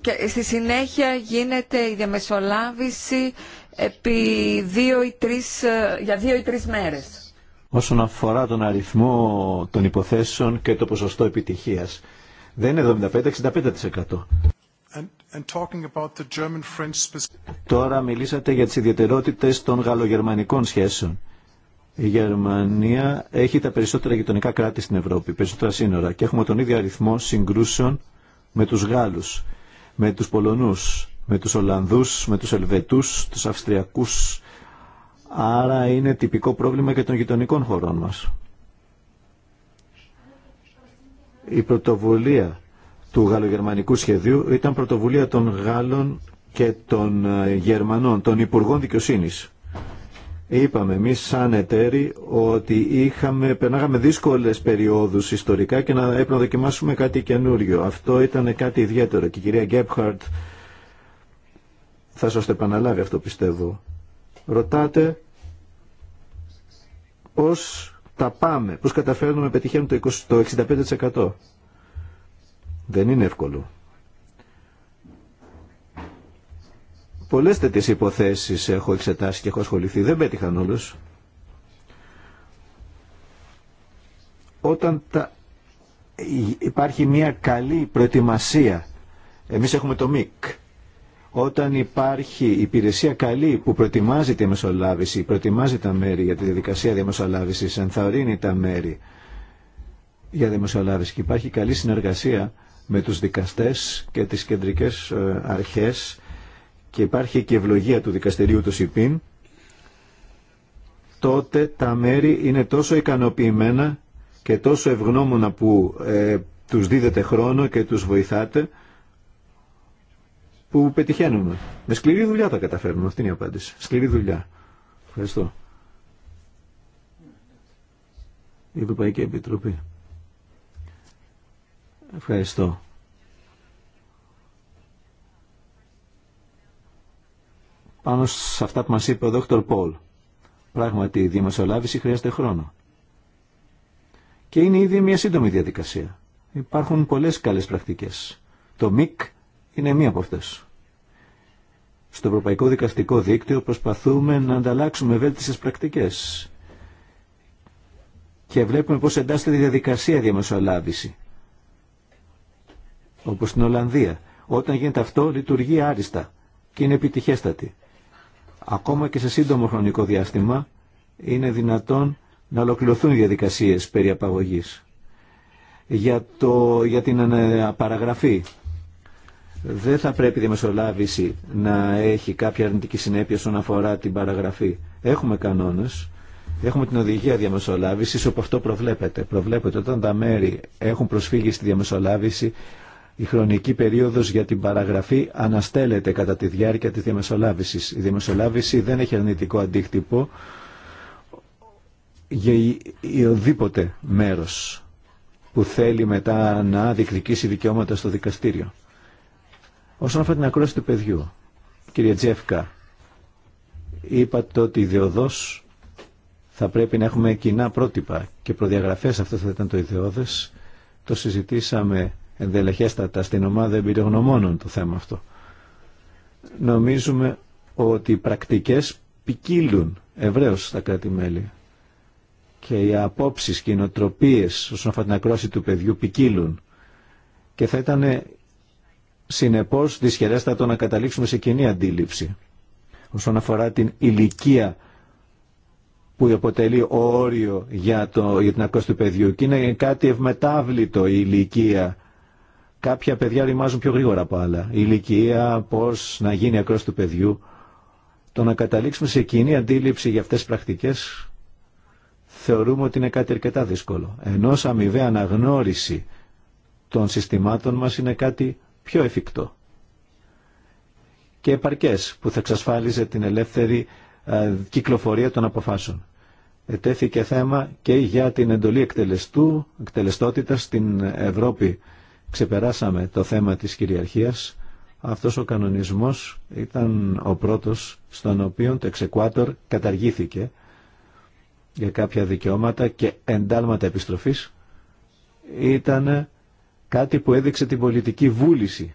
και στη συνέχεια γίνεται η διαμεσολάβηση επί δύο ή τρεις, ε, για δύο ή τρεις μέρες. Όσον αφορά τον αριθμό των υποθέσεων και το ποσοστό επιτυχίας, δεν είναι 75-65%. Τώρα μιλήσατε για τις ιδιαιτερότητες των γαλλογερμανικών σχέσεων. Η Γερμανία έχει τα περισσότερα γειτονικά κράτη στην Ευρώπη, περισσότερα σύνορα και έχουμε τον ίδιο αριθμό συγκρούσεων με τους Γάλλους, με τους Πολωνούς, με τους Ολλανδούς, με τους Ελβετούς, τους Αυστριακούς. Άρα είναι τυπικό πρόβλημα και των γειτονικών χωρών μας. Η πρωτοβουλία του γαλλογερμανικού σχεδίου ήταν πρωτοβουλία των Γάλλων και των ε, Γερμανών, των Υπουργών Δικαιοσύνης Είπαμε εμεί σαν εταίροι ότι είχαμε, περνάγαμε δύσκολες περιόδους ιστορικά και να έπρεπε να δοκιμάσουμε κάτι καινούριο. Αυτό ήταν κάτι ιδιαίτερο και η κυρία Γκέπχαρτ θα σας το επαναλάβει αυτό πιστεύω. Ρωτάτε πώς τα πάμε, πώς καταφέρνουμε να πετυχαίνουμε το 65%. Δεν είναι εύκολο. Πολλές τέτοιες υποθέσεις έχω εξετάσει και έχω ασχοληθεί. Δεν πέτυχαν όλους. Όταν τα... υπάρχει μια καλή προετοιμασία, εμείς έχουμε το ΜΙΚ, όταν υπάρχει υπηρεσία καλή που προετοιμάζει τη μεσολάβηση, προετοιμάζει τα μέρη για τη διαδικασία διαμεσολάβησης, ενθαρρύνει τα μέρη για διαμεσολάβηση και υπάρχει καλή συνεργασία με τους δικαστές και τις κεντρικές ε, αρχές και υπάρχει και ευλογία του δικαστηρίου του ΣΥΠΗΝ, τότε τα μέρη είναι τόσο ικανοποιημένα και τόσο ευγνώμονα που ε, τους δίδετε χρόνο και τους βοηθάτε που πετυχαίνουμε. Με σκληρή δουλειά τα καταφέρνουμε. Αυτή είναι η απάντηση. Σκληρή δουλειά. Ευχαριστώ. Η Ευρωπαϊκή Επιτροπή. Ευχαριστώ. πάνω σε αυτά που μας είπε ο Δόκτωρ Πολ. Πράγματι, η δημοσιολάβηση χρειάζεται χρόνο. Και είναι ήδη μια σύντομη διαδικασία. Υπάρχουν πολλές καλές πρακτικές. Το ΜΙΚ είναι μία από αυτές. Στο Ευρωπαϊκό Δικαστικό Δίκτυο προσπαθούμε να ανταλλάξουμε βέλτιστες πρακτικές. Και βλέπουμε πώς εντάσσεται η διαδικασία διαμεσολάβηση. Όπως στην Ολλανδία. Όταν γίνεται αυτό λειτουργεί άριστα και είναι επιτυχέστατη ακόμα και σε σύντομο χρονικό διάστημα είναι δυνατόν να ολοκληρωθούν διαδικασίες περί απαγωγής. Για, το, για την παραγραφή δεν θα πρέπει η διαμεσολάβηση να έχει κάποια αρνητική συνέπεια όσον αφορά την παραγραφή. Έχουμε κανόνες, έχουμε την οδηγία διαμεσολάβησης όπου αυτό προβλέπεται. Προβλέπεται όταν τα μέρη έχουν προσφύγει στη διαμεσολάβηση η χρονική περίοδος για την παραγραφή αναστέλλεται κατά τη διάρκεια της διαμεσολάβησης. Η διαμεσολάβηση δεν έχει αρνητικό αντίκτυπο για οδήποτε μέρος που θέλει μετά να διεκδικήσει δικαιώματα στο δικαστήριο. Όσον αφορά την ακρόαση του παιδιού, κύριε Τζέφκα, είπατε ότι ιδεοδός θα πρέπει να έχουμε κοινά πρότυπα και προδιαγραφές, αυτό θα ήταν το ιδεώδες. Το συζητήσαμε ενδελεχέστατα στην ομάδα εμπειρογνωμόνων το θέμα αυτό. Νομίζουμε ότι οι πρακτικές ποικίλουν ευρέως στα κράτη-μέλη και οι απόψεις και οι νοτροπίες όσον αφορά την ακρόση του παιδιού ποικίλουν και θα ήταν συνεπώς δυσχερέστατο να καταλήξουμε σε κοινή αντίληψη όσον αφορά την ηλικία που αποτελεί όριο για, το, για την ακρόση του παιδιού και είναι κάτι ευμετάβλητο η ηλικία Κάποια παιδιά ρημάζουν πιο γρήγορα από άλλα. Η ηλικία, πώς να γίνει ακρός του παιδιού. Το να καταλήξουμε σε κοινή αντίληψη για αυτές τις πρακτικές θεωρούμε ότι είναι κάτι αρκετά δύσκολο. Ενώ αμοιβαία αναγνώριση των συστημάτων μας είναι κάτι πιο εφικτό και επαρκές που θα εξασφάλιζε την ελεύθερη κυκλοφορία των αποφάσεων. Ετέθηκε θέμα και για την εντολή εκτελεστού, εκτελεστότητα στην Ευρώπη ξεπεράσαμε το θέμα της κυριαρχίας. Αυτός ο κανονισμός ήταν ο πρώτος στον οποίο το εξεκουάτορ καταργήθηκε για κάποια δικαιώματα και εντάλματα επιστροφής ήταν κάτι που έδειξε την πολιτική βούληση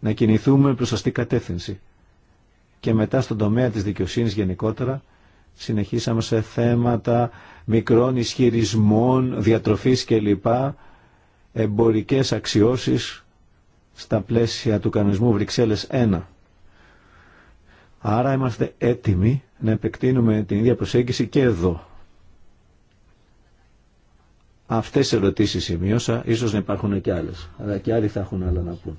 να κινηθούμε προς σωστή κατεύθυνση. Και μετά στον τομέα της δικαιοσύνης γενικότερα συνεχίσαμε σε θέματα μικρών ισχυρισμών, διατροφής κλπ εμπορικές αξιώσεις στα πλαίσια του κανονισμού Βρυξέλλες 1. Άρα είμαστε έτοιμοι να επεκτείνουμε την ίδια προσέγγιση και εδώ. Αυτές τις ερωτήσεις σημείωσα, ίσως να υπάρχουν και άλλες, αλλά και άλλοι θα έχουν άλλα να πούν.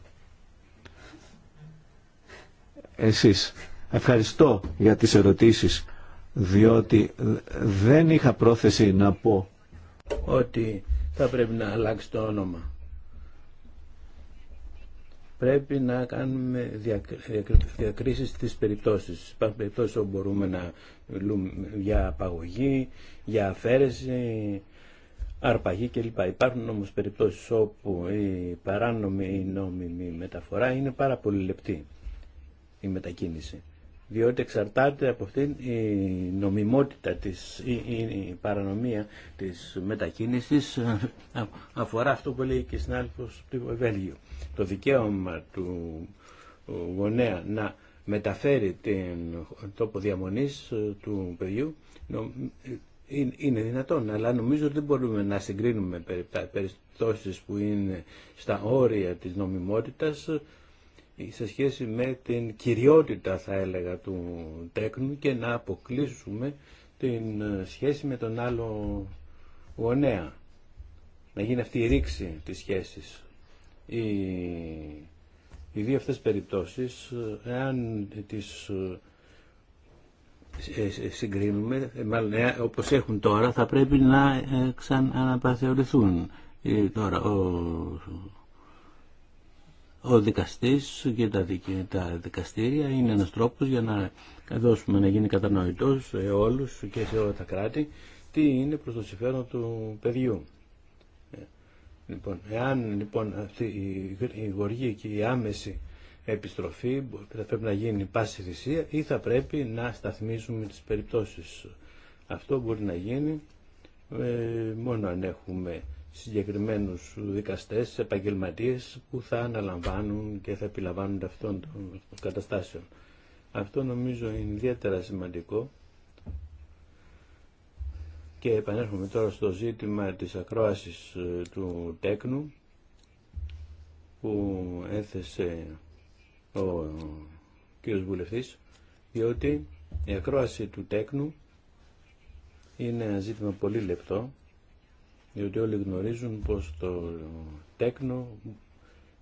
Εσείς, ευχαριστώ για τις ερωτήσεις, διότι δεν είχα πρόθεση να πω ότι θα πρέπει να αλλάξει το όνομα. Πρέπει να κάνουμε διακρίσεις στις περιπτώσεις. Υπάρχουν περιπτώσεις όπου μπορούμε να μιλούμε για απαγωγή, για αφαίρεση, αρπαγή κλπ. Υπάρχουν όμως περιπτώσεις όπου η παράνομη ή νόμιμη μεταφορά είναι πάρα πολύ λεπτή η μετακίνηση διότι εξαρτάται από αυτήν η νομιμότητα της, η, η, παρανομία της μετακίνησης ε, αφορά αυτό που λέει και στην του Βέλγιο. Το δικαίωμα του γονέα να μεταφέρει τον τόπο διαμονής ε, του παιδιού ε, είναι δυνατόν, αλλά νομίζω ότι δεν μπορούμε να συγκρίνουμε περιπτώσεις που είναι στα όρια της νομιμότητας σε σχέση με την κυριότητα θα έλεγα του τέκνου και να αποκλείσουμε την ε, σχέση με τον άλλο γονέα. Να γίνει αυτή η ρήξη της σχέσης. Οι, οι δύο αυτές περιπτώσεις, ε, εάν τις ε, συγκρίνουμε, μάλλον όπως έχουν τώρα, θα πρέπει να ξαναπαθεωρηθούν. Τώρα, ο ο δικαστής και τα, τα δικαστήρια είναι ένας τρόπος για να δώσουμε να γίνει κατανοητός σε όλους και σε όλα τα κράτη τι είναι προς το συμφέρον του παιδιού. Ε, λοιπόν, εάν λοιπόν αυτή η γοργή και η άμεση επιστροφή θα πρέπει να γίνει πάση θυσία ή θα πρέπει να σταθμίσουμε τις περιπτώσεις. Αυτό μπορεί να γίνει ε, μόνο αν έχουμε συγκεκριμένους δικαστές, επαγγελματίες που θα αναλαμβάνουν και θα επιλαμβάνουν αυτών των καταστάσεων. Αυτό νομίζω είναι ιδιαίτερα σημαντικό και επανέρχομαι τώρα στο ζήτημα της ακρόασης ε, του τέκνου που έθεσε ο κύριος Βουλευτής διότι η ακρόαση του τέκνου είναι ένα ζήτημα πολύ λεπτό διότι όλοι γνωρίζουν πως το τέκνο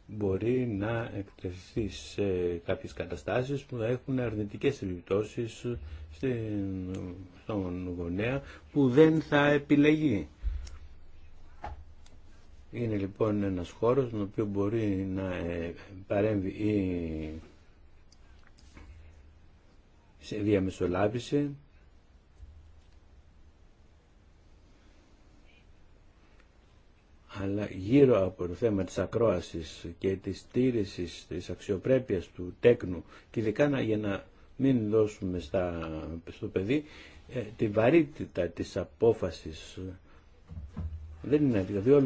μπορεί να εκτεθεί σε κάποιες καταστάσεις που έχουν αρνητικές επιπτώσεις στον γονέα που δεν θα επιλεγεί. Είναι λοιπόν ένας χώρος στον μπορεί να ε, παρέμβει η διαμεσολάβηση γύρω από το θέμα της ακρόασης και της τήρησης της αξιοπρέπειας του τέκνου και ειδικά για να μην δώσουμε στα, στο παιδί ε, τη βαρύτητα της απόφασης δεν είναι δηλαδή όλο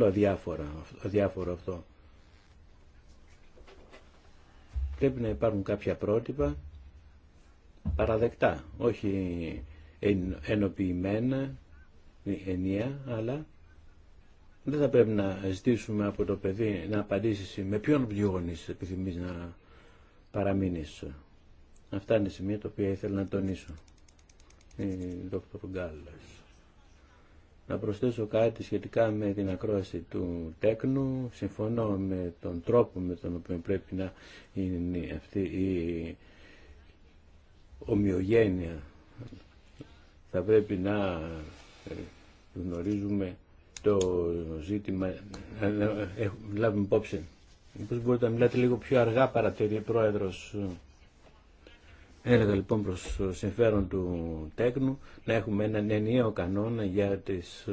όλο αδιάφορο αυτό. Πρέπει να υπάρχουν κάποια πρότυπα παραδεκτά, όχι ενοποιημένα, ενία αλλά δεν θα πρέπει να ζητήσουμε από το παιδί να απαντήσει με ποιον γονεί επιθυμείς να παραμείνεις. Αυτά είναι σημεία τα οποία ήθελα να τονίσω. Η Δόκτωρ Γκάλλας. Να προσθέσω κάτι σχετικά με την ακρόαση του τέκνου. Συμφωνώ με τον τρόπο με τον οποίο πρέπει να είναι αυτή η ομοιογένεια. Θα πρέπει να ε, γνωρίζουμε το ζήτημα ε, ε, ε, λάβουμε υπόψη. Μήπως μπορείτε να μιλάτε λίγο πιο αργά παρατηρεί ο Πρόεδρος. Έλεγα λοιπόν προς το συμφέρον του τέκνου να έχουμε έναν ενιαίο κανόνα για, τις,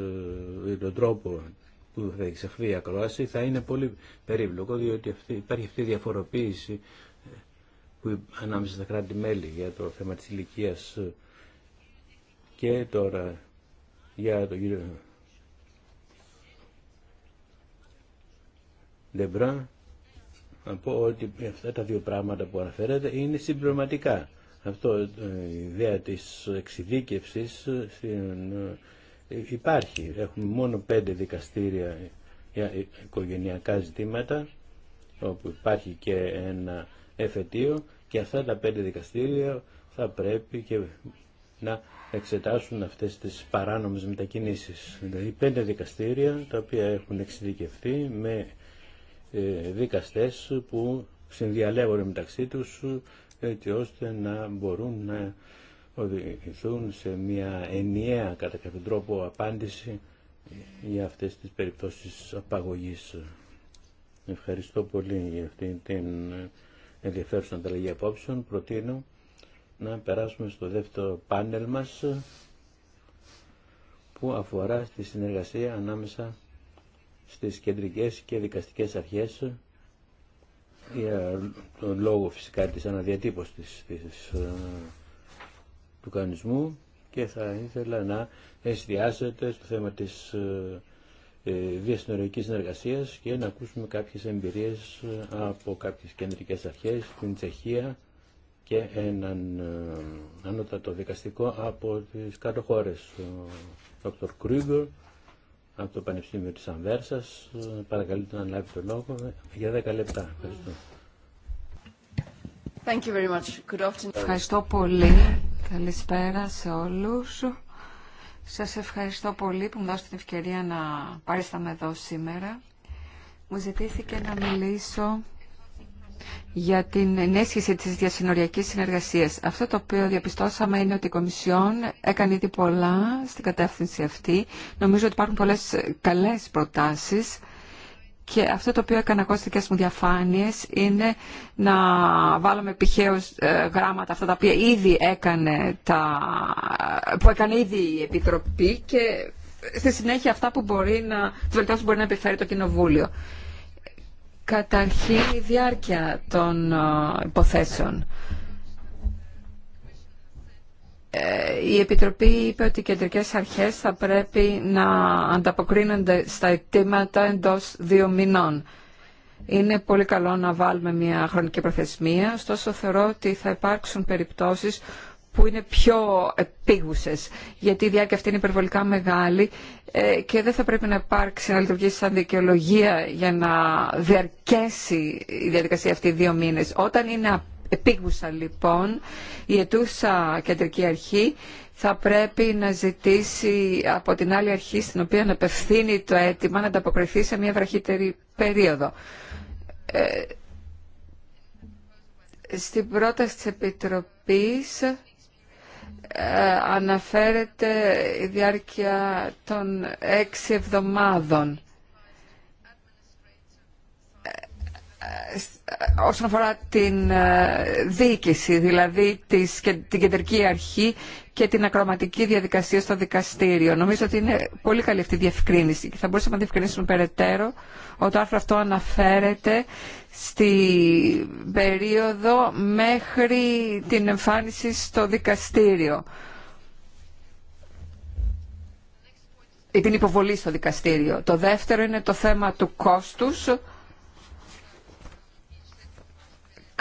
τον τρόπο που θα εξεχθεί η ακρόαση. Θα είναι πολύ περίπλοκο διότι αυτή, υπάρχει αυτή η διαφοροποίηση που ανάμεσα στα κράτη-μέλη για το θέμα της ηλικία και τώρα για τον κύριο Λεμπρά να πω ότι αυτά τα δύο πράγματα που αναφέρατε είναι συμπληρωματικά. Αυτό ε, η ιδέα της εξειδίκευσης ε, ε, υπάρχει. Έχουμε μόνο πέντε δικαστήρια για οικογενειακά ζητήματα όπου υπάρχει και ένα εφετείο και αυτά τα πέντε δικαστήρια θα πρέπει και να εξετάσουν αυτές τις παράνομες μετακινήσεις. Δηλαδή πέντε δικαστήρια τα οποία έχουν εξειδικευτεί με ε, δικαστές που συνδιαλέγονται μεταξύ τους έτσι ώστε να μπορούν να οδηγηθούν σε μια ενιαία κατά κάποιο τρόπο απάντηση για αυτές τις περιπτώσεις απαγωγής. Ευχαριστώ πολύ για αυτή την ενδιαφέρουσα ανταλλαγή απόψεων. Προτείνω να περάσουμε στο δεύτερο πάνελ μας που αφορά στη συνεργασία ανάμεσα στις κεντρικές και δικαστικές αρχές για τον λόγο φυσικά της αναδιατύπωσης της, ε, του κανονισμού και θα ήθελα να εστιάσετε στο θέμα της ε, ε, διασυνοριακής συνεργασίας και να ακούσουμε κάποιες εμπειρίες από κάποιες κεντρικές αρχές στην Τσεχία και έναν ανώτατο δικαστικό από τις κάτω χώρες, ο Δ από το Πανεπιστήμιο της Αμβέρσας. Παρακαλείτε να λάβει το λόγο για 10 λεπτά. Ευχαριστώ. Thank you very much. Good afternoon. Ευχαριστώ πολύ. Καλησπέρα σε όλους. Σας ευχαριστώ πολύ που μου δώσετε την ευκαιρία να παρίσταμε εδώ σήμερα. Μου ζητήθηκε να μιλήσω για την ενίσχυση της διασυνοριακής συνεργασίας. Αυτό το οποίο διαπιστώσαμε είναι ότι η Κομισιόν έκανε ήδη πολλά στην κατεύθυνση αυτή. Νομίζω ότι υπάρχουν πολλές καλές προτάσεις και αυτό το οποίο έκανα εγώ στις μου διαφάνειες είναι να βάλουμε επιχαίως ε, γράμματα αυτά τα οποία ήδη έκανε τα... που έκανε ήδη η Επιτροπή και στη συνέχεια αυτά που μπορεί να, που μπορεί να επιφέρει το Κοινοβούλιο. Καταρχήν η διάρκεια των ε, υποθέσεων. Ε, η Επιτροπή είπε ότι οι κεντρικές αρχές θα πρέπει να ανταποκρίνονται στα αιτήματα εντός δύο μηνών. Είναι πολύ καλό να βάλουμε μια χρονική προθεσμία, ωστόσο θεωρώ ότι θα υπάρξουν περιπτώσεις που είναι πιο επίγουσες, γιατί η διάρκεια αυτή είναι υπερβολικά μεγάλη ε, και δεν θα πρέπει να υπάρξει να λειτουργήσει σαν δικαιολογία για να διαρκέσει η διαδικασία αυτή δύο μήνες. Όταν είναι επίγουσα λοιπόν η ετούσα κεντρική αρχή θα πρέπει να ζητήσει από την άλλη αρχή στην οποία να απευθύνει το αίτημα να ανταποκριθεί σε μια βραχύτερη περίοδο. Ε, στην πρόταση της Επιτροπής ε, αναφέρεται η διάρκεια των έξι εβδομάδων. όσον αφορά την ε, διοίκηση, δηλαδή την κεντρική αρχή και την ακροματική διαδικασία στο δικαστήριο. Νομίζω ότι είναι πολύ καλή αυτή η διευκρίνηση και θα μπορούσαμε να διευκρινίσουμε περαιτέρω ότι το άρθρο αυτό αναφέρεται στη περίοδο μέχρι την εμφάνιση στο δικαστήριο ή την υποβολή στο δικαστήριο. Το δεύτερο είναι το θέμα του κόστους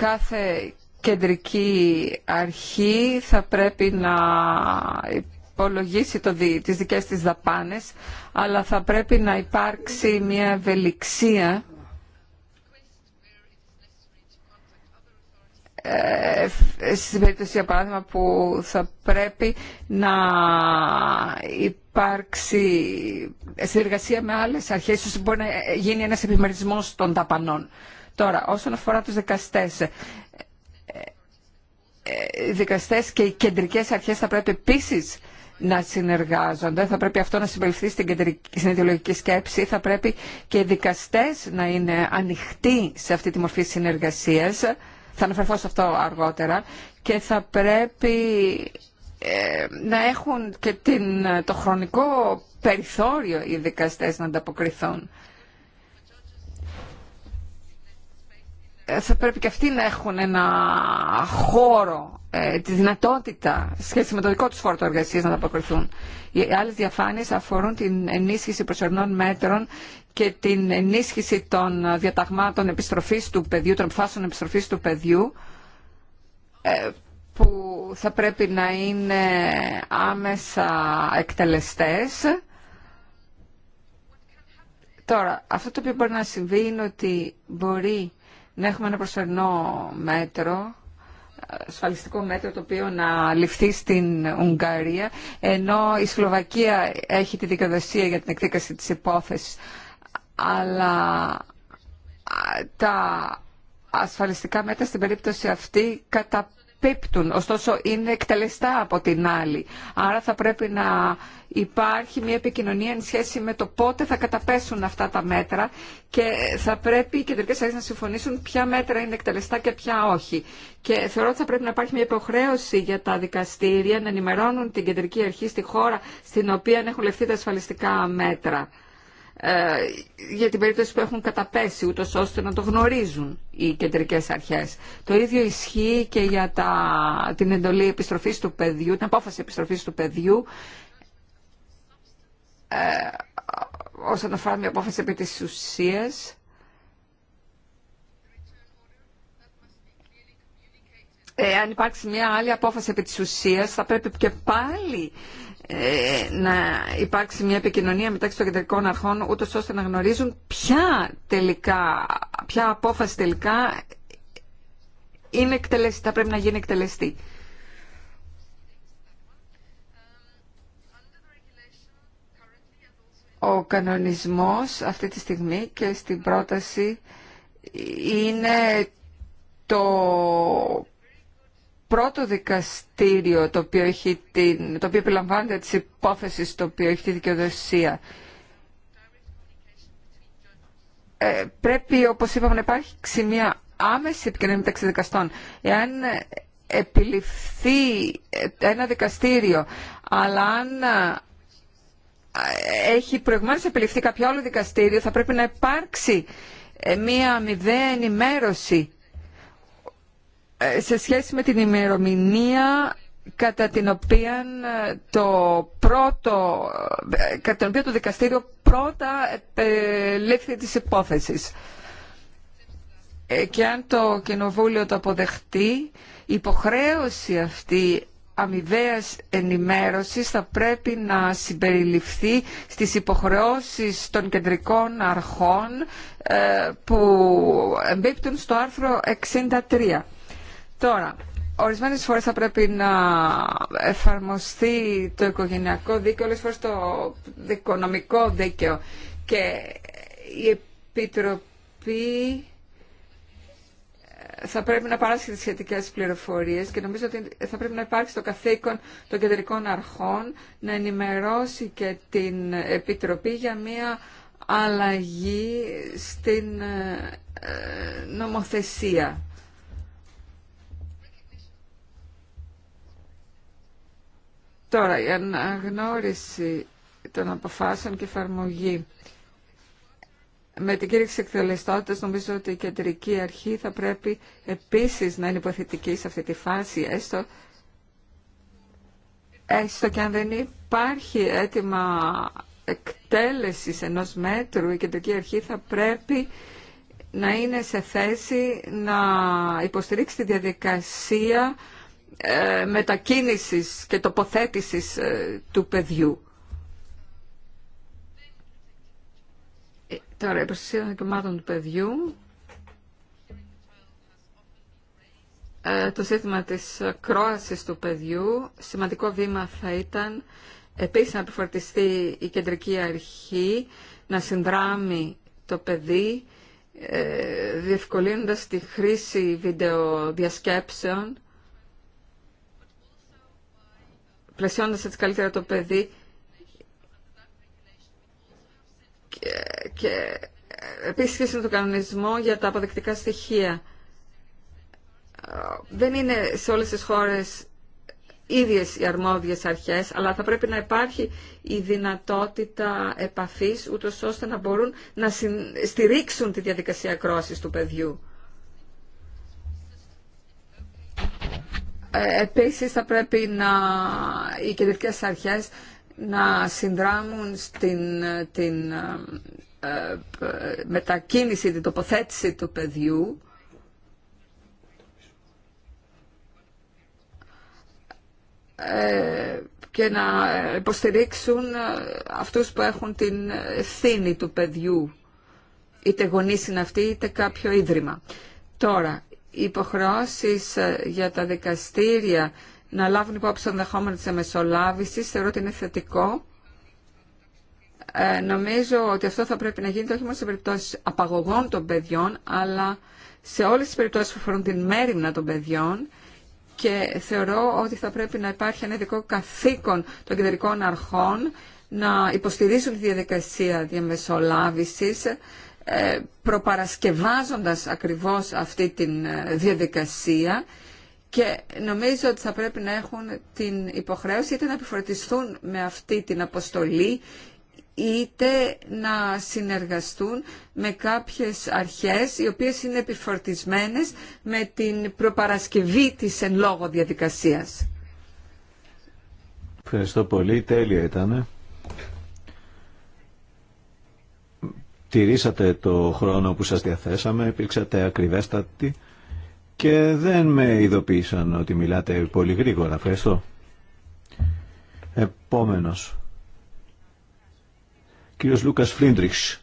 κάθε κεντρική αρχή θα πρέπει να υπολογίσει το, τις δικές της δαπάνες, αλλά θα πρέπει να υπάρξει μια ευελιξία ε, στην περίπτωση για παράδειγμα που θα πρέπει να υπάρξει συνεργασία με άλλες αρχές ώστε μπορεί να γίνει ένας επιμερισμός των δαπανών. Τώρα, όσον αφορά τους δικαστές, ε, ε, οι δικαστές και οι κεντρικές αρχές θα πρέπει επίσης να συνεργάζονται, θα πρέπει αυτό να συμπεριφθεί στην, κεντρική, ιδεολογική σκέψη, θα πρέπει και οι δικαστές να είναι ανοιχτοί σε αυτή τη μορφή συνεργασίας, θα αναφερθώ σε αυτό αργότερα, και θα πρέπει ε, να έχουν και την, το χρονικό περιθώριο οι δικαστές να ανταποκριθούν. θα πρέπει και αυτοί να έχουν ένα χώρο, ε, τη δυνατότητα σχέση με το δικό του χώρο εργασία να ανταποκριθούν. Οι άλλε διαφάνειες αφορούν την ενίσχυση προσωρινών μέτρων και την ενίσχυση των διαταγμάτων επιστροφής του παιδιού, των επιστροφής του παιδιού, ε, που θα πρέπει να είναι άμεσα εκτελεστές. Τώρα, αυτό το οποίο μπορεί να συμβεί είναι ότι μπορεί να έχουμε ένα προσωρινό μέτρο ασφαλιστικό μέτρο το οποίο να ληφθεί στην Ουγγαρία ενώ η Σλοβακία έχει τη δικαιοδοσία για την εκδίκαση της υπόθεσης αλλά τα ασφαλιστικά μέτρα στην περίπτωση αυτή κατα ωστόσο είναι εκτελεστά από την άλλη. Άρα θα πρέπει να υπάρχει μια επικοινωνία εν σχέση με το πότε θα καταπέσουν αυτά τα μέτρα και θα πρέπει οι κεντρικέ αρχέ να συμφωνήσουν ποια μέτρα είναι εκτελεστά και ποια όχι. Και θεωρώ ότι θα πρέπει να υπάρχει μια υποχρέωση για τα δικαστήρια να ενημερώνουν την κεντρική αρχή στη χώρα στην οποία έχουν λεφθεί τα ασφαλιστικά μέτρα. Ε, για την περίπτωση που έχουν καταπέσει ούτως ώστε να το γνωρίζουν οι κεντρικές αρχές. Το ίδιο ισχύει και για τα, την εντολή επιστροφής του παιδιού, την απόφαση επιστροφής του παιδιού ε, όσον αφορά μια απόφαση επί της ουσίας. Ε, αν υπάρξει μια άλλη απόφαση επί της ουσίας θα πρέπει και πάλι ε, να υπάρξει μια επικοινωνία μεταξύ των κεντρικών αρχών ούτως ώστε να γνωρίζουν ποια, τελικά, ποια απόφαση τελικά είναι εκτελεστή, θα πρέπει να γίνει εκτελεστή. Ο κανονισμός αυτή τη στιγμή και στην πρόταση είναι το πρώτο δικαστήριο το οποίο, έχει την, το οποίο επιλαμβάνεται της υπόθεσης το οποίο έχει τη δικαιοδοσία. Ε, πρέπει, όπως είπαμε, να υπάρχει μια άμεση επικοινωνία μεταξύ δικαστών. Εάν επιληφθεί ένα δικαστήριο, αλλά αν ε, έχει προηγουμένως επιληφθεί κάποιο άλλο δικαστήριο, θα πρέπει να υπάρξει ε, μια αμοιβαία ενημέρωση ε, σε σχέση με την ημερομηνία κατά την οποία ε, το πρώτο, ε, κατά την το δικαστήριο πρώτα λήφθη της υπόθεσης. Και αν το κοινοβούλιο το αποδεχτεί, η υποχρέωση αυτή αμοιβαίας ενημέρωσης θα πρέπει να συμπεριληφθεί στις υποχρεώσεις των κεντρικών αρχών που εμπίπτουν στο άρθρο 63. Τώρα, ορισμένες φορές θα πρέπει να εφαρμοστεί το οικογενειακό δίκαιο, όλες φορές το οικονομικό δίκαιο και η Επιτροπή ε, θα πρέπει να παράσχει τις σχετικές πληροφορίες και νομίζω ότι θα πρέπει να υπάρξει το καθήκον των κεντρικών αρχών να ενημερώσει και την Επιτροπή για μια αλλαγή στην ε, ε, νομοθεσία. Τώρα, η αναγνώριση των αποφάσεων και εφαρμογή. Με την κήρυξη εκτελεστότητας νομίζω ότι η κεντρική αρχή θα πρέπει επίσης να είναι υποθετική σε αυτή τη φάση, έστω, έστω και αν δεν υπάρχει αίτημα εκτέλεση ενός μέτρου, η κεντρική αρχή θα πρέπει να είναι σε θέση να υποστηρίξει τη διαδικασία ε, μετακίνησης και τοποθέτησης ε, του παιδιού. Ε, τώρα, η προστασία των δικαιωμάτων του παιδιού, το ζήτημα της κρόασης του παιδιού, σημαντικό βήμα θα ήταν επίσης να επιφορτιστεί η κεντρική αρχή, να συνδράμει το παιδί, διευκολύνοντας τη χρήση βιντεοδιασκέψεων πλαισιώνοντας έτσι καλύτερα το παιδί και, και επίσης σχέση κανονισμό για τα αποδεκτικά στοιχεία. Δεν είναι σε όλες τις χώρες ίδιες οι αρμόδιες αρχές, αλλά θα πρέπει να υπάρχει η δυνατότητα επαφής, ούτως ώστε να μπορούν να στηρίξουν τη διαδικασία κρόσης του παιδιού. Ε, επίσης θα πρέπει να, οι κεντρικές αρχές να συνδράμουν στην την, ε, ε, μετακίνηση, την τοποθέτηση του παιδιού και να υποστηρίξουν αυτούς που έχουν την ευθύνη του παιδιού είτε γονείς είναι αυτοί είτε κάποιο ίδρυμα. Τώρα, υποχρεώσεις ε, για τα δικαστήρια να λάβουν υπόψη το ενδεχόμενο της αμεσολάβησης, θεωρώ ότι είναι θετικό. Ε, νομίζω ότι αυτό θα πρέπει να γίνεται όχι μόνο σε περιπτώσεις απαγωγών των παιδιών, αλλά σε όλες τις περιπτώσεις που αφορούν την μέρημνα των παιδιών και θεωρώ ότι θα πρέπει να υπάρχει ένα ειδικό καθήκον των κεντρικών αρχών να υποστηρίζουν τη διαδικασία διαμεσολάβησης ε, προπαρασκευάζοντας ακριβώς αυτή τη ε, διαδικασία και νομίζω ότι θα πρέπει να έχουν την υποχρέωση είτε να επιφορτιστούν με αυτή την αποστολή είτε να συνεργαστούν με κάποιες αρχές οι οποίες είναι επιφορτισμένες με την προπαρασκευή της εν λόγω διαδικασίας. Ευχαριστώ πολύ. Τέλεια ήταν. τηρήσατε το χρόνο που σας διαθέσαμε, υπήρξατε ακριβέστατοι και δεν με ειδοποίησαν ότι μιλάτε πολύ γρήγορα. Ευχαριστώ. Επόμενος. Κύριος Λούκας Φλίντριχς,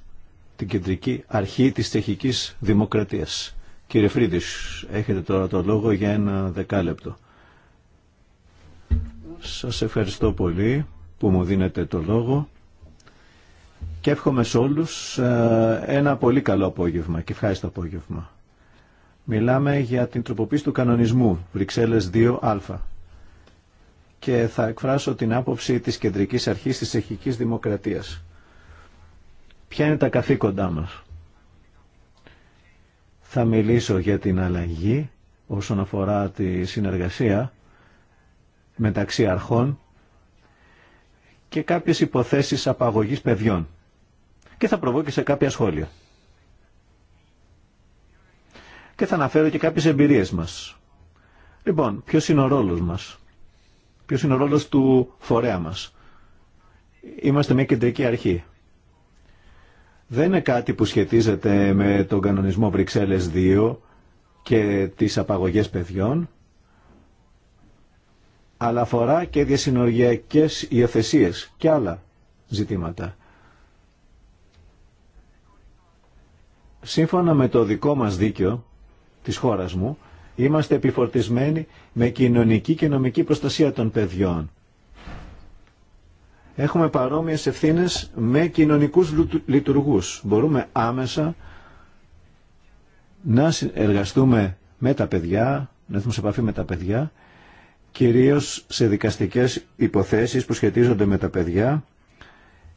την Κεντρική Αρχή της Τσεχικής Δημοκρατίας. Κύριε Φρίντριχς, έχετε τώρα το λόγο για ένα δεκάλεπτο. Σας ευχαριστώ πολύ που μου δίνετε το λόγο και εύχομαι σε όλους ε, ένα πολύ καλό απόγευμα και ευχάριστο απόγευμα. Μιλάμε για την τροποποίηση του κανονισμού Βρυξέλλες 2α και θα εκφράσω την άποψη της κεντρικής αρχής της εχικής δημοκρατίας. Ποια είναι τα καθήκοντά μας. Θα μιλήσω για την αλλαγή όσον αφορά τη συνεργασία μεταξύ αρχών και κάποιες υποθέσεις απαγωγής παιδιών και θα προβώ και σε κάποια σχόλια. Και θα αναφέρω και κάποιες εμπειρίες μας. Λοιπόν, ποιος είναι ο ρόλος μας. Ποιος είναι ο ρόλος του φορέα μας. Είμαστε μια κεντρική αρχή. Δεν είναι κάτι που σχετίζεται με τον κανονισμό Βρυξέλλες 2 και τις απαγωγές παιδιών, αλλά αφορά και διασυνοριακές υιοθεσίε και άλλα ζητήματα. Σύμφωνα με το δικό μας δίκαιο της χώρας μου, είμαστε επιφορτισμένοι με κοινωνική και νομική προστασία των παιδιών. Έχουμε παρόμοιες ευθύνες με κοινωνικούς λειτουργούς. Μπορούμε άμεσα να εργαστούμε με τα παιδιά, να έρθουμε σε επαφή με τα παιδιά, κυρίως σε δικαστικές υποθέσεις που σχετίζονται με τα παιδιά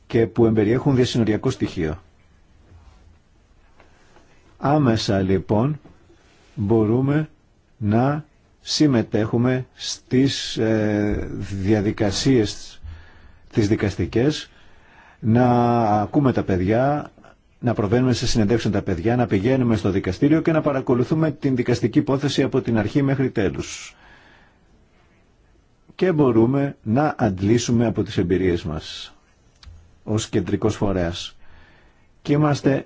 και που εμπεριέχουν διασυνοριακό στοιχείο. Άμεσα λοιπόν μπορούμε να συμμετέχουμε στις ε, διαδικασίες τις δικαστικές, να ακούμε τα παιδιά, να προβαίνουμε σε συνεντεύξεις τα παιδιά, να πηγαίνουμε στο δικαστήριο και να παρακολουθούμε την δικαστική υπόθεση από την αρχή μέχρι τέλους. Και μπορούμε να αντλήσουμε από τις εμπειρίες μας ως κεντρικός φορέας. Και είμαστε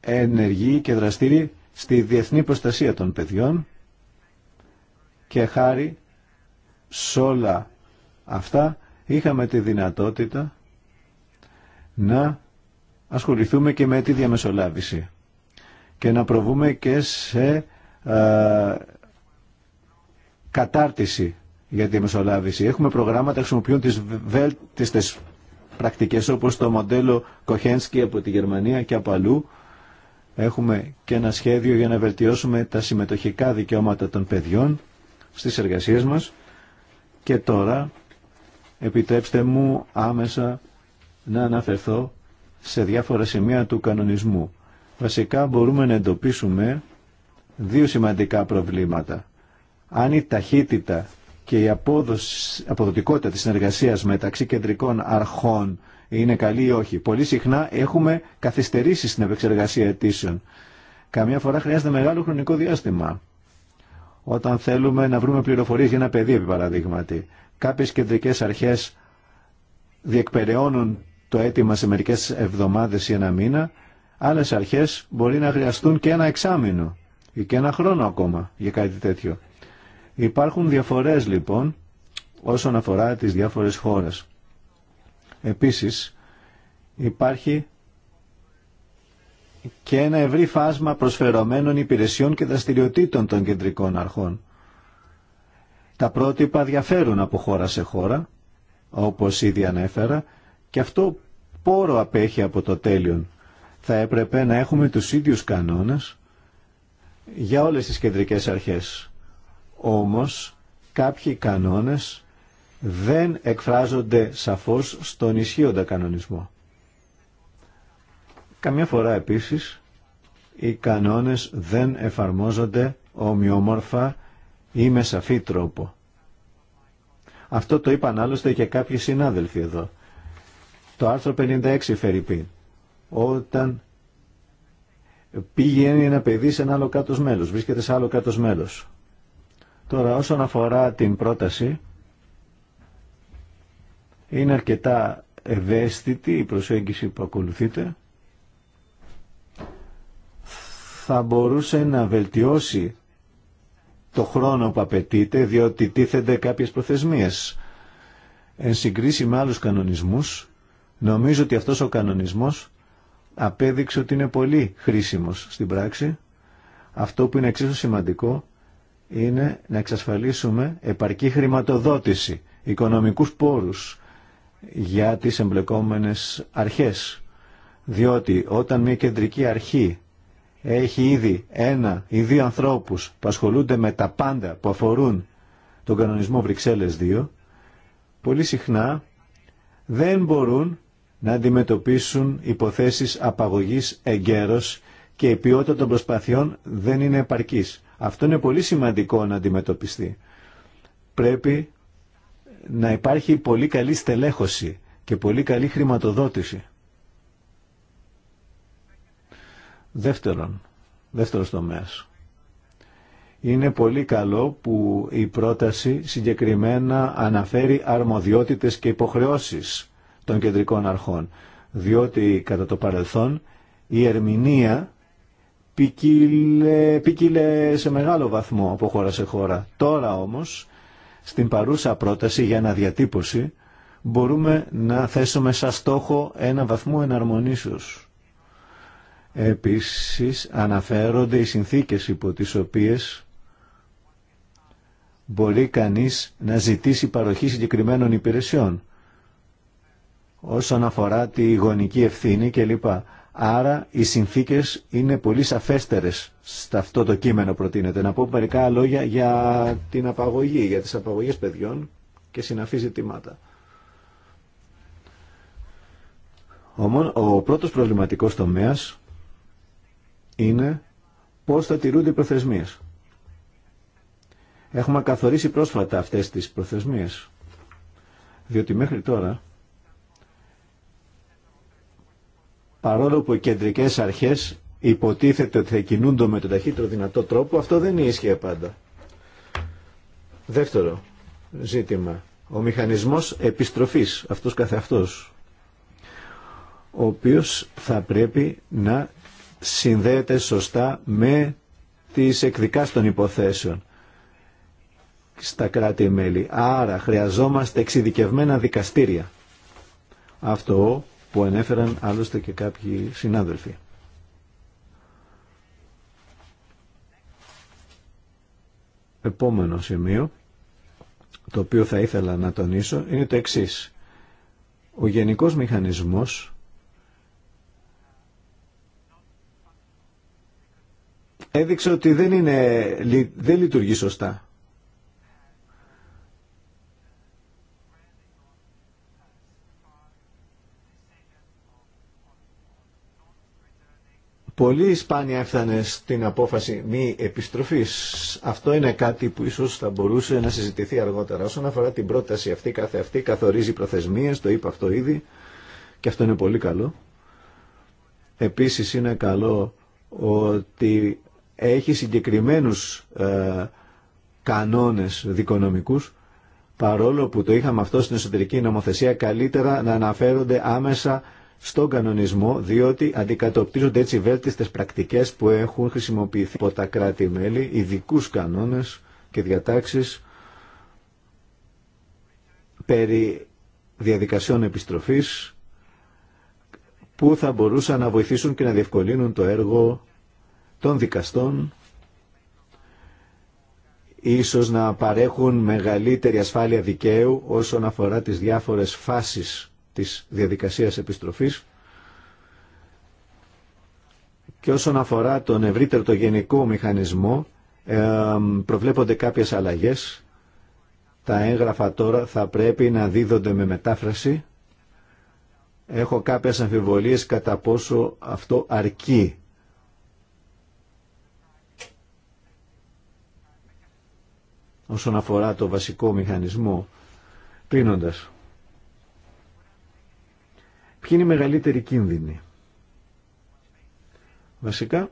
ενεργοί και δραστήριοι στη διεθνή προστασία των παιδιών και χάρη σε όλα αυτά είχαμε τη δυνατότητα να ασχοληθούμε και με τη διαμεσολάβηση και να προβούμε και σε ε, κατάρτιση για τη διαμεσολάβηση. Έχουμε προγράμματα που χρησιμοποιούν τις βέλτιστες πρακτικές όπως το μοντέλο Κοχένσκι από τη Γερμανία και από αλλού Έχουμε και ένα σχέδιο για να βελτιώσουμε τα συμμετοχικά δικαιώματα των παιδιών στις εργασίες μας. Και τώρα επιτρέψτε μου άμεσα να αναφερθώ σε διάφορα σημεία του κανονισμού. Βασικά μπορούμε να εντοπίσουμε δύο σημαντικά προβλήματα. Αν η ταχύτητα και η αποδοτικότητα της συνεργασίας μεταξύ κεντρικών αρχών είναι καλή ή όχι. Πολύ συχνά έχουμε καθυστερήσει στην επεξεργασία αιτήσεων. Καμιά φορά χρειάζεται μεγάλο χρονικό διάστημα. Όταν θέλουμε να βρούμε πληροφορίες για ένα παιδί, επί παραδείγματι, κάποιες κεντρικές αρχές διεκπεραιώνουν το αίτημα σε μερικές εβδομάδες ή ένα μήνα, άλλες αρχές μπορεί να χρειαστούν και ένα εξάμεινο ή και ένα χρόνο ακόμα για κάτι τέτοιο. Υπάρχουν διαφορές λοιπόν όσον αφορά τις διάφορες χώρες. Επίσης, υπάρχει και ένα ευρύ φάσμα προσφερωμένων υπηρεσιών και δραστηριοτήτων των κεντρικών αρχών. Τα πρότυπα διαφέρουν από χώρα σε χώρα, όπως ήδη ανέφερα, και αυτό πόρο απέχει από το τέλειον. Θα έπρεπε να έχουμε τους ίδιους κανόνες για όλες τις κεντρικές αρχές. Όμως, κάποιοι κανόνες δεν εκφράζονται σαφώς στον ισχύοντα κανονισμό. Καμιά φορά επίσης οι κανόνες δεν εφαρμόζονται ομοιόμορφα ή με σαφή τρόπο. Αυτό το είπαν άλλωστε και κάποιοι συνάδελφοι εδώ. Το άρθρο 56 πει Όταν πήγαινε ένα παιδί σε ένα άλλο κάτω μέλος, βρίσκεται σε άλλο κάτω μέλος. Τώρα όσον αφορά την πρόταση είναι αρκετά ευαίσθητη η προσέγγιση που ακολουθείτε. Θα μπορούσε να βελτιώσει το χρόνο που απαιτείται, διότι τίθενται κάποιες προθεσμίες. Εν συγκρίση με άλλους κανονισμούς, νομίζω ότι αυτός ο κανονισμός απέδειξε ότι είναι πολύ χρήσιμος στην πράξη. Αυτό που είναι εξίσου σημαντικό είναι να εξασφαλίσουμε επαρκή χρηματοδότηση, οικονομικούς πόρους, για τις εμπλεκόμενες αρχές. Διότι όταν μια κεντρική αρχή έχει ήδη ένα ή δύο ανθρώπους που ασχολούνται με τα πάντα που αφορούν τον κανονισμό Βρυξέλλες 2, πολύ συχνά δεν μπορούν να αντιμετωπίσουν υποθέσεις απαγωγής εγκαίρως και η ποιότητα των προσπαθειών δεν είναι επαρκής. Αυτό είναι πολύ σημαντικό να αντιμετωπιστεί. Πρέπει να υπάρχει πολύ καλή στελέχωση και πολύ καλή χρηματοδότηση. Δεύτερον, δεύτερος τομέας. Είναι πολύ καλό που η πρόταση συγκεκριμένα αναφέρει αρμοδιότητες και υποχρεώσεις των κεντρικών αρχών, διότι κατά το παρελθόν η ερμηνεία ποικίλε, ποικίλε σε μεγάλο βαθμό από χώρα σε χώρα. Τώρα όμως στην παρούσα πρόταση για αναδιατύπωση μπορούμε να θέσουμε σαν στόχο ένα βαθμό εναρμονίσεως. Επίσης αναφέρονται οι συνθήκες υπό τις οποίες μπορεί κανείς να ζητήσει παροχή συγκεκριμένων υπηρεσιών όσον αφορά τη γονική ευθύνη κλπ. Άρα οι συνθήκες είναι πολύ σαφέστερες σε αυτό το κείμενο προτείνεται. Να πω μερικά λόγια για την απαγωγή, για τις απαγωγές παιδιών και συναφή ζητήματα. Ο πρώτος προβληματικός τομέας είναι πώς θα τηρούνται οι προθεσμίες. Έχουμε καθορίσει πρόσφατα αυτές τις προθεσμίες, διότι μέχρι τώρα Παρόλο που οι κεντρικές αρχές υποτίθεται ότι θα κινούνται με τον ταχύτερο δυνατό τρόπο, αυτό δεν ίσχυε πάντα. Δεύτερο ζήτημα, ο μηχανισμός επιστροφής, αυτός καθεαυτός, ο οποίος θα πρέπει να συνδέεται σωστά με τις εκδικάς των υποθέσεων στα κράτη-μέλη. Άρα χρειαζόμαστε εξειδικευμένα δικαστήρια. Αυτό που ανέφεραν άλλωστε και κάποιοι συνάδελφοι. Επόμενο σημείο, το οποίο θα ήθελα να τονίσω, είναι το εξής. Ο γενικός μηχανισμός έδειξε ότι δεν, είναι, δεν λειτουργεί σωστά. Πολύ σπάνια έφτανε στην απόφαση μη επιστροφής. Αυτό είναι κάτι που ίσως θα μπορούσε να συζητηθεί αργότερα. Όσον αφορά την πρόταση αυτή καθε αυτή, καθορίζει προθεσμίες, το είπα αυτό ήδη και αυτό είναι πολύ καλό. Επίσης είναι καλό ότι έχει συγκεκριμένους ε, κανόνες δικονομικούς παρόλο που το είχαμε αυτό στην εσωτερική νομοθεσία καλύτερα να αναφέρονται άμεσα στον κανονισμό, διότι αντικατοπτρίζονται έτσι βέλτιστες πρακτικές που έχουν χρησιμοποιηθεί από τα κράτη-μέλη, ειδικού κανόνες και διατάξεις περί διαδικασιών επιστροφής που θα μπορούσαν να βοηθήσουν και να διευκολύνουν το έργο των δικαστών ίσως να παρέχουν μεγαλύτερη ασφάλεια δικαίου όσον αφορά τις διάφορες φάσεις της διαδικασίας επιστροφής και όσον αφορά τον ευρύτερο το γενικό μηχανισμό προβλέπονται κάποιες αλλαγές τα έγγραφα τώρα θα πρέπει να δίδονται με μετάφραση έχω κάποιες αμφιβολίες κατά πόσο αυτό αρκεί όσον αφορά το βασικό μηχανισμό κλείνοντας Ποιοι είναι οι μεγαλύτεροι κίνδυνοι. Βασικά,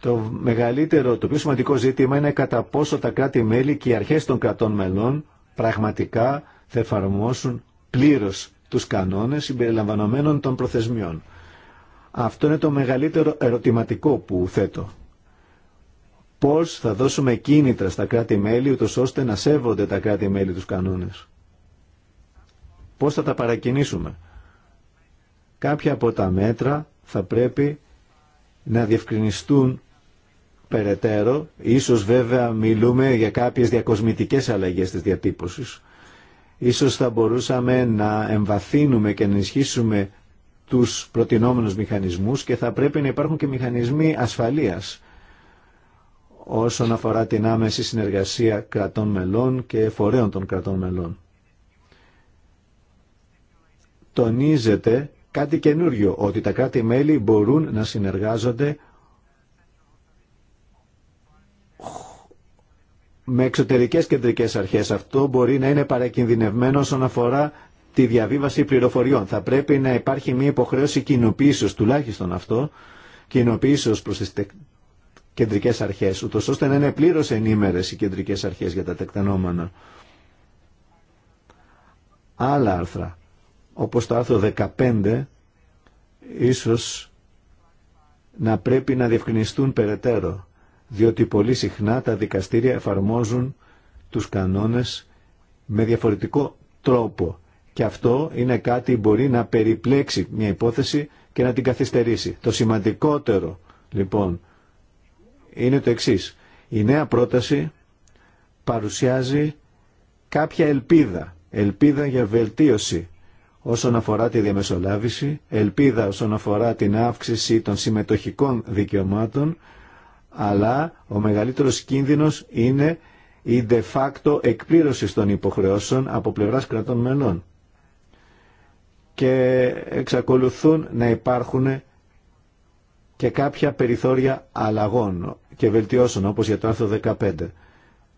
το μεγαλύτερο, το πιο σημαντικό ζήτημα είναι κατά πόσο τα κράτη-μέλη και οι αρχές των κρατών μελών πραγματικά θα εφαρμόσουν πλήρως τους κανόνες συμπεριλαμβανομένων των προθεσμιών. Αυτό είναι το μεγαλύτερο ερωτηματικό που θέτω. Πώς θα δώσουμε κίνητρα στα κράτη-μέλη, ούτως ώστε να σέβονται τα κράτη-μέλη τους κανόνες. Πώς θα τα παρακινήσουμε. Κάποια από τα μέτρα θα πρέπει να διευκρινιστούν περαιτέρω. Ίσως βέβαια μιλούμε για κάποιες διακοσμητικές αλλαγές της διατύπωσης. Ίσως θα μπορούσαμε να εμβαθύνουμε και να ενισχύσουμε τους προτινόμενους μηχανισμούς και θα πρέπει να υπάρχουν και μηχανισμοί ασφαλείας όσον αφορά την άμεση συνεργασία κρατών μελών και φορέων των κρατών μελών τονίζεται κάτι καινούριο, ότι τα κράτη-μέλη μπορούν να συνεργάζονται με εξωτερικές κεντρικές αρχές. Αυτό μπορεί να είναι παρακινδυνευμένο όσον αφορά τη διαβίβαση πληροφοριών. Θα πρέπει να υπάρχει μια υποχρέωση κοινοποίησης, τουλάχιστον αυτό, κοινοποίησης προς τις κεντρικές αρχές, ούτως ώστε να είναι πλήρω ενήμερες οι κεντρικές αρχές για τα τεκτενόμενα. Άλλα άρθρα όπως το άρθρο 15, ίσως να πρέπει να διευκρινιστούν περαιτέρω, διότι πολύ συχνά τα δικαστήρια εφαρμόζουν τους κανόνες με διαφορετικό τρόπο. Και αυτό είναι κάτι που μπορεί να περιπλέξει μια υπόθεση και να την καθυστερήσει. Το σημαντικότερο, λοιπόν, είναι το εξής. Η νέα πρόταση παρουσιάζει κάποια ελπίδα, ελπίδα για βελτίωση όσον αφορά τη διαμεσολάβηση, ελπίδα όσον αφορά την αύξηση των συμμετοχικών δικαιωμάτων, αλλά ο μεγαλύτερος κίνδυνος είναι η de facto εκπλήρωση των υποχρεώσεων από πλευράς κρατών μελών. Και εξακολουθούν να υπάρχουν και κάποια περιθώρια αλλαγών και βελτιώσεων, όπως για το άρθρο 15.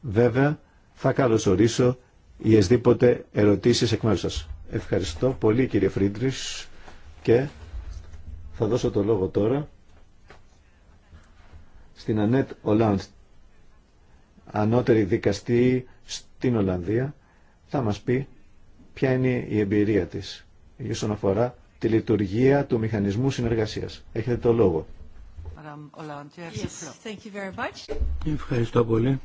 Βέβαια, θα καλωσορίσω οι εσδήποτε ερωτήσεις εκ μέρους σας. Ευχαριστώ πολύ κύριε Φρίντρις και θα δώσω το λόγο τώρα στην Ανέτ Ολάντ, ανώτερη δικαστή στην Ολλανδία, θα μας πει ποια είναι η εμπειρία της όσον αφορά τη λειτουργία του μηχανισμού συνεργασίας. Έχετε το λόγο. Ευχαριστώ πολύ.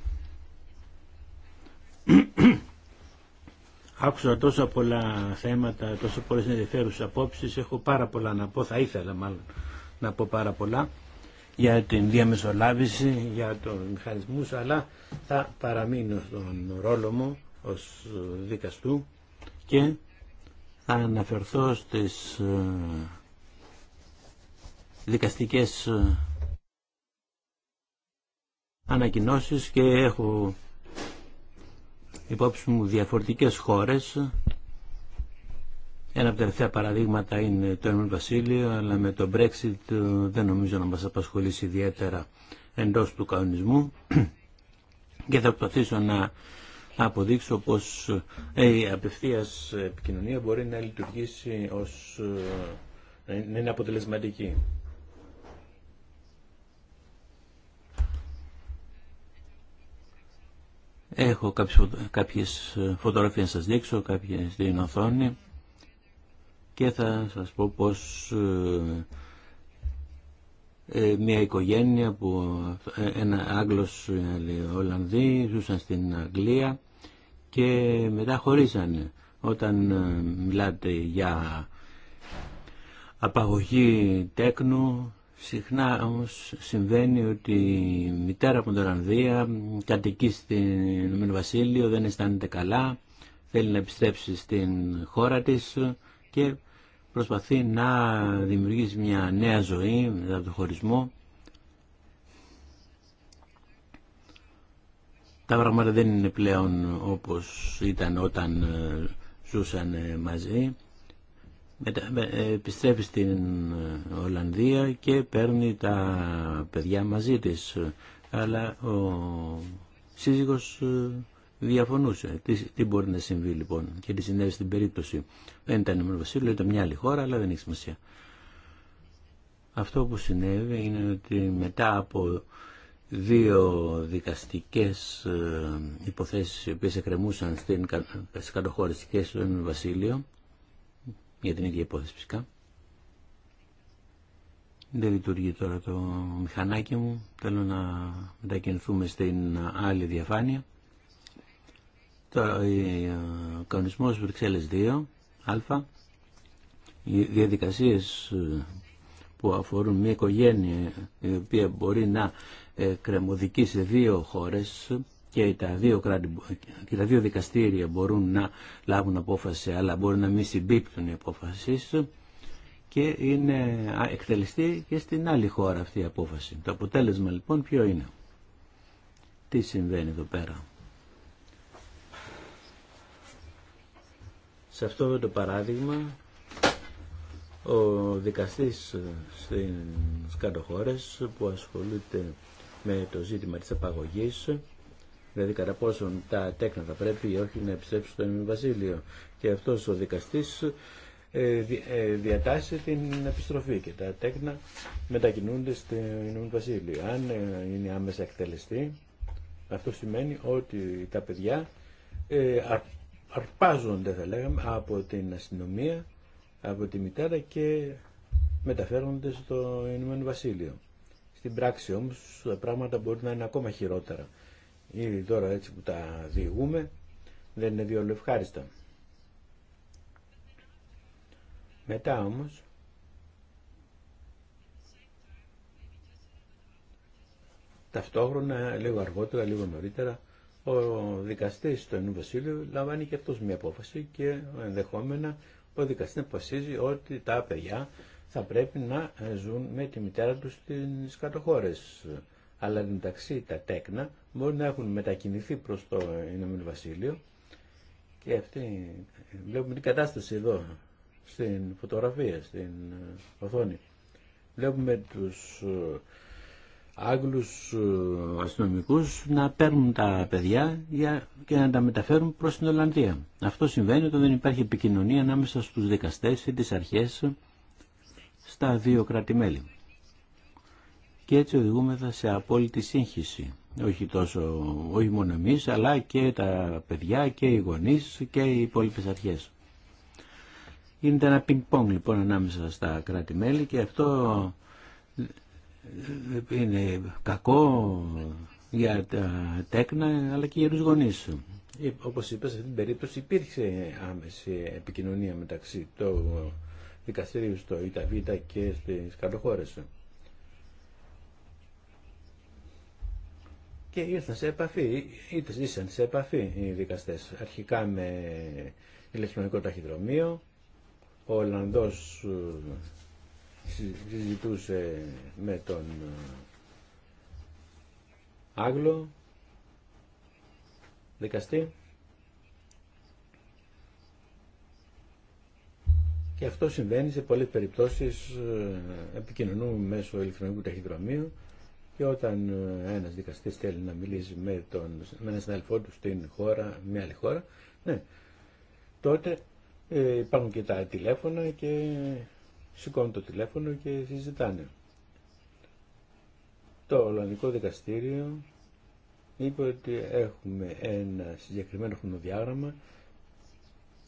Άκουσα τόσο πολλά θέματα, τόσο πολλές ενδιαφέρουσες απόψεις, έχω πάρα πολλά να πω, θα ήθελα μάλλον να πω πάρα πολλά για την διαμεσολάβηση, για τον μηχανισμούς, αλλά θα παραμείνω στον ρόλο μου ως δικαστού και θα αναφερθώ στις ε, δικαστικές ε, ανακοινώσεις και έχω υπόψη μου διαφορετικές χώρες. Ένα από τα τελευταία παραδείγματα είναι το Ηνωμένο Βασίλειο, αλλά με το Brexit ε, δεν νομίζω να μας απασχολήσει ιδιαίτερα εντός του κανονισμού και θα προσπαθήσω να αποδείξω πως ε, η απευθείας επικοινωνία μπορεί να λειτουργήσει ως ε, να είναι αποτελεσματική. Έχω κάποιες ε, φωτογραφίες να σας δείξω, κάποιες στην οθόνη και θα σας πω πως ε, ε, μια οικογένεια που ένα Άγγλος Ολλανδί ζούσαν στην Αγγλία και μετά χωρίσανε. Όταν μιλάτε για απαγωγή τέκνου Συχνά όμως συμβαίνει ότι η μητέρα από την Ολλανδία κατοικεί στην Βασίλειο, δεν αισθάνεται καλά, θέλει να επιστρέψει στην χώρα της και προσπαθεί να δημιουργήσει μια νέα ζωή μετά από τον χωρισμό. Τα πράγματα δεν είναι πλέον όπως ήταν όταν ζούσαν μαζί επιστρέφει στην ε, Ολλανδία και παίρνει τα παιδιά μαζί της αλλά ο σύζυγος ε, διαφωνούσε. Τι, τι μπορεί να συμβεί λοιπόν και τι συνέβη στην περίπτωση. Δεν ήταν η Βασίλειο, ήταν μια άλλη χώρα, αλλά δεν έχει σημασία. Αυτό που συνέβη είναι ότι μετά από δύο δικαστικές ε, υποθέσεις οι οποίες εκκρεμούσαν στην κατοχώρηση και στον Βασίλειο για την ίδια υπόθεση φυσικά. Δεν λειτουργεί τώρα το μηχανάκι μου. Θέλω να μετακινηθούμε στην άλλη διαφάνεια. Τώρα, ο κανονισμός Βρυξέλλες 2, α, οι διαδικασίες ε, που αφορούν μια οικογένεια η οποία μπορεί να ε, κρεμοδικεί σε δύο χώρες και τα δύο, δικαστήρια μπορούν να λάβουν απόφαση αλλά μπορεί να μην συμπίπτουν οι απόφασεις και είναι εκτελεστή και στην άλλη χώρα αυτή η απόφαση. Το αποτέλεσμα λοιπόν ποιο είναι. Τι συμβαίνει εδώ πέρα. Σε αυτό το παράδειγμα ο δικαστής ε, στις κάτω που ασχολείται με το ζήτημα της απαγωγής δηλαδή κατά πόσον τα τέκνα θα πρέπει ή όχι να επιστρέψουν στο Βασίλειο. Και αυτός ο δικαστής ε, ε, διατάσσει την επιστροφή και τα τέκνα μετακινούνται στο Ινωμένο Βασίλειο. Αν ε, είναι άμεσα εκτελεστή, αυτό σημαίνει ότι τα παιδιά αρπάζονται θα λέγαμε από την αστυνομία, από τη μητέρα και μεταφέρονται στο Ινωμένο Βασίλειο. Στην πράξη όμως τα πράγματα μπορεί να είναι ακόμα χειρότερα. Ήδη τώρα έτσι που τα διηγούμε δεν είναι διόλου ευχάριστα. Μετά όμως ταυτόχρονα λίγο αργότερα, λίγο νωρίτερα ο δικαστής του Ενού λαμβάνει και αυτός μια απόφαση και ενδεχόμενα ο δικαστής αποφασίζει ότι τα παιδιά θα πρέπει να ζουν με τη μητέρα τους στις κατοχώρες αλλά ενταξύ τα τέκνα μπορεί να έχουν μετακινηθεί προς το Ηνωμένο Βασίλειο και αυτή βλέπουμε την κατάσταση εδώ στην φωτογραφία, στην ε, οθόνη. Βλέπουμε τους ε, Άγγλους ε, αστυνομικούς να παίρνουν τα παιδιά και να τα μεταφέρουν προς την Ολλανδία. Αυτό συμβαίνει όταν δεν υπάρχει επικοινωνία ανάμεσα στους δικαστές ή τις αρχές στα δύο κράτη-μέλη και έτσι οδηγούμεθα σε απόλυτη σύγχυση. Όχι, τόσο, όχι μόνο εμεί, αλλά και τα παιδιά και οι γονεί και οι υπολοιπε αρχέ. αρχές. Γίνεται ένα πινκ-πονγκ λοιπόν ανάμεσα στα κράτη-μέλη και αυτό είναι κακό για τα τέκνα αλλά και για του γονεί. Ε, όπως είπα σε αυτήν την περίπτωση υπήρξε άμεση επικοινωνία μεταξύ του δικαστηρίου στο ΙΤΑΒΙΤΑ και στι καλοχώρε. και ήρθαν σε επαφή, είτε ήσαν σε επαφή οι δικαστές, αρχικά με ηλεκτρονικό ταχυδρομείο, ο Ολλανδός ε, συζητούσε με τον ε, Άγγλο, δικαστή, και αυτό συμβαίνει σε πολλές περιπτώσεις ε, επικοινωνούμε μέσω ηλεκτρονικού ταχυδρομείου και όταν ε, ένα δικαστή θέλει να μιλήσει με, τον, με έναν συναδελφό του στην χώρα, μια άλλη χώρα, ναι, τότε ε, υπάρχουν και τα τηλέφωνα και σηκώνουν το τηλέφωνο και συζητάνε. Το Ολλανδικό Δικαστήριο είπε ότι έχουμε ένα συγκεκριμένο χρονοδιάγραμμα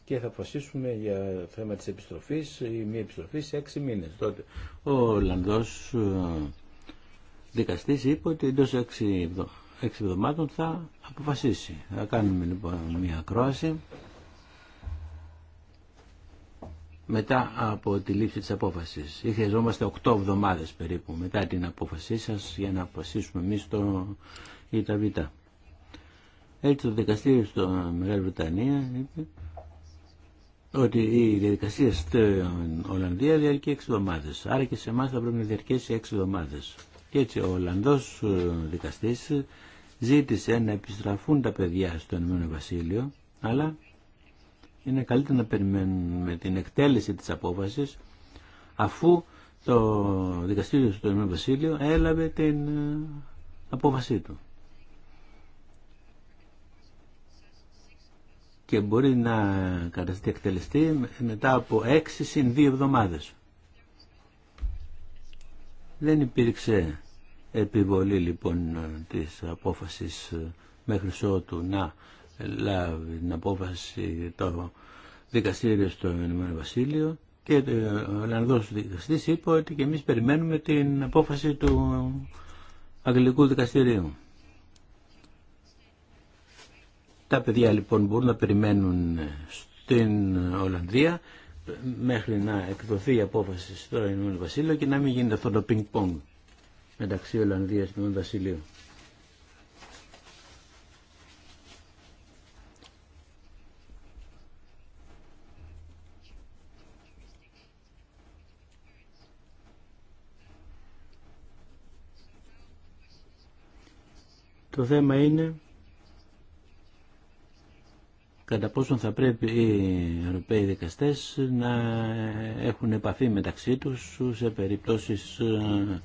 και θα αποφασίσουμε για θέμα της επιστροφής ή μη επιστροφής σε έξι μήνες. ο Ολλανδός ε, δικαστής είπε ότι εντός 6 εβδομάδων θα αποφασίσει. Θα κάνουμε λοιπόν μια κρόαση. μετά από τη λήψη της απόφασης. Ή 8 εβδομάδες περίπου μετά την απόφασή σας για να αποφασίσουμε εμείς το ΙΤΒ. Έτσι το δικαστήριο στο Μεγάλη Βρετανία είπε ότι η διαδικασία στην Ολλανδία διαρκεί 6 εβδομάδες. Άρα και σε εμά θα πρέπει να διαρκέσει 6 εβδομάδες. Και έτσι ο Ολλανδός ε, δικαστής ζήτησε να επιστραφούν τα παιδιά στο Ηνωμένο Βασίλειο, αλλά είναι καλύτερο να περιμένουμε την εκτέλεση της απόφασης αφού το δικαστήριο στο Ηνωμένο Βασίλειο έλαβε την ε, απόφασή του. και μπορεί να καταστεί εκτελεστή μετά από έξι συν 2 εβδομάδες. Δεν υπήρξε επιβολή λοιπόν της απόφασης ε, μέχρι ότου να λάβει την απόφαση το δικαστήριο στο Ηνωμένο Βασίλειο και ε, ο Ολλανδός δικαστής είπε ότι και εμείς περιμένουμε την απόφαση του Αγγλικού Δικαστηρίου. Τα παιδιά λοιπόν μπορούν να περιμένουν στην Ολλανδία μέχρι να εκδοθεί η απόφαση στο Ηνωμένο Βασίλειο και να μην γίνεται αυτό το πινκ-πονγκ μεταξύ Ολλανδίας και Βασιλείου. Το θέμα είναι κατά πόσον θα πρέπει οι Ευρωπαίοι δικαστές να έχουν επαφή μεταξύ τους σε περιπτώσεις ε,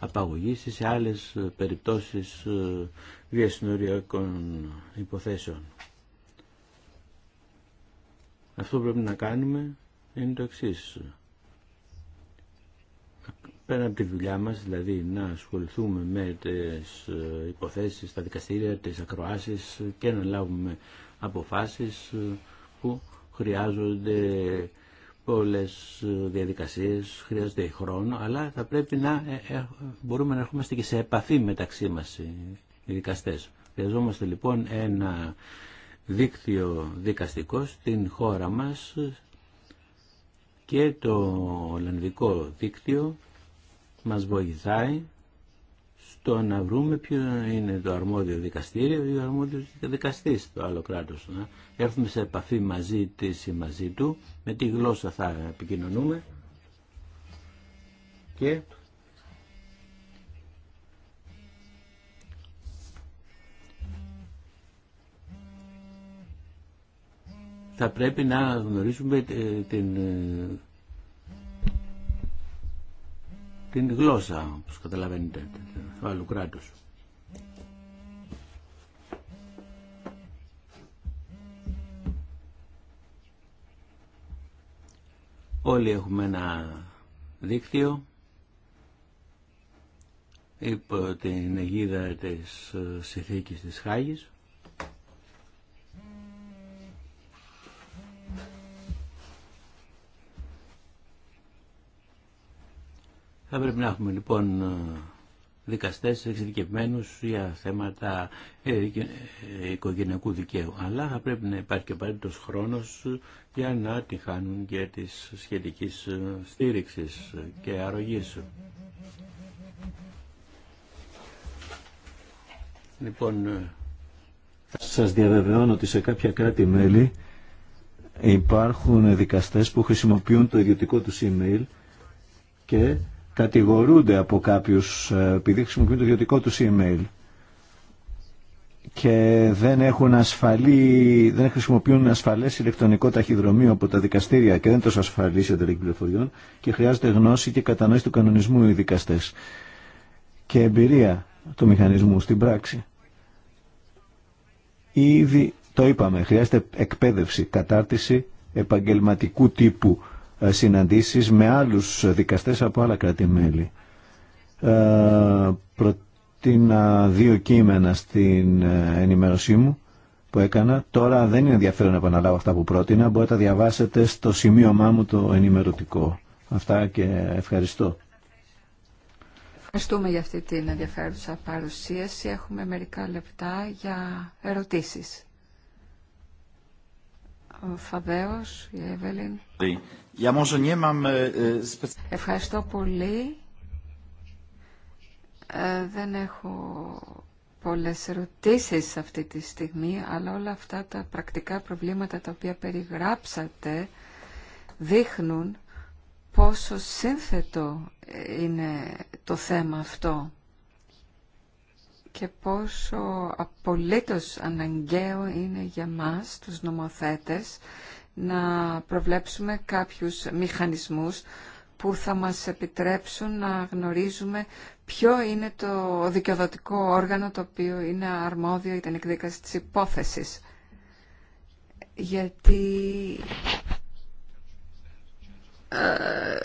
απαγωγής σε άλλες ε, περιπτώσεις ε, διασυνοριακών υποθέσεων. Αυτό που πρέπει να κάνουμε είναι το εξή. Πέρα από τη δουλειά μας, δηλαδή να ασχοληθούμε με τις ε, υποθέσεις, τα δικαστήρια, τις ακροάσεις και να λάβουμε αποφάσεις που χρειάζονται πολλές ε, διαδικασίες, χρειάζεται χρόνο, αλλά θα πρέπει να ε, ε, μπορούμε να ερχόμαστε και σε επαφή μεταξύ μας οι δικαστές. Χρειαζόμαστε λοιπόν ένα δίκτυο δικαστικό στην χώρα μας και το Ολλανδικό δίκτυο μας βοηθάει το να βρούμε ποιο είναι το αρμόδιο δικαστήριο ή ο αρμόδιος δικαστής το άλλο κράτος. Να ε. έρθουμε σε επαφή μαζί της ή μαζί του, με τι γλώσσα θα επικοινωνούμε και θα πρέπει να γνωρίσουμε ε, την ε, την γλώσσα, όπως καταλαβαίνετε, του άλλου κράτους. Όλοι έχουμε ένα δίκτυο υπό την αιγίδα της συνθήκης της Χάγης Θα πρέπει να έχουμε λοιπόν δικαστές εξειδικευμένους για θέματα ε, ε, οικογενειακού δικαίου. Αλλά θα πρέπει να υπάρχει και απαραίτητος χρόνος για να τη χάνουν και της σχετικής ε, στήριξης και αρρωγής. Λοιπόν, σας διαβεβαιώνω ότι σε κάποια κράτη-μέλη υπάρχουν δικαστές που χρησιμοποιούν το ιδιωτικό του email και κατηγορούνται από κάποιους ε, επειδή χρησιμοποιούν το ιδιωτικό του email και δεν, έχουν ασφαλή, δεν χρησιμοποιούν ασφαλές ηλεκτρονικό ταχυδρομείο από τα δικαστήρια και δεν τόσο ασφαλής η πληροφοριών και χρειάζεται γνώση και κατανόηση του κανονισμού οι δικαστές και εμπειρία του μηχανισμού στην πράξη. Ήδη το είπαμε, χρειάζεται εκπαίδευση, κατάρτιση επαγγελματικού τύπου συναντήσεις με άλλους δικαστές από άλλα κράτη-μέλη. Ε, προτείνα δύο κείμενα στην ε, ενημέρωσή μου που έκανα. Τώρα δεν είναι ενδιαφέρον να επαναλάβω αυτά που πρότεινα. Μπορείτε να διαβάσετε στο σημείωμά μου το ενημερωτικό. Αυτά και ευχαριστώ. Ευχαριστούμε για αυτή την ενδιαφέρουσα παρουσίαση. Έχουμε μερικά λεπτά για ερωτήσεις. Ε, ε, Ευχαριστώ πολύ. Ε, δεν έχω πολλές ερωτήσεις αυτή τη στιγμή, αλλά όλα αυτά τα πρακτικά προβλήματα τα οποία περιγράψατε δείχνουν πόσο σύνθετο είναι το θέμα αυτό και πόσο απολύτως αναγκαίο είναι για μας τους νομοθέτες να προβλέψουμε κάποιους μηχανισμούς που θα μας επιτρέψουν να γνωρίζουμε ποιο είναι το δικαιοδοτικό όργανο το οποίο είναι αρμόδιο για την εκδίκαση της υπόθεσης. Γιατί ε,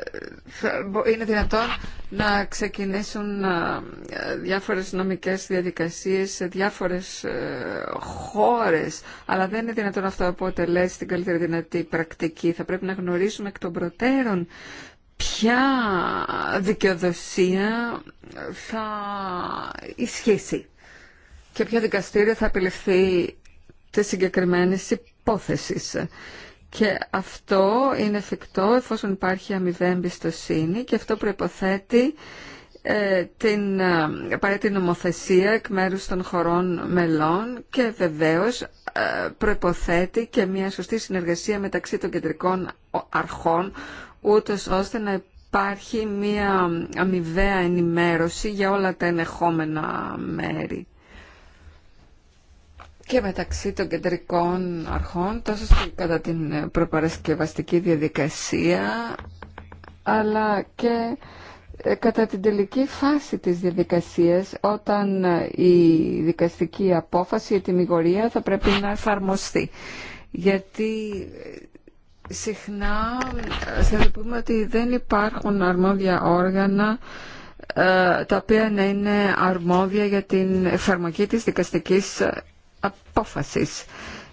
είναι δυνατόν να ξεκινήσουν ε, διάφορες νομικές διαδικασίες σε διάφορες ε, χώρες, αλλά δεν είναι δυνατόν αυτό να αποτελέσει την καλύτερη δυνατή πρακτική. Θα πρέπει να γνωρίσουμε εκ των προτέρων ποια δικαιοδοσία θα ισχύσει και ποιο δικαστήριο θα επιληφθεί τη συγκεκριμένη υπόθεση. Και αυτό είναι εφικτό εφόσον υπάρχει αμοιβαία εμπιστοσύνη και αυτό προϋποθέτει ε, την ε, απαραίτητη νομοθεσία εκ μέρους των χωρών μελών και βεβαίως ε, προϋποθέτει και μια σωστή συνεργασία μεταξύ των κεντρικών αρχών ούτως ώστε να υπάρχει μια αμοιβαία ενημέρωση για όλα τα ενεχόμενα μέρη και μεταξύ των κεντρικών αρχών τόσο κατά την ε, προπαρασκευαστική διαδικασία αλλά και ε, κατά την τελική φάση της διαδικασίας όταν ε, η δικαστική απόφαση, η τιμιγορία θα πρέπει να εφαρμοστεί. Γιατί συχνά θεωρούμε ότι δεν υπάρχουν αρμόδια όργανα τα οποία να είναι αρμόδια για την εφαρμογή της δικαστικής απόφασης.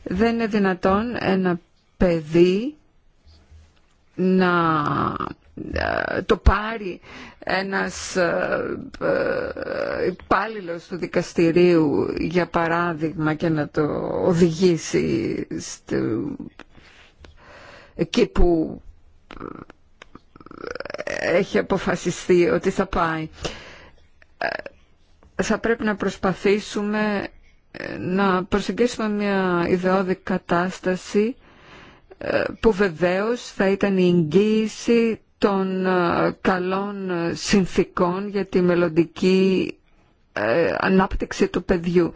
Δεν είναι δυνατόν ένα παιδί να ε, το πάρει ένας ε, ε, υπάλληλο του δικαστηρίου για παράδειγμα και να το οδηγήσει στο... εκεί που έχει αποφασιστεί ότι θα πάει. Θα πρέπει να προσπαθήσουμε να προσεγγίσουμε μια ιδεώδη κατάσταση ε, που βεβαίως θα ήταν η εγγύηση των ε, καλών ε, συνθήκων για τη μελλοντική ανάπτυξη του παιδιού.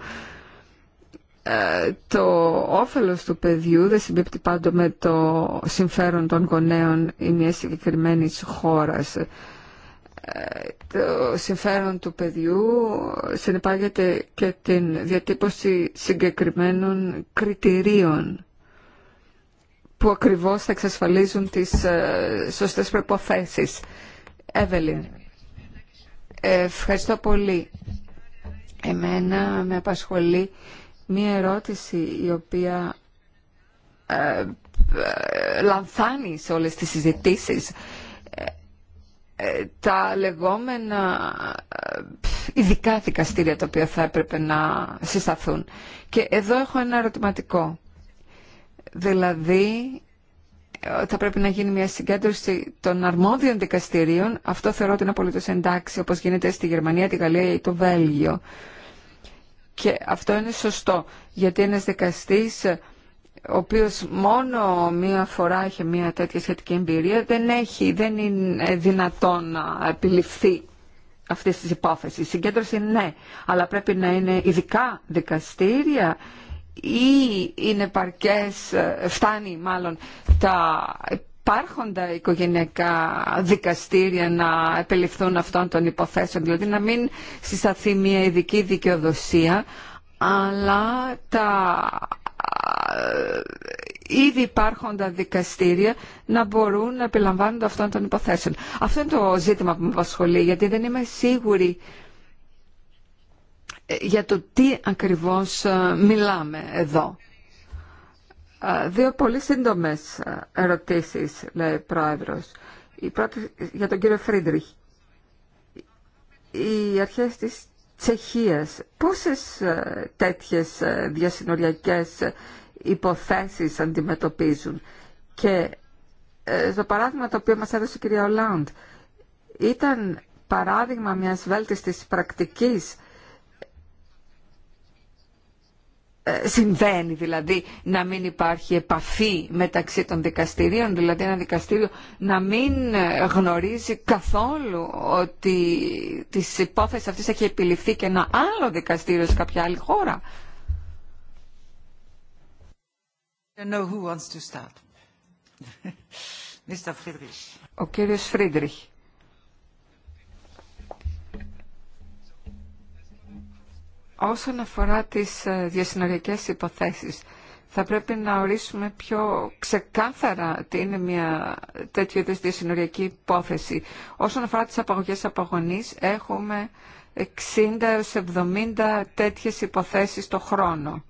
Το όφελος του παιδιού δεν συμπίπτει πάντοτε με το συμφέρον των γονέων ή μια συγκεκριμένη χώρας το συμφέρον του παιδιού συνεπάγεται και την διατύπωση συγκεκριμένων κριτηρίων που ακριβώς θα εξασφαλίζουν τις ε, σωστές προϋποθέσεις. Εύελιν, ευχαριστώ πολύ. Εμένα με απασχολεί μία ερώτηση η οποία ε, ε, λανθάνει σε όλες τις συζητήσεις ε, τα λεγόμενα ε, ειδικά δικαστήρια τα οποία θα έπρεπε να συσταθούν. Και εδώ έχω ένα ερωτηματικό. Δηλαδή, ε, θα πρέπει να γίνει μια συγκέντρωση των αρμόδιων δικαστηρίων. Αυτό θεωρώ ότι είναι απολύτω εντάξει, όπω γίνεται στη Γερμανία, τη Γαλλία ή το Βέλγιο. Και αυτό είναι σωστό, γιατί ένας δικαστής ο οποίος μόνο μία φορά είχε μία τέτοια σχετική εμπειρία, δεν, έχει, δεν είναι δυνατόν να επιληφθεί αυτή τη υπόθεση. Η συγκέντρωση ναι, αλλά πρέπει να είναι ειδικά δικαστήρια ή είναι παρκές, φτάνει μάλλον τα υπάρχοντα οικογενειακά δικαστήρια να επιληφθούν αυτών των υποθέσεων, δηλαδή να μην συσταθεί μια ειδική δικαιοδοσία, αλλά τα ε, ήδη υπάρχοντα δικαστήρια να μπορούν να επιλαμβάνονται αυτών των υποθέσεων. Αυτό είναι το ζήτημα που με απασχολεί, γιατί δεν είμαι σίγουρη ε, για το τι ακριβώς ε, μιλάμε εδώ. Δύο πολύ σύντομες ερωτήσεις, λέει ο Πρόεδρος. Η πρώτη για τον κύριο Φρίντριχ. Οι αρχές της Τσεχίας, πόσες τέτοιες διασυνοριακές υποθέσεις αντιμετωπίζουν. Και ε, το παράδειγμα το οποίο μας έδωσε η κυρία Ολάντ ήταν παράδειγμα μιας βέλτιστης πρακτικής ε, συμβαίνει δηλαδή να μην υπάρχει επαφή μεταξύ των δικαστηρίων, δηλαδή ένα δικαστήριο να μην ε, γνωρίζει καθόλου ότι τη υπόθεση αυτή έχει επιληφθεί και ένα άλλο δικαστήριο σε κάποια άλλη χώρα. Ο κύριος Φρίντριχ. Όσον αφορά τις ε, διασυνοριακές υποθέσεις, θα πρέπει να ορίσουμε πιο ξεκάθαρα τι είναι μια τέτοια είδους διασυνοριακή υπόθεση. Όσον αφορά τις απαγωγές απαγωνής, έχουμε 60-70 τέτοιες υποθέσεις το χρόνο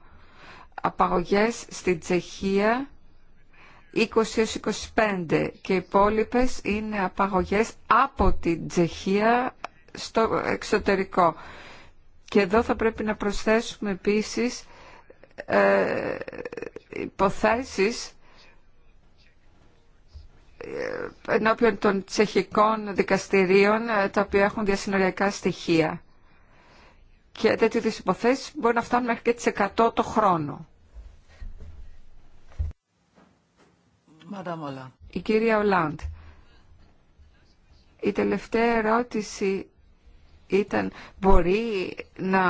απαγωγές στην Τσεχία 20-25 και οι υπόλοιπε είναι απαγωγές από την Τσεχία στο εξωτερικό. Και εδώ θα πρέπει να προσθέσουμε επίσης ε, υποθέσεις ε, ενώπιον των τσεχικών δικαστηρίων ε, τα οποία έχουν διασυνοριακά στοιχεία και τέτοιου είδου υποθέσεις μπορεί να φτάνουν μέχρι και τις 100 το χρόνο. Η κυρία Ολάντ. Η τελευταία ερώτηση ήταν μπορεί να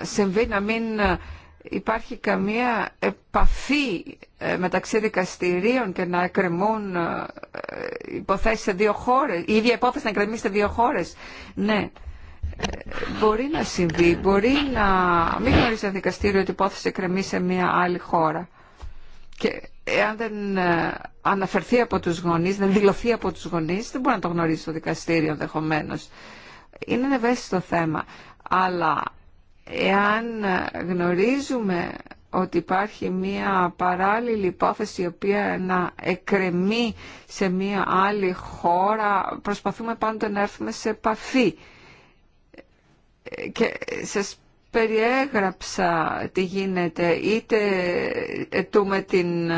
συμβεί να μην υπάρχει καμία επαφή ε, μεταξύ δικαστηρίων και να εκκρεμούν ε, υποθέσεις σε δύο χώρες, η ίδια υπόθεση να εκκρεμεί σε δύο χώρες. Ναι, μπορεί να συμβεί, μπορεί να μην γνωρίζει το δικαστήριο ότι η υπόθεση εκκρεμεί σε μια άλλη χώρα. Και εάν δεν ε, αναφερθεί από τους γονείς, δεν δηλωθεί από τους γονείς, δεν μπορεί να το γνωρίζει το δικαστήριο ενδεχομένω. Είναι ευαίσθητο θέμα. Αλλά εάν ε, γνωρίζουμε ότι υπάρχει μία παράλληλη υπόθεση η οποία να εκκρεμεί σε μία άλλη χώρα, προσπαθούμε πάντοτε να έρθουμε σε επαφή και σας περιέγραψα τι γίνεται, είτε ετούμε την,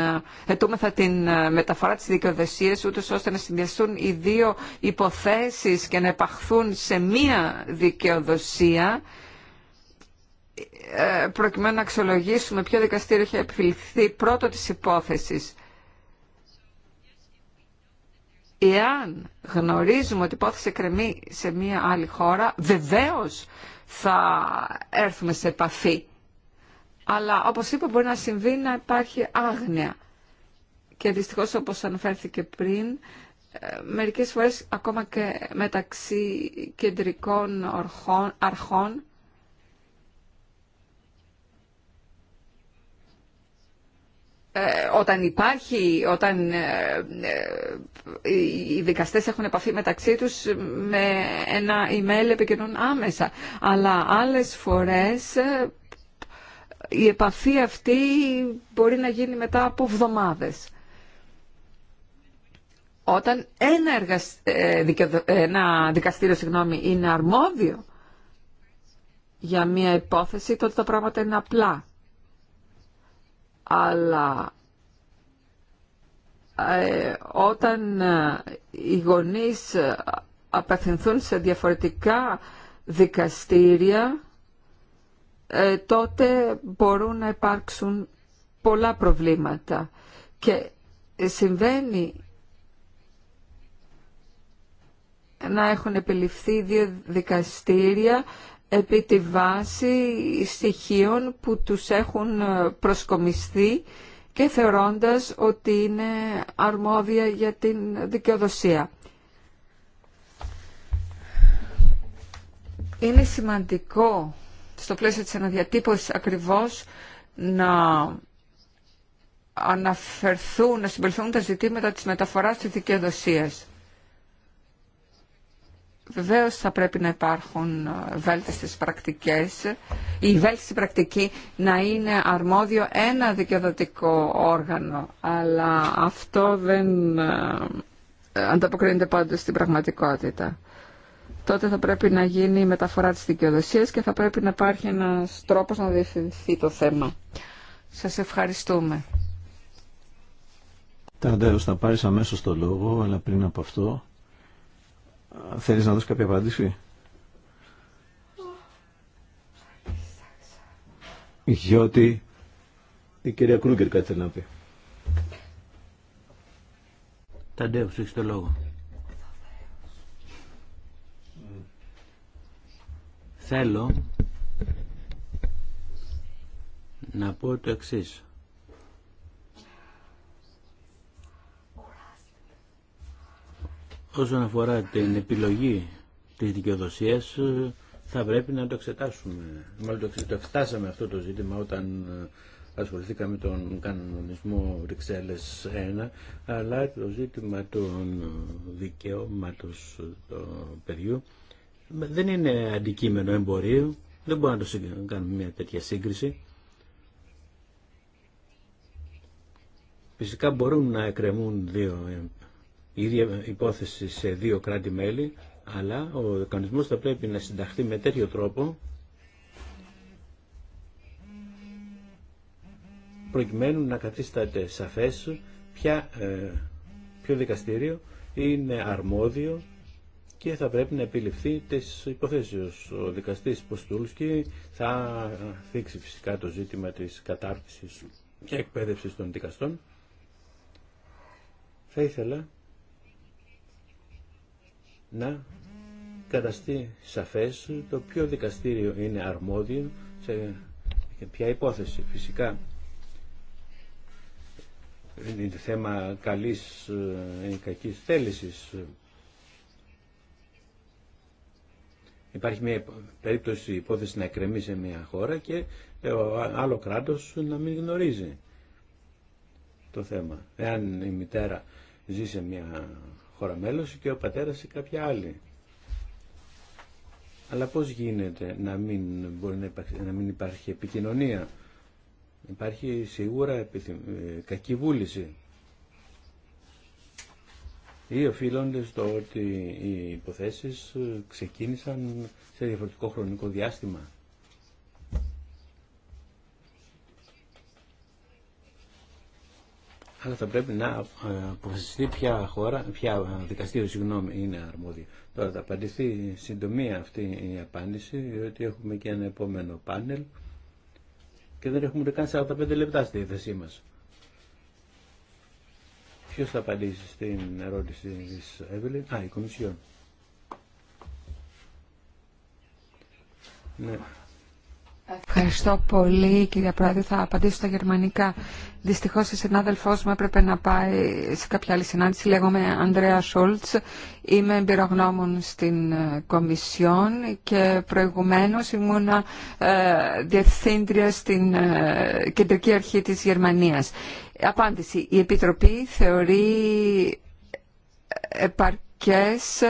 ετούμεθα την μεταφορά της δικαιοδοσίας, ούτως ώστε να συνδυαστούν οι δύο υποθέσεις και να επαχθούν σε μία δικαιοδοσία, ε, προκειμένου να αξιολογήσουμε ποιο δικαστήριο έχει επιφυληθεί πρώτο της υπόθεσης. Εάν γνωρίζουμε ότι η υπόθεση κρεμεί σε μία άλλη χώρα, βεβαίως θα έρθουμε σε επαφή. Αλλά όπως είπα μπορεί να συμβεί να υπάρχει άγνοια. Και δυστυχώς όπως αναφέρθηκε πριν, ε, μερικές φορές ακόμα και μεταξύ κεντρικών αρχών Ε, όταν υπάρχει, όταν ε, ε, οι δικαστές έχουν επαφή μεταξύ τους με ένα email επικοινωνούν άμεσα. Αλλά άλλες φορές η επαφή αυτή μπορεί να γίνει μετά από εβδομάδες. Όταν ένα, εργασ... ένα δικαστήριο συγγνώμη, είναι αρμόδιο για μια υπόθεση, τότε τα πράγματα είναι απλά αλλά ε, όταν ε, οι γονείς απευθυνθούν σε διαφορετικά δικαστήρια, ε, τότε μπορούν να υπάρξουν πολλά προβλήματα. Και συμβαίνει να έχουν επιληφθεί δύο δικαστήρια επί τη βάση στοιχείων που τους έχουν ε, προσκομιστεί και θεωρώντας ότι είναι αρμόδια για την δικαιοδοσία. Είναι σημαντικό στο πλαίσιο της αναδιατύπωσης ακριβώς να αναφερθούν, να τα ζητήματα της μεταφοράς της δικαιοδοσίας. Βεβαίως θα πρέπει να υπάρχουν ε, βέλτιστες πρακτικές. Η βέλτιστη πρακτική να είναι αρμόδιο ένα δικαιοδοτικό όργανο, αλλά αυτό δεν ε, ανταποκρίνεται πάντως στην πραγματικότητα. Τότε θα πρέπει να γίνει η μεταφορά της δικαιοδοσίας και θα πρέπει να υπάρχει ένας τρόπος να διευθυνθεί το θέμα. Σας ευχαριστούμε. Ταντέρος θα πάρεις αμέσως το λόγο, αλλά πριν από αυτό Θέλεις να δώσεις κάποια απάντηση. Γιατί η κυρία Κρούγκερ κάτι θέλει να πει. Ταντέου, έχεις το λόγο. Θέλω να πω το εξής. Όσον αφορά την επιλογή της δικαιοδοσίας θα πρέπει να το εξετάσουμε. Μάλλον το εξετάσαμε αυτό το ζήτημα όταν ε, ασχοληθήκαμε με τον κανονισμό Ριξέλες 1, αλλά το ζήτημα των δικαιώματος του παιδιού δεν είναι αντικείμενο εμπορίου, δεν μπορούμε να το κάνουμε μια τέτοια σύγκριση. Φυσικά μπορούν να εκκρεμούν δύο η ίδια υπόθεση σε δύο κράτη-μέλη, αλλά ο κανονισμός θα πρέπει να συνταχθεί με τέτοιο τρόπο προκειμένου να καθίσταται σαφές ποια, ε, ποιο δικαστήριο είναι αρμόδιο και θα πρέπει να επιληφθεί τις υποθέσεις. Ο δικαστής Ποστούλσκι θα δείξει φυσικά το ζήτημα της κατάρτισης και εκπαίδευσης των δικαστών. Θα ήθελα να καταστεί σαφές το ποιο δικαστήριο είναι αρμόδιο σε ποια υπόθεση. Φυσικά είναι θέμα καλής ή ε, κακής θέλησης. Υπάρχει μια περίπτωση υπόθεση να εκκρεμεί σε μια χώρα και ε, ο άλλο κράτος να μην γνωρίζει το θέμα. Εάν η μητέρα ζει σε μια χώρα και ο πατέρας ή κάποια άλλη. Αλλά πώς γίνεται να μην, μπορεί να, να μην υπάρχει επικοινωνία. Υπάρχει σίγουρα ε, κακή βούληση. Ή οφείλονται στο ότι οι υποθέσεις ε, ξεκίνησαν σε διαφορετικό χρονικό διάστημα. αλλά θα πρέπει να ε, αποφασιστεί ποια χώρα, ποια δικαστήριο συγγνώμη είναι αρμόδιο. Τώρα θα απαντηθεί συντομία αυτή η απάντηση, διότι έχουμε και ένα επόμενο πάνελ και δεν έχουμε καν 45 λεπτά στη θέση μας. Ποιος θα απαντήσει στην ερώτηση της Εύελη, α, η Κομισιόν. Ναι, Ευχαριστώ πολύ κυρία Πρόεδρε. Θα απαντήσω στα γερμανικά. Δυστυχώ η συνάδελφό μου έπρεπε να πάει σε κάποια άλλη συνάντηση. Λέγομαι Ανδρέα Σόλτ. Είμαι εμπειρογνώμων στην ε, Κομισιόν και προηγουμένω ήμουνα ε, διευθύντρια στην ε, Κεντρική Αρχή τη Γερμανία. Απάντηση. Η Επιτροπή θεωρεί επαρκή πολιτικές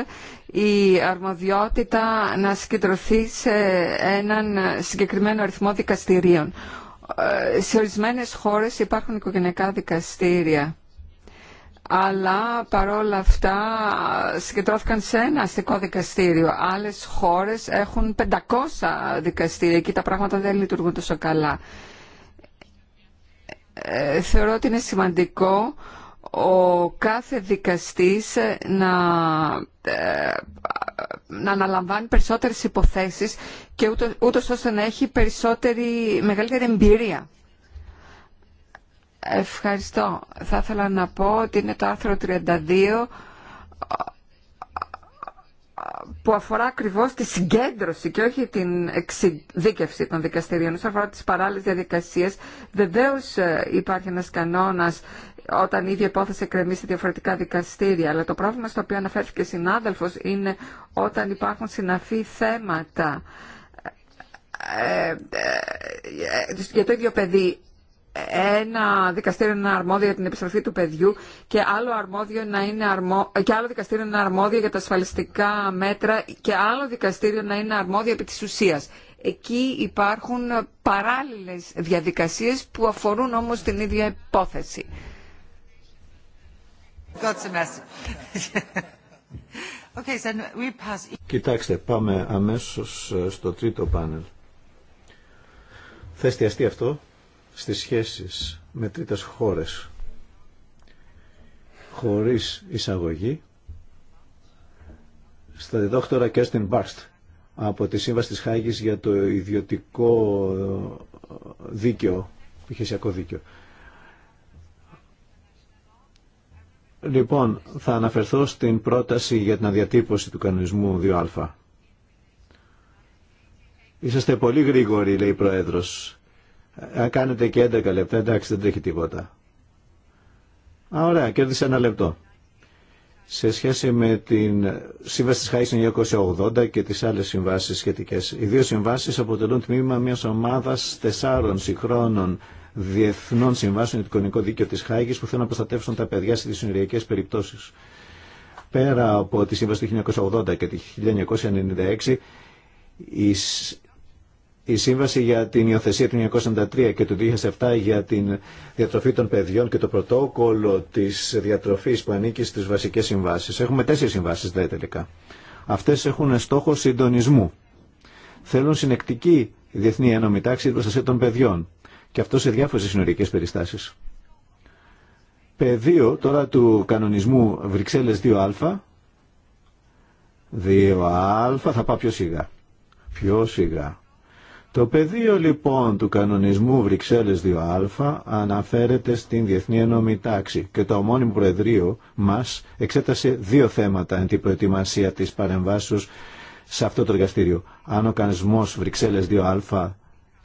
η αρμοδιότητα να συγκεντρωθεί σε έναν συγκεκριμένο αριθμό δικαστηρίων. Ε, σε ορισμένες χώρες υπάρχουν οικογενειακά δικαστήρια αλλά παρόλα αυτά συγκεντρώθηκαν σε ένα αστικό δικαστήριο. Άλλες χώρες έχουν 500 δικαστήρια και τα πράγματα δεν λειτουργούν τόσο καλά. Ε, θεωρώ ότι είναι σημαντικό ο κάθε δικαστής να, ε, να αναλαμβάνει περισσότερες υποθέσεις και ούτω, ούτως ώστε να έχει περισσότερη, μεγαλύτερη εμπειρία. Ευχαριστώ. Θα ήθελα να πω ότι είναι το άρθρο 32 που αφορά ακριβώς τη συγκέντρωση και όχι την εξειδίκευση των δικαστηρίων. Όσον αφορά τις παράλληλε διαδικασίες, βεβαίω ε, υπάρχει ένας κανόνας όταν η ίδια υπόθεση εκκρεμεί σε διαφορετικά δικαστήρια. Αλλά το πρόβλημα στο οποίο αναφέρθηκε συνάδελφος είναι όταν υπάρχουν συναφή θέματα ε, ε, ε, για το ίδιο παιδί ένα δικαστήριο είναι αρμόδιο για την επιστροφή του παιδιού και άλλο, αρμόδιο να είναι αρμο... και άλλο δικαστήριο είναι αρμόδιο για τα ασφαλιστικά μέτρα και άλλο δικαστήριο να είναι αρμόδιο επί της ουσίας. Εκεί υπάρχουν παράλληλες διαδικασίες που αφορούν όμως την ίδια υπόθεση. E- Κοιτάξτε, πάμε αμέσως ε, στο τρίτο πάνελ. Θα εστιαστεί αυτό στις σχέσεις με τρίτες χώρες χωρίς εισαγωγή στα διδόκτωρα Κέρστιν Μπάρστ από τη Σύμβαση της Χάγης για το ιδιωτικό ε, δίκαιο, πηχεσιακό δίκαιο. Λοιπόν, θα αναφερθώ στην πρόταση για την αδιατύπωση του κανονισμού 2α. Είσαστε πολύ γρήγοροι, λέει η Πρόεδρος. Αν κάνετε και 11 λεπτά, εντάξει, δεν τρέχει τίποτα. Α, ωραία, κέρδισε ένα λεπτό. Σε σχέση με την σύμβαση της ΧΑΙΣΕΝ και τις άλλες συμβάσεις σχετικές, οι δύο συμβάσεις αποτελούν τμήμα μιας ομάδας τεσσάρων συγχρόνων διεθνών συμβάσεων για το κοινωνικό δίκαιο τη Χάγη που θέλουν να προστατεύσουν τα παιδιά σε δυσυνοριακέ περιπτώσει. Πέρα από τη σύμβαση του 1980 και τη 1996, η, η σύμβαση για την υιοθεσία του 1993 και του 2007 για την διατροφή των παιδιών και το πρωτόκολλο τη διατροφή που ανήκει στις βασικές συμβάσει Έχουμε τέσσερι συμβάσει δηλαδή τελικά. Αυτέ έχουν στόχο συντονισμού. Θέλουν συνεκτική διεθνή ένωμη τάξη προστασία των παιδιών και αυτό σε διάφορες συνορικές περιστάσεις. Πεδίο τώρα του κανονισμού Βρυξέλλες 2α. 2α θα πάω πιο σιγά. Πιο σιγά. Το πεδίο λοιπόν του κανονισμού Βρυξέλλες 2α αναφέρεται στην Διεθνή Ενώμη Τάξη και το ομώνυμο Προεδρείο μας εξέτασε δύο θέματα εν την προετοιμασία της παρεμβάσεως σε αυτό το εργαστήριο. Αν ο κανονισμός Βρυξέλλες 2α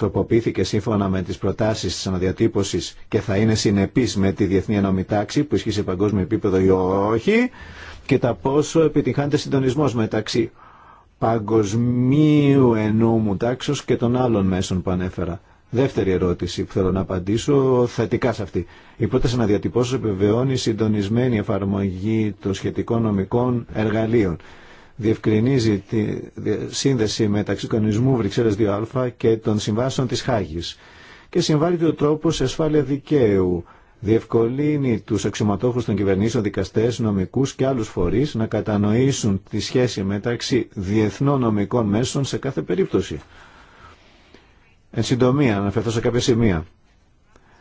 τροποποιήθηκε σύμφωνα με τις προτάσεις της αναδιατύπωσης και θα είναι συνεπής με τη διεθνή Τάξη που ισχύει σε παγκόσμιο επίπεδο ή όχι και τα πόσο επιτυχάνεται συντονισμός μεταξύ παγκοσμίου ενόμου τάξεως και των άλλων μέσων που ανέφερα. Δεύτερη ερώτηση που θέλω να απαντήσω θετικά σε αυτή. Η πρόταση να επιβεβαιώνει συντονισμένη εφαρμογή των σχετικών νομικών εργαλείων διευκρινίζει τη σύνδεση μεταξύ του κανονισμού Βρυξέλλες 2α και των συμβάσεων της Χάγης και συμβάλλει του τρόπο σε ασφάλεια δικαίου. Διευκολύνει του αξιωματόχου των κυβερνήσεων, δικαστέ, νομικού και άλλου φορεί να κατανοήσουν τη σχέση μεταξύ διεθνών νομικών μέσων σε κάθε περίπτωση. Εν συντομία, αναφερθώ σε κάποια σημεία.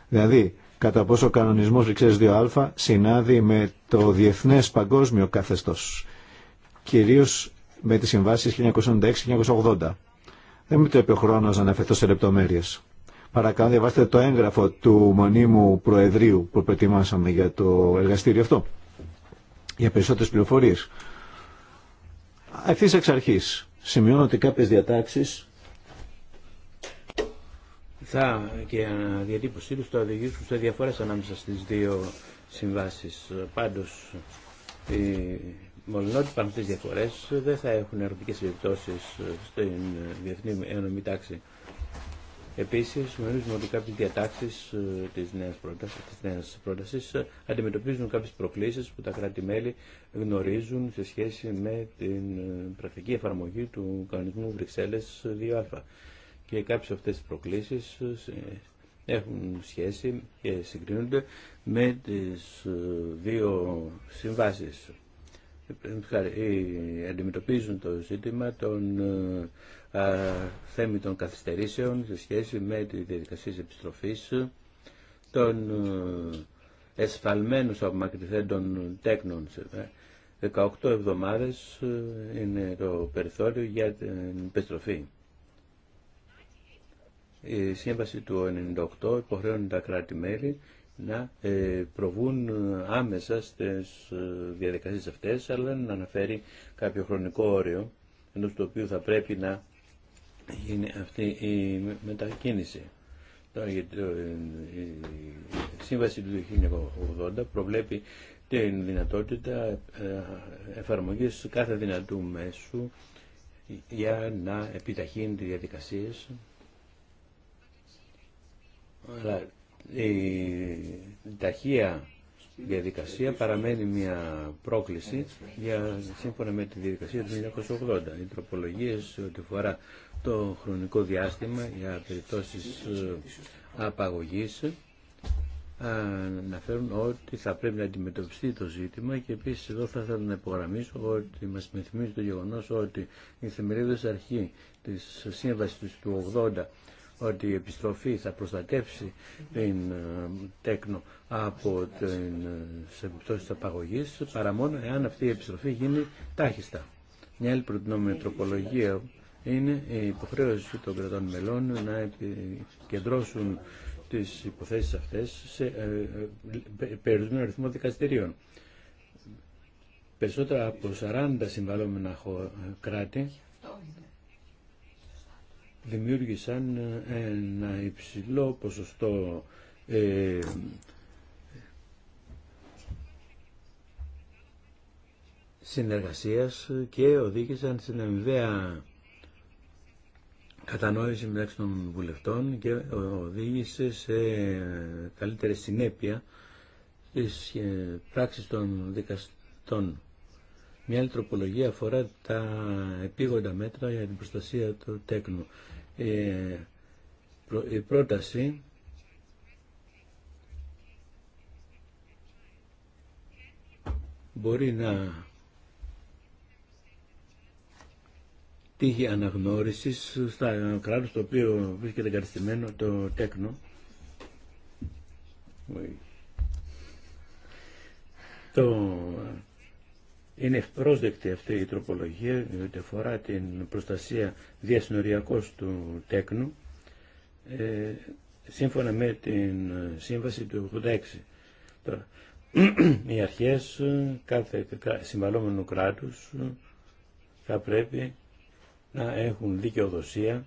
Δηλαδή, κατά πόσο ο κανονισμό Βρυξέλλε 2α συνάδει με το διεθνέ παγκόσμιο καθεστώ κυρίως με τις συμβάσεις 1996-1980. Δεν μου το είπε ο χρόνος να αναφερθώ σε λεπτομέρειες. Παρακαλώ, διαβάστε το έγγραφο του μονίμου Προεδρίου που προετοιμάσαμε για το εργαστήριο αυτό. Για περισσότερες πληροφορίες. Ευθύ εξ αρχής, σημειώνω ότι κάποιες διατάξεις θα και αναδιατύπωσή του θα οδηγήσουν σε διαφορές ανάμεσα στις δύο συμβάσεις. Πάντως, η Μολονότι πάνω τι διαφορέ δεν θα έχουν ερωτικέ επιπτώσει στην διεθνή ένωμη τάξη. Επίσης, γνωρίζουμε ότι κάποιε διατάξει ε, τη νέα πρόταση ε, αντιμετωπίζουν κάποιε προκλήσει που τα κράτη-μέλη γνωρίζουν σε σχέση με την ε, πρακτική εφαρμογή του κανονισμου βρυξελλε Βρυξέλλες 2α. Και κάποιες αυτέ τι προκλήσει έχουν σχέση και συγκρίνονται με τις δύο συμβάσεις ε, αντιμετωπίζουν το ζήτημα των ε, θέμητων καθυστερήσεων σε σχέση με τη διαδικασία επιστροφής των ε, εσφαλμένους απομακρυνθέντων τέκνων. 18 εβδομάδες είναι το περιθώριο για την επιστροφή. Η σύμβαση του 1998 υποχρεώνει τα κράτη-μέλη να ε, προβούν ε, άμεσα στις ε, διαδικασίες αυτές, αλλά να αναφέρει κάποιο χρονικό όριο, ενώ στο οποίο θα πρέπει να γίνει αυτή η μετακίνηση. Η σύμβαση του 1980 προβλέπει την δυνατότητα εφαρμογής κάθε δυνατού μέσου για να επιταχύνει τις διαδικασίες αλλά η ταχεία διαδικασία παραμένει μια πρόκληση για, σύμφωνα με τη διαδικασία του 1980. Οι τροπολογίες ότι φορά το χρονικό διάστημα για περιπτώσεις ε, απαγωγής ε, αναφέρουν ότι θα πρέπει να αντιμετωπιστεί το ζήτημα και επίσης εδώ θα ήθελα να υπογραμμίσω ότι μας θυμίζει το γεγονός ότι η θεμερίδα αρχή της σύμβασης του 80 ότι η επιστροφή θα προστατεύσει την ε, τέκνο από την ε, επιπτώσεις απαγωγής παρά μόνο εάν αυτή η επιστροφή γίνει τάχιστα. Μια άλλη προτινόμενη τροπολογία είναι η υποχρέωση των κρατών μελών να επικεντρώσουν τις υποθέσεις αυτές σε ε, περιορισμένο αριθμό δικαστηρίων. Περισσότερα από 40 συμβαλόμενα κράτη δημιούργησαν ε, ένα υψηλό ποσοστό ε, συνεργασίας και οδήγησαν στην αμοιβαία κατανόηση μεταξύ των βουλευτών και οδήγησε σε καλύτερη συνέπεια της ε, πράξης των δικαστών. Μια άλλη τροπολογία αφορά τα επίγοντα μέτρα για την προστασία του τέκνου. Ε, η πρόταση μπορεί να τύχει αναγνώριση στα κράτη στο οποίο βρίσκεται εγκαταστημένο το τέκνο. Το είναι ευπρόσδεκτη αυτή η τροπολογία διότι αφορά την προστασία διασυνοριακώς του τέκνου ε, σύμφωνα με την ε, σύμβαση του 86. Τώρα, οι αρχές ε, κάθε συμβαλόμενου κράτους θα πρέπει να έχουν δικαιοδοσία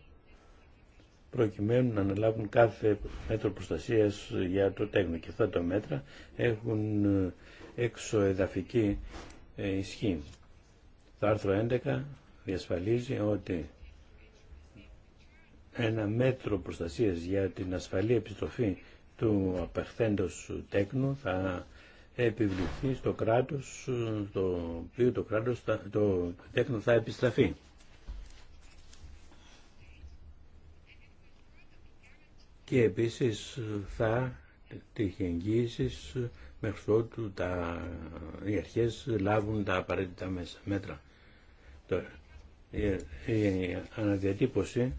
προκειμένου να αναλάβουν κάθε μέτρο προστασίας για το τέκνο και αυτά τα μέτρα έχουν εξωεδαφική ε, ισχύει. Το άρθρο 11 διασφαλίζει ότι ένα μέτρο προστασίας για την ασφαλή επιστροφή του απεχθέντος τέκνου θα επιβληθεί στο κράτος το οποίο το, κράτος, το τέκνο θα επιστραφεί. Και επίσης θα τύχει εγγύησης μέχρι ότου τα, οι αρχές λάβουν τα απαραίτητα μέτρα. Τώρα, η αναδιατύπωση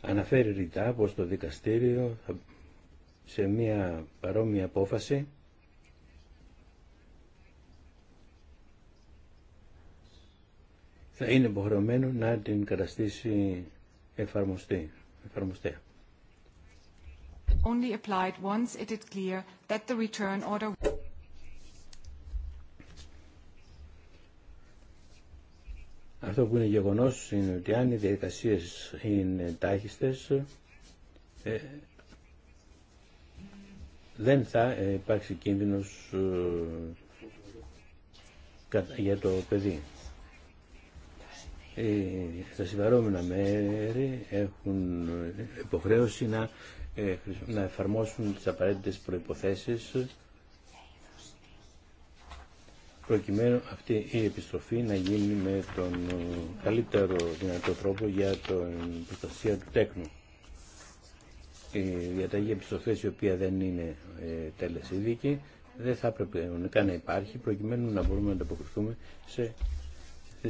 αναφέρει ρητά πως το δικαστήριο σε μια παρόμοια απόφαση θα είναι υποχρεωμένο να την καταστήσει εφαρμοστή, εφαρμοστέα. Αυτό που είναι γεγονός είναι ότι αν οι διαδικασίες είναι τάχιστες ε, δεν θα ε, υπάρξει κίνδυνος ε, για το παιδί. Τα συμβαρόμενα μέρη έχουν υποχρέωση να ε, να εφαρμόσουν τις απαραίτητες προϋποθέσεις προκειμένου αυτή η επιστροφή να γίνει με τον καλύτερο δυνατό τρόπο για την προστασία του τέκνου. Η διαταγή επιστροφής η οποία δεν είναι ε, τέλεση δίκη δεν θα έπρεπε να υπάρχει προκειμένου να μπορούμε να ανταποκριθούμε σε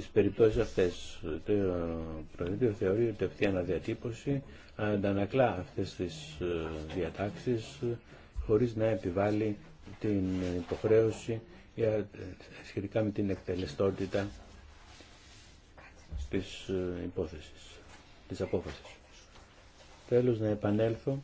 στις περιπτώσεις αυτές. Το Προεδρείο θεωρεί ότι αυτή η αναδιατύπωση αντανακλά αυτές τις ε, διατάξεις ε, χωρίς να επιβάλλει την υποχρέωση για, ε, σχετικά με την εκτελεστότητα της υπόθεσης, της απόφασης. Τέλος να επανέλθω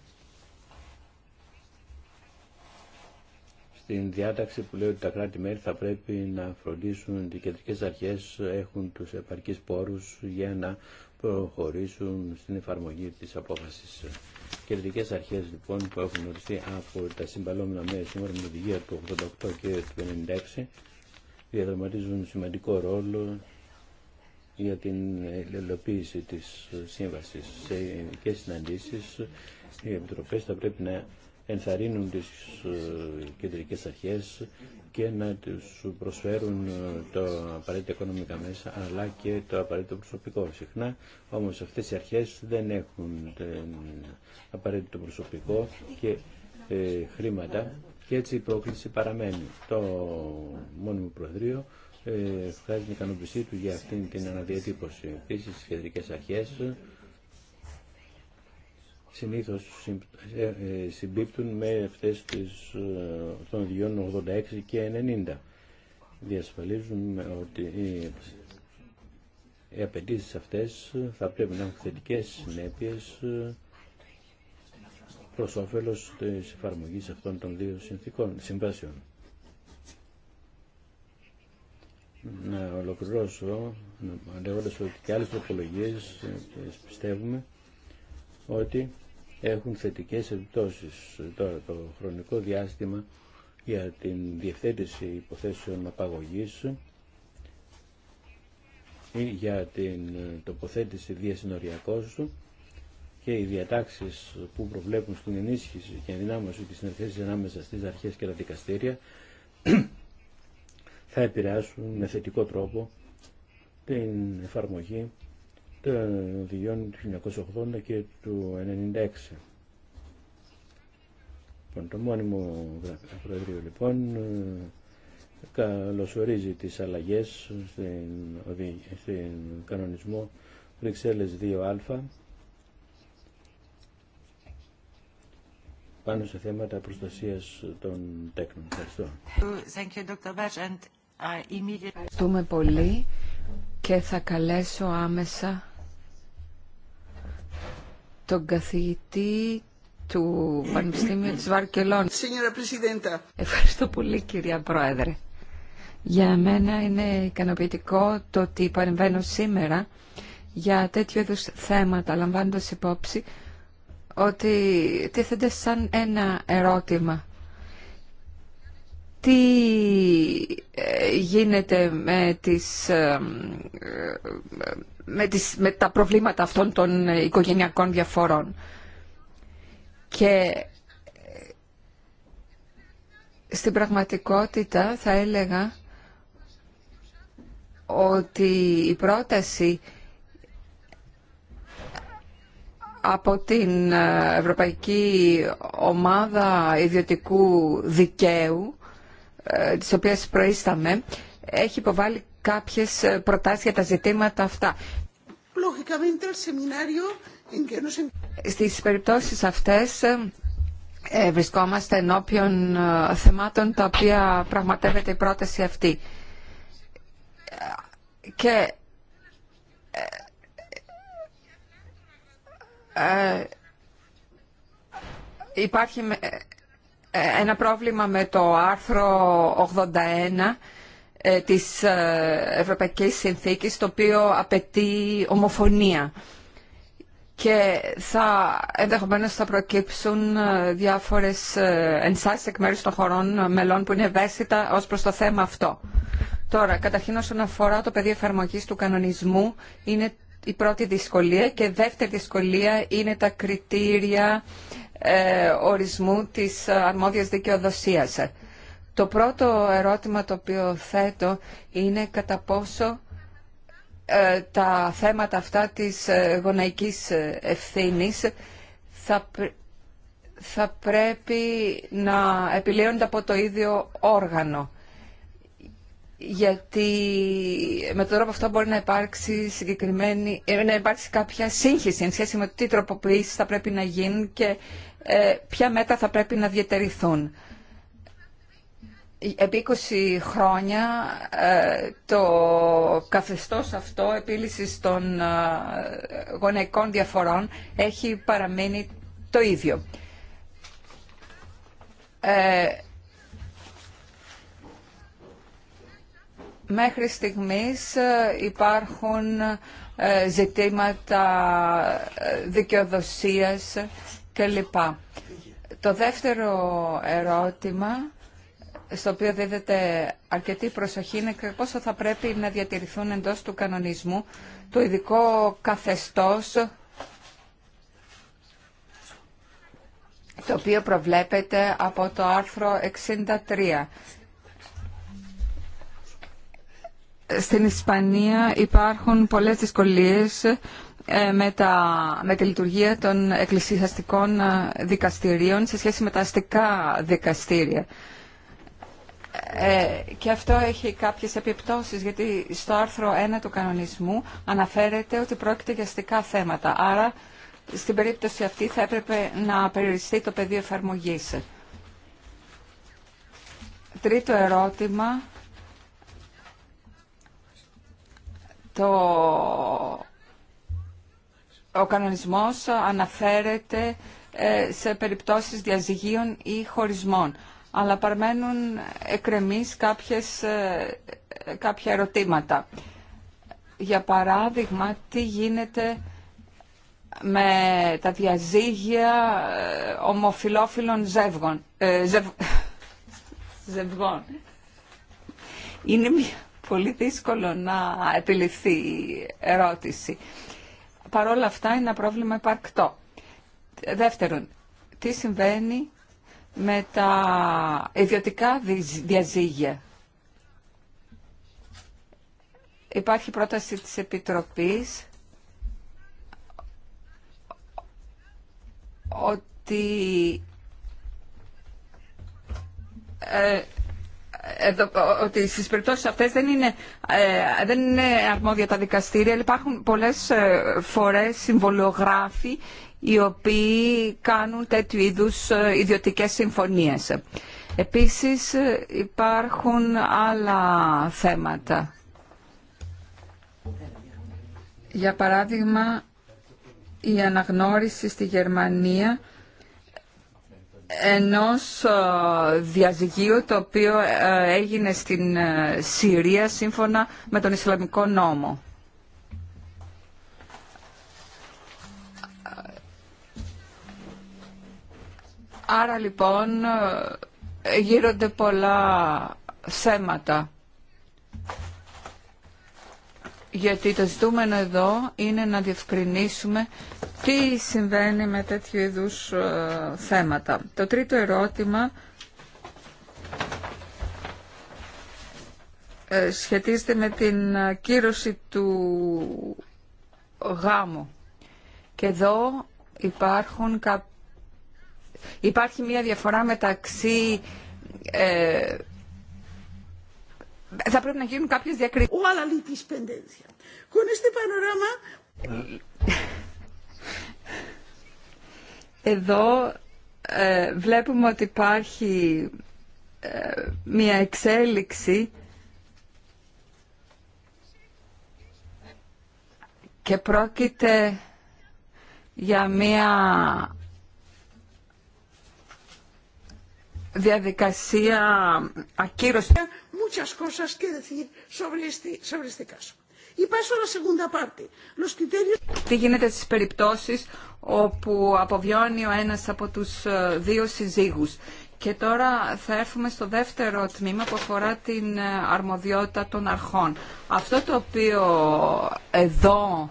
στην διάταξη που λέει ότι τα κράτη-μέλη θα πρέπει να φροντίσουν ότι οι κεντρικές αρχές έχουν τους επαρκείς πόρους για να προχωρήσουν στην εφαρμογή της απόφασης. Κεντρικές αρχές λοιπόν που έχουν οριστεί από τα συμπαλόμενα μέρη σήμερα με την οδηγία του 88 και του 96 διαδραματίζουν σημαντικό ρόλο για την υλοποίηση της σύμβασης σε ειδικές συναντήσεις οι επιτροπές θα πρέπει να ενθαρρύνουν τις ε, κεντρικές αρχές και να τους προσφέρουν ε, το απαραίτητο οικονομικά μέσα αλλά και το απαραίτητο προσωπικό. Συχνά όμως αυτές οι αρχές δεν έχουν απαραίτητο προσωπικό και ε, χρήματα και έτσι η πρόκληση παραμένει. Το μόνιμο Προεδρείο ε, την ικανοποίησή του για αυτήν την αναδιατύπωση. Επίση, οι κεντρικέ αρχέ συνήθως ε, ε, συμπίπτουν με αυτές τις, ε, των 286 86 και 90. Διασφαλίζουμε ότι οι απαιτήσει αυτές θα πρέπει να έχουν θετικές συνέπειες προς όφελος της εφαρμογής αυτών των δύο συνθήκων, συμβάσεων. Να ολοκληρώσω λέγοντα ότι και άλλες τροπολογίες πιστεύουμε ότι έχουν θετικές επιπτώσεις. Τώρα το χρονικό διάστημα για την διευθέτηση υποθέσεων απαγωγής ή για την τοποθέτηση του και οι διατάξεις που προβλέπουν στην ενίσχυση και ενδυνάμωση της συνεργασίας ανάμεσα στις αρχές και τα δικαστήρια θα επηρεάσουν με θετικό τρόπο την εφαρμογή των οδηγιών του 1980 και του 1996. Λοιπόν, το μόνιμο Προεδρείο λοιπόν ε, καλωσορίζει τις αλλαγές στην, στην κανονισμό Βρυξέλλες 2α πάνω σε θέματα προστασίας των τέκνων. Ευχαριστώ. Uh, Ευχαριστούμε πολύ και θα καλέσω άμεσα τον καθηγητή του Πανεπιστήμιου της Βαρκελών. Ευχαριστώ πολύ κυρία Πρόεδρε. Για μένα είναι ικανοποιητικό το ότι παρεμβαίνω σήμερα για τέτοιου είδου θέματα, λαμβάνοντα υπόψη ότι τίθενται σαν ένα ερώτημα. Τι ε, γίνεται με τις ε, ε, με, τα προβλήματα αυτών των οικογενειακών διαφορών. Και στην πραγματικότητα θα έλεγα ότι η πρόταση από την Ευρωπαϊκή Ομάδα Ιδιωτικού Δικαίου ε, της οποίας προείσταμε έχει υποβάλει κάποιες ε, προτάσεις για τα ζητήματα αυτά. Στις περιπτώσεις αυτές ε, ε, βρισκόμαστε ενώπιον θεμάτων τα οποία πραγματεύεται η πρόταση αυτή. Και υπάρχει ένα πρόβλημα με το άρθρο 81 ε, της ε, Ευρωπαϊκής Συνθήκης, το οποίο απαιτεί ομοφωνία. Και θα, ενδεχομένως θα προκύψουν ε, διάφορες ενστάσεις εκ μέρους των χωρών μελών που είναι ευαίσθητα ως προς το θέμα αυτό. Τώρα, καταρχήν όσον αφορά το πεδίο εφαρμογή του κανονισμού, είναι η πρώτη δυσκολία και δεύτερη δυσκολία είναι τα κριτήρια ορισμού της αρμόδιας δικαιοδοσίας. Το πρώτο ερώτημα το οποίο θέτω είναι κατά πόσο ε, τα θέματα αυτά της ε, γονεϊκής ε, ευθύνης θα, θα πρέπει να επιλέγονται από το ίδιο όργανο. Γιατί με τον τρόπο αυτό μπορεί να υπάρξει, συγκεκριμένη, να υπάρξει κάποια σύγχυση εν σχέση με τι τροποποιήσεις θα πρέπει να γίνουν και ποια μέτρα θα πρέπει να διατερηθούν επί 20 χρόνια ε, το καθεστώς αυτό επίλυσης των ε, γονεϊκών διαφορών έχει παραμείνει το ίδιο. Ε, μέχρι στιγμής ε, υπάρχουν ζητήματα δικαιοδοσίας κλπ. Το δεύτερο ερώτημα στο οποίο δίδεται αρκετή προσοχή είναι και πόσο θα πρέπει να διατηρηθούν εντός του κανονισμού το ειδικό καθεστώς το οποίο προβλέπεται από το άρθρο 63. Στην Ισπανία υπάρχουν πολλές δυσκολίες ε, με, τα, με τη λειτουργία των εκκλησιαστικών ε, δικαστηρίων σε σχέση με τα αστικά δικαστήρια. Ε, και αυτό έχει κάποιες επιπτώσεις γιατί στο άρθρο 1 του κανονισμού αναφέρεται ότι πρόκειται για αστικά θέματα. Άρα στην περίπτωση αυτή θα έπρεπε να περιοριστεί το πεδίο εφαρμογής. Τρίτο ερώτημα. Το... Ο κανονισμός αναφέρεται ε, σε περιπτώσεις διαζυγίων ή χωρισμών αλλά παραμένουν εκρεμείς κάποιες, ε, κάποια ερωτήματα. Για παράδειγμα, τι γίνεται με τα διαζύγια ε, ομοφιλόφιλων ζεύγων. Ε, ζευγών. Είναι μια πολύ δύσκολο να επιληφθεί η ερώτηση. Παρ' όλα αυτά είναι ένα πρόβλημα υπαρκτό. Δεύτερον, τι συμβαίνει με τα ιδιωτικά διαζύγια. Υπάρχει πρόταση της Επιτροπής ότι ε, εδώ, ότι στις περιπτώσεις αυτές δεν είναι, ε, δεν είναι αρμόδια τα δικαστήρια, υπάρχουν πολλές ε, φορές συμβολογράφοι οι οποίοι κάνουν τέτοιου είδους ε, ιδιωτικές συμφωνίες. Επίσης ε, υπάρχουν άλλα θέματα. Για παράδειγμα, η αναγνώριση στη Γερμανία ενός ε, διαζυγίου το οποίο έγινε στην Συρία σύμφωνα με τον Ισλαμικό νόμο. Άρα λοιπόν ε, γύρονται πολλά θέματα. Γιατί το ζητούμενο εδώ είναι να διευκρινίσουμε τι συμβαίνει με τέτοιου είδους ε, θέματα. Το τρίτο ερώτημα ε, σχετίζεται με την κύρωση του γάμου. Και εδώ υπάρχουν κάποιοι υπάρχει μια διαφορά μεταξύ ε, θα πρέπει να γίνουν κάποιες διακρίσεις. Εδώ ε, βλέπουμε ότι υπάρχει ε, μια εξέλιξη και πρόκειται για μια Διαδικασία ακύρωση Muchas cosas que decir sobre este, Τι γίνεται στις περιπτώσεις όπου αποβιώνει ο ένας από τους ε, δύο συζύγους. Και τώρα θα έρθουμε στο δεύτερο τμήμα που αφορά την ε, αρμοδιότητα των αρχών. Αυτό το οποίο εδώ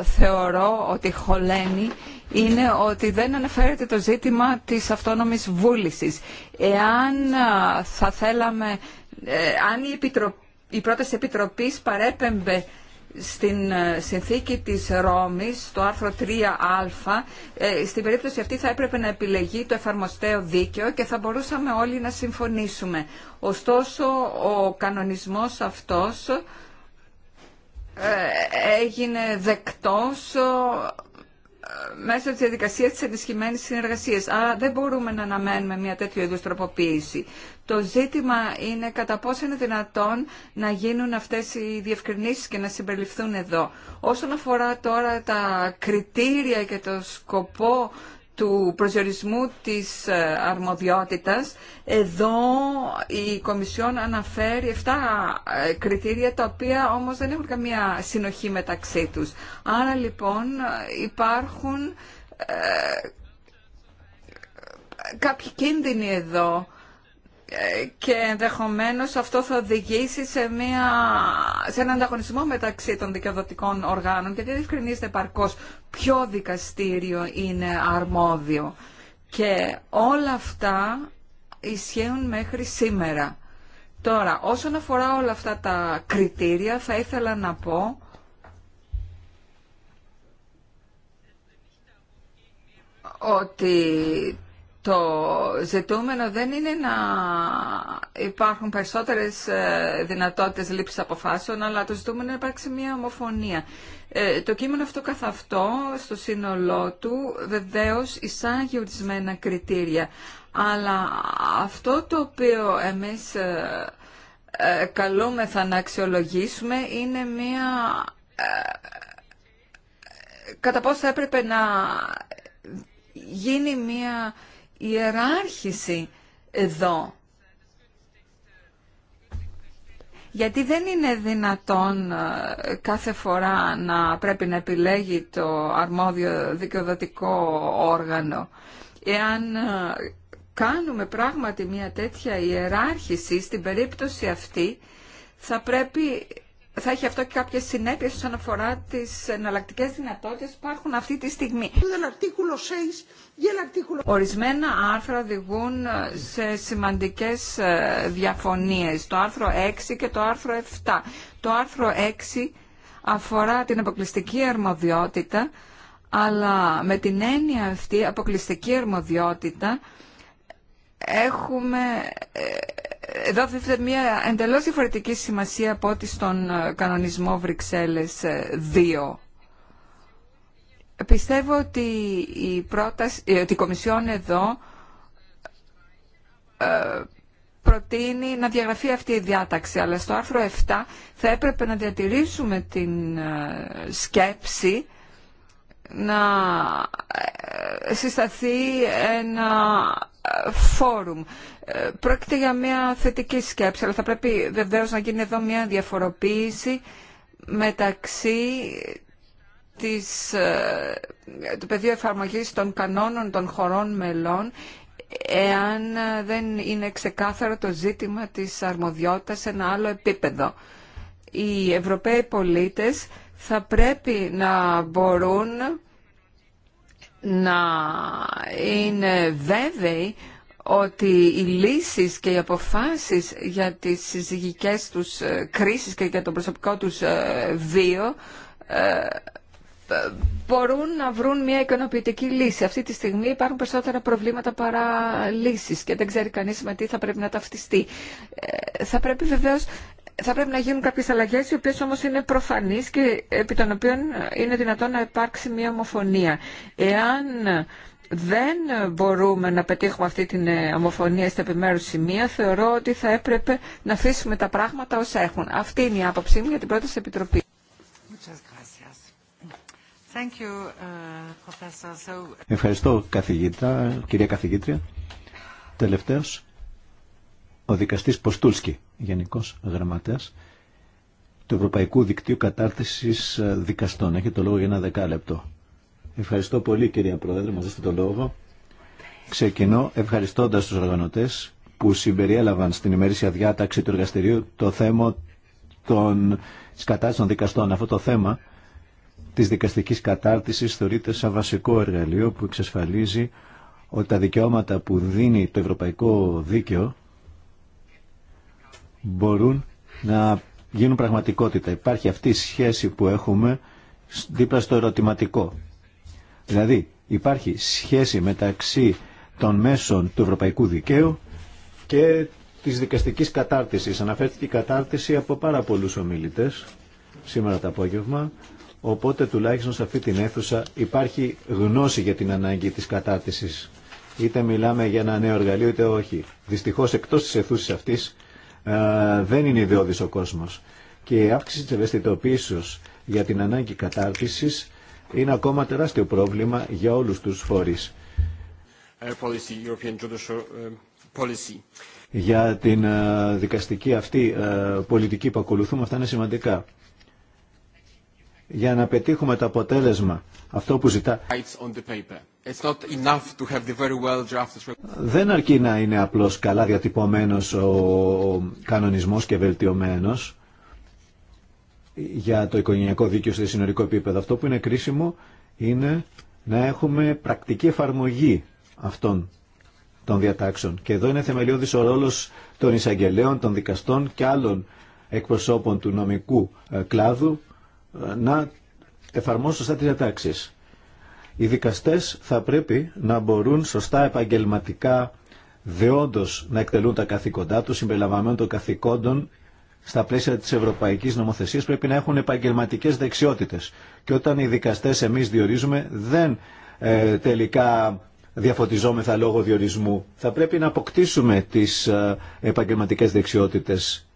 ε, θεωρώ ότι χωλαίνει είναι ότι δεν αναφέρεται το ζήτημα της αυτόνομης βούλησης. Εάν θα θέλαμε, ε, αν η, Επιτροπή, η πρόταση Επιτροπής παρέπεμπε στην ε, συνθήκη της Ρώμης, το άρθρο 3α, ε, στην περίπτωση αυτή θα έπρεπε να επιλεγεί το εφαρμοστέο δίκαιο και θα μπορούσαμε όλοι να συμφωνήσουμε. Ωστόσο, ο κανονισμός αυτός έγινε δεκτός μέσω της διαδικασία της ενισχυμένη συνεργασία. Άρα δεν μπορούμε να αναμένουμε μια τέτοια είδου τροποποίηση. Το ζήτημα είναι κατά πόσο είναι δυνατόν να γίνουν αυτές οι διευκρινήσει και να συμπεριληφθούν εδώ. Όσον αφορά τώρα τα κριτήρια και το σκοπό του προσδιορισμού της ε, αρμοδιότητας. Εδώ η Κομισιόν αναφέρει 7 ε, κριτήρια τα οποία όμως δεν έχουν καμία συνοχή μεταξύ τους. Άρα λοιπόν υπάρχουν ε, κάποιοι κίνδυνοι εδώ και ενδεχομένως αυτό θα οδηγήσει σε, μια, σε έναν ανταγωνισμό μεταξύ των δικαιοδοτικών οργάνων και δεν διευκρινίζεται παρκώς ποιο δικαστήριο είναι αρμόδιο. Και όλα αυτά ισχύουν μέχρι σήμερα. Τώρα, όσον αφορά όλα αυτά τα κριτήρια, θα ήθελα να πω ότι το ζητούμενο δεν είναι να υπάρχουν περισσότερες ε, δυνατότητες λήψης αποφάσεων, αλλά το ζητούμενο είναι να υπάρξει μια ομοφωνία. Ε, το κείμενο αυτό καθ' αυτό, στο σύνολό του, βεβαίως εισάγει ορισμένα κριτήρια. Αλλά αυτό το οποίο εμείς ε, καλούμεθα να αξιολογήσουμε είναι μια... κατά πώς θα έπρεπε να γίνει μια ιεράρχηση εδώ. Γιατί δεν είναι δυνατόν ε, κάθε φορά να πρέπει να επιλέγει το αρμόδιο δικαιοδοτικό όργανο. Εάν ε, κάνουμε πράγματι μια τέτοια ιεράρχηση, στην περίπτωση αυτή θα πρέπει θα έχει αυτό και κάποιες συνέπειες όσον αφορά τις εναλλακτικές δυνατότητες που υπάρχουν αυτή τη στιγμή. Ορισμένα άρθρα οδηγούν ε, σε σημαντικές ε, διαφωνίες. Το άρθρο 6 και το άρθρο 7. Το άρθρο 6 αφορά την αποκλειστική αρμοδιότητα, αλλά με την έννοια αυτή, αποκλειστική αρμοδιότητα, έχουμε ε, εδώ δίδεται μια εντελώ διαφορετική σημασία από ό,τι στον ε, κανονισμό Βρυξέλλες 2. Ε, Πιστεύω ότι η, πρόταση, ε, ότι η Κομισιόν εδώ προτείνει να διαγραφεί αυτή η διάταξη, αλλά στο άρθρο 7 θα έπρεπε να διατηρήσουμε την σκέψη να ε, συσταθεί ένα φόρουμ. Ε, πρόκειται για μια θετική σκέψη, αλλά θα πρέπει βεβαίως να γίνει εδώ μια διαφοροποίηση μεταξύ της, ε, του πεδίου εφαρμογής των κανόνων των χωρών μελών εάν δεν είναι ξεκάθαρο το ζήτημα της αρμοδιότητας σε ένα άλλο επίπεδο. Οι Ευρωπαίοι πολίτες θα πρέπει να μπορούν να είναι βέβαιοι ότι οι λύσεις και οι αποφάσεις για τις συζυγικές τους ε, κρίσεις και για τον προσωπικό τους ε, βίο ε, μπορούν να βρουν μια ικανοποιητική λύση. Αυτή τη στιγμή υπάρχουν περισσότερα προβλήματα παρά λύσεις και δεν ξέρει κανείς με τι θα πρέπει να ταυτιστεί. Θα πρέπει βεβαίως θα πρέπει να γίνουν κάποιες αλλαγές οι οποίες όμως είναι προφανείς και επί των οποίων είναι δυνατόν να υπάρξει μια ομοφωνία. Εάν δεν μπορούμε να πετύχουμε αυτή την ε, ομοφωνία στα επιμέρους σημεία, θεωρώ ότι θα έπρεπε να αφήσουμε τα πράγματα όσα έχουν. Αυτή είναι η άποψή μου για την πρόταση Επιτροπή. Uh, Ευχαριστώ κυρία καθηγήτρια. Τελευταίος, ο δικαστής Ποστούλσκι. Γενικός Γραμματέας του Ευρωπαϊκού Δικτύου Κατάρτισης Δικαστών. Έχετε το λόγο για ένα δεκάλεπτο. Ευχαριστώ πολύ κυρία Πρόεδρε, μας δώσετε το λόγο. Ξεκινώ ευχαριστώντας τους οργανωτές που συμπεριέλαβαν στην ημερήσια διάταξη του εργαστηρίου το θέμα των, της των δικαστών. Αυτό το θέμα της δικαστικής κατάρτισης θεωρείται σαν βασικό εργαλείο που εξασφαλίζει ότι τα δικαιώματα που δίνει το ευρωπαϊκό δίκαιο μπορούν να γίνουν πραγματικότητα. Υπάρχει αυτή η σχέση που έχουμε δίπλα στο ερωτηματικό. Δηλαδή υπάρχει σχέση μεταξύ των μέσων του ευρωπαϊκού δικαίου και της δικαστικής κατάρτισης. Αναφέρθηκε η κατάρτιση από πάρα πολλούς ομιλητές σήμερα το απόγευμα, οπότε τουλάχιστον σε αυτή την αίθουσα υπάρχει γνώση για την ανάγκη της κατάρτισης. Είτε μιλάμε για ένα νέο εργαλείο είτε όχι. Δυστυχώς εκτός της αιθούσης αυτής ε, δεν είναι ιδιώδης ο κόσμος. Και η αύξηση της ευαισθητοποίησης για την ανάγκη κατάρτισης είναι ακόμα τεράστιο πρόβλημα για όλους τους φορείς. Ε, ε, για την δικαστική αυτή πολιτική που ακολουθούμε αυτά είναι σημαντικά για να πετύχουμε το αποτέλεσμα, αυτό που ζητά. Δεν αρκεί να είναι απλώς καλά διατυπωμένος ο κανονισμός και βελτιωμένος για το οικογενειακό δίκαιο σε συνορικό επίπεδο. Αυτό που είναι κρίσιμο είναι να έχουμε πρακτική εφαρμογή αυτών των διατάξεων. Και εδώ είναι θεμελιώδης ο ρόλος των εισαγγελέων, των δικαστών και άλλων εκπροσώπων του νομικού ε, κλάδου να εφαρμόσουν σωστά τις διατάξεις. Οι δικαστές θα πρέπει να μπορούν σωστά επαγγελματικά δεόντως να εκτελούν τα καθήκοντά τους, συμπεριλαμβανομένων των καθηκόντων στα πλαίσια της ευρωπαϊκής νομοθεσίας πρέπει να έχουν επαγγελματικές δεξιότητες. Και όταν οι δικαστές εμείς διορίζουμε δεν ε, τελικά διαφωτιζόμεθα λόγω διορισμού. Θα πρέπει να αποκτήσουμε τις ε, επαγγελματικές δεξιότητες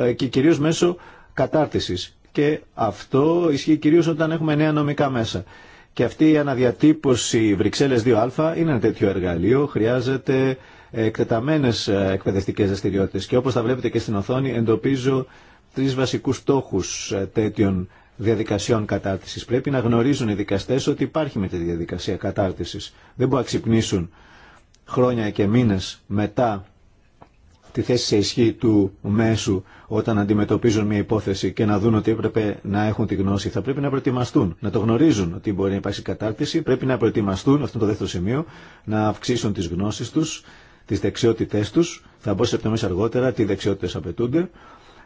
ε, και κυρίως μέσω κατάρτισης και αυτό ισχύει κυρίω όταν έχουμε νέα νομικά μέσα. Και αυτή η αναδιατύπωση Βρυξέλλες 2α είναι ένα τέτοιο εργαλείο, χρειάζεται ε, εκτεταμένες ε, εκπαιδευτικές δραστηριότητε. και όπως θα βλέπετε και στην οθόνη εντοπίζω τρεις βασικούς στόχους ε, τέτοιων διαδικασιών κατάρτισης. Πρέπει να γνωρίζουν οι δικαστές ότι υπάρχει με τη διαδικασία κατάρτισης. Δεν μπορούν να ξυπνήσουν χρόνια και μήνες μετά τη θέση σε ισχύ του μέσου όταν αντιμετωπίζουν μια υπόθεση και να δουν ότι έπρεπε να έχουν τη γνώση. Θα πρέπει να προετοιμαστούν, να το γνωρίζουν ότι μπορεί να υπάρξει κατάρτιση, πρέπει να προετοιμαστούν, αυτό είναι το δεύτερο σημείο, να αυξήσουν τι γνώσει του, τι δεξιότητές του, θα μπω σε λεπτομέρειες αργότερα, τι δεξιότητε απαιτούνται,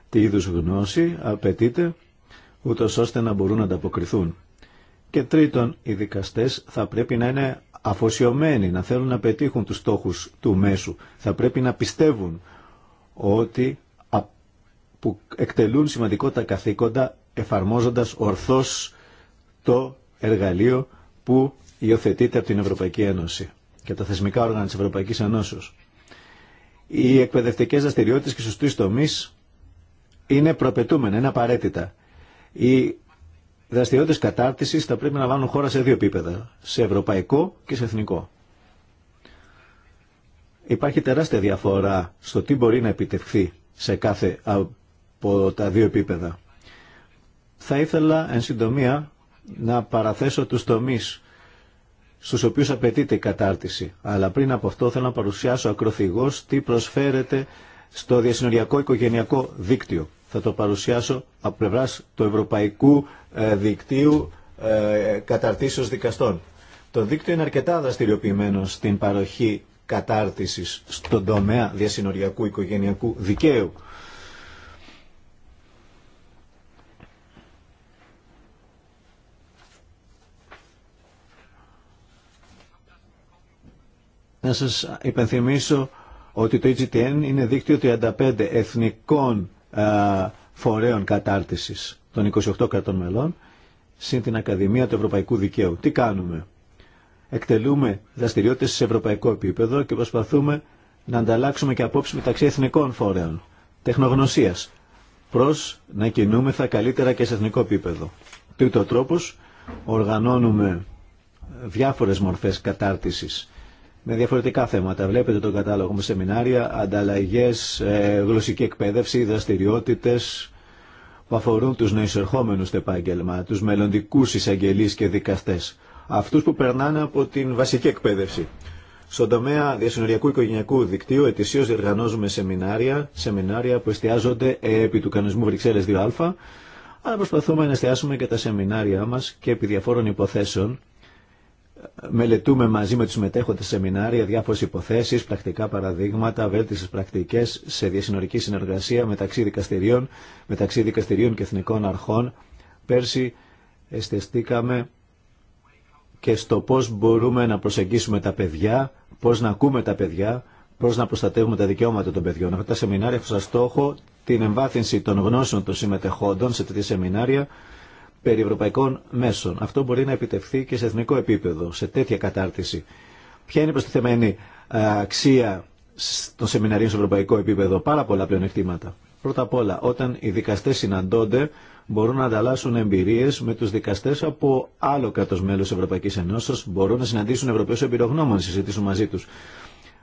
τι είδου γνώση απαιτείται, ούτω ώστε να μπορούν να ανταποκριθούν. Και τρίτον, οι δικαστέ θα πρέπει να είναι αφοσιωμένοι, να θέλουν να πετύχουν τους στόχους του μέσου. Θα πρέπει να πιστεύουν ότι που εκτελούν σημαντικότητα καθήκοντα εφαρμόζοντας ορθώς το εργαλείο που υιοθετείται από την Ευρωπαϊκή Ένωση και τα θεσμικά όργανα της Ευρωπαϊκής Ενώσεως. Οι εκπαιδευτικές δραστηριότητε και σωστή τομεί είναι προπετούμενα, είναι απαραίτητα. Οι δραστηριότητε κατάρτιση θα πρέπει να λάβουν χώρα σε δύο επίπεδα, σε ευρωπαϊκό και σε εθνικό. Υπάρχει τεράστια διαφορά στο τι μπορεί να επιτευχθεί σε κάθε από τα δύο επίπεδα. Θα ήθελα, εν συντομία, να παραθέσω τους τομείς στους οποίους απαιτείται η κατάρτιση. Αλλά πριν από αυτό θέλω να παρουσιάσω ακροθυγώς τι προσφέρεται στο διασυνοριακό οικογενειακό δίκτυο. Θα το παρουσιάσω από πλευρά του Ευρωπαϊκού ε, Δικτύου ε, Καταρτήσεως Δικαστών. Το δίκτυο είναι αρκετά δραστηριοποιημένο στην παροχή κατάρτισης στον τομέα διασυνοριακού οικογενειακού δικαίου. Να σας υπενθυμίσω ότι το EGTN είναι δίκτυο 35 εθνικών φορέων κατάρτισης των 28 κρατών μελών στην Ακαδημία του Ευρωπαϊκού Δικαίου. Τι κάνουμε εκτελούμε δραστηριότητε σε ευρωπαϊκό επίπεδο και προσπαθούμε να ανταλλάξουμε και απόψει μεταξύ εθνικών φόρεων, τεχνογνωσία. προς να κινούμεθα καλύτερα και σε εθνικό επίπεδο. Τρίτο τρόπο, οργανώνουμε διάφορε μορφέ κατάρτιση με διαφορετικά θέματα. Βλέπετε τον κατάλογο με σεμινάρια, ανταλλαγές, ε, γλωσσική εκπαίδευση, δραστηριότητε που αφορούν τους ερχόμενου στο επάγγελμα, του μελλοντικού εισαγγελεί και δικαστέ αυτούς που περνάνε από την βασική εκπαίδευση. Στον τομέα διασυνοριακού οικογενειακού δικτύου ετησίως διοργανώζουμε σεμινάρια, σεμινάρια που εστιάζονται επί του κανονισμού Βρυξέλλες 2α, αλλά προσπαθούμε να εστιάσουμε και τα σεμινάρια μας και επί διαφόρων υποθέσεων. Μελετούμε μαζί με τους μετέχοντες σεμινάρια διάφορες υποθέσεις, πρακτικά παραδείγματα, βέλτιστες πρακτικές σε διασυνορική συνεργασία μεταξύ δικαστηρίων, μεταξύ δικαστηρίων και εθνικών αρχών. Πέρσι εστιαστήκαμε και στο πώς μπορούμε να προσεγγίσουμε τα παιδιά, πώς να ακούμε τα παιδιά, πώς να προστατεύουμε τα δικαιώματα των παιδιών. Αυτά τα σεμινάρια έχουν σαν στόχο την εμβάθυνση των γνώσεων των συμμετεχόντων σε τέτοια σεμινάρια περί ευρωπαϊκών μέσων. Αυτό μπορεί να επιτευχθεί και σε εθνικό επίπεδο, σε τέτοια κατάρτιση. Ποια είναι η προστιθεμένη ε, αξία των σεμιναρίων σε ευρωπαϊκό επίπεδο. Πάρα πολλά πλεονεκτήματα. Πρώτα απ' όλα, όταν οι δικαστές συναντώνται, μπορούν να ανταλλάσσουν εμπειρίε με του δικαστέ από άλλο κράτο μέλο Ευρωπαϊκή Ενώσεω, μπορούν να συναντήσουν Ευρωπαίου εμπειρογνώμων να συζητήσουν μαζί του.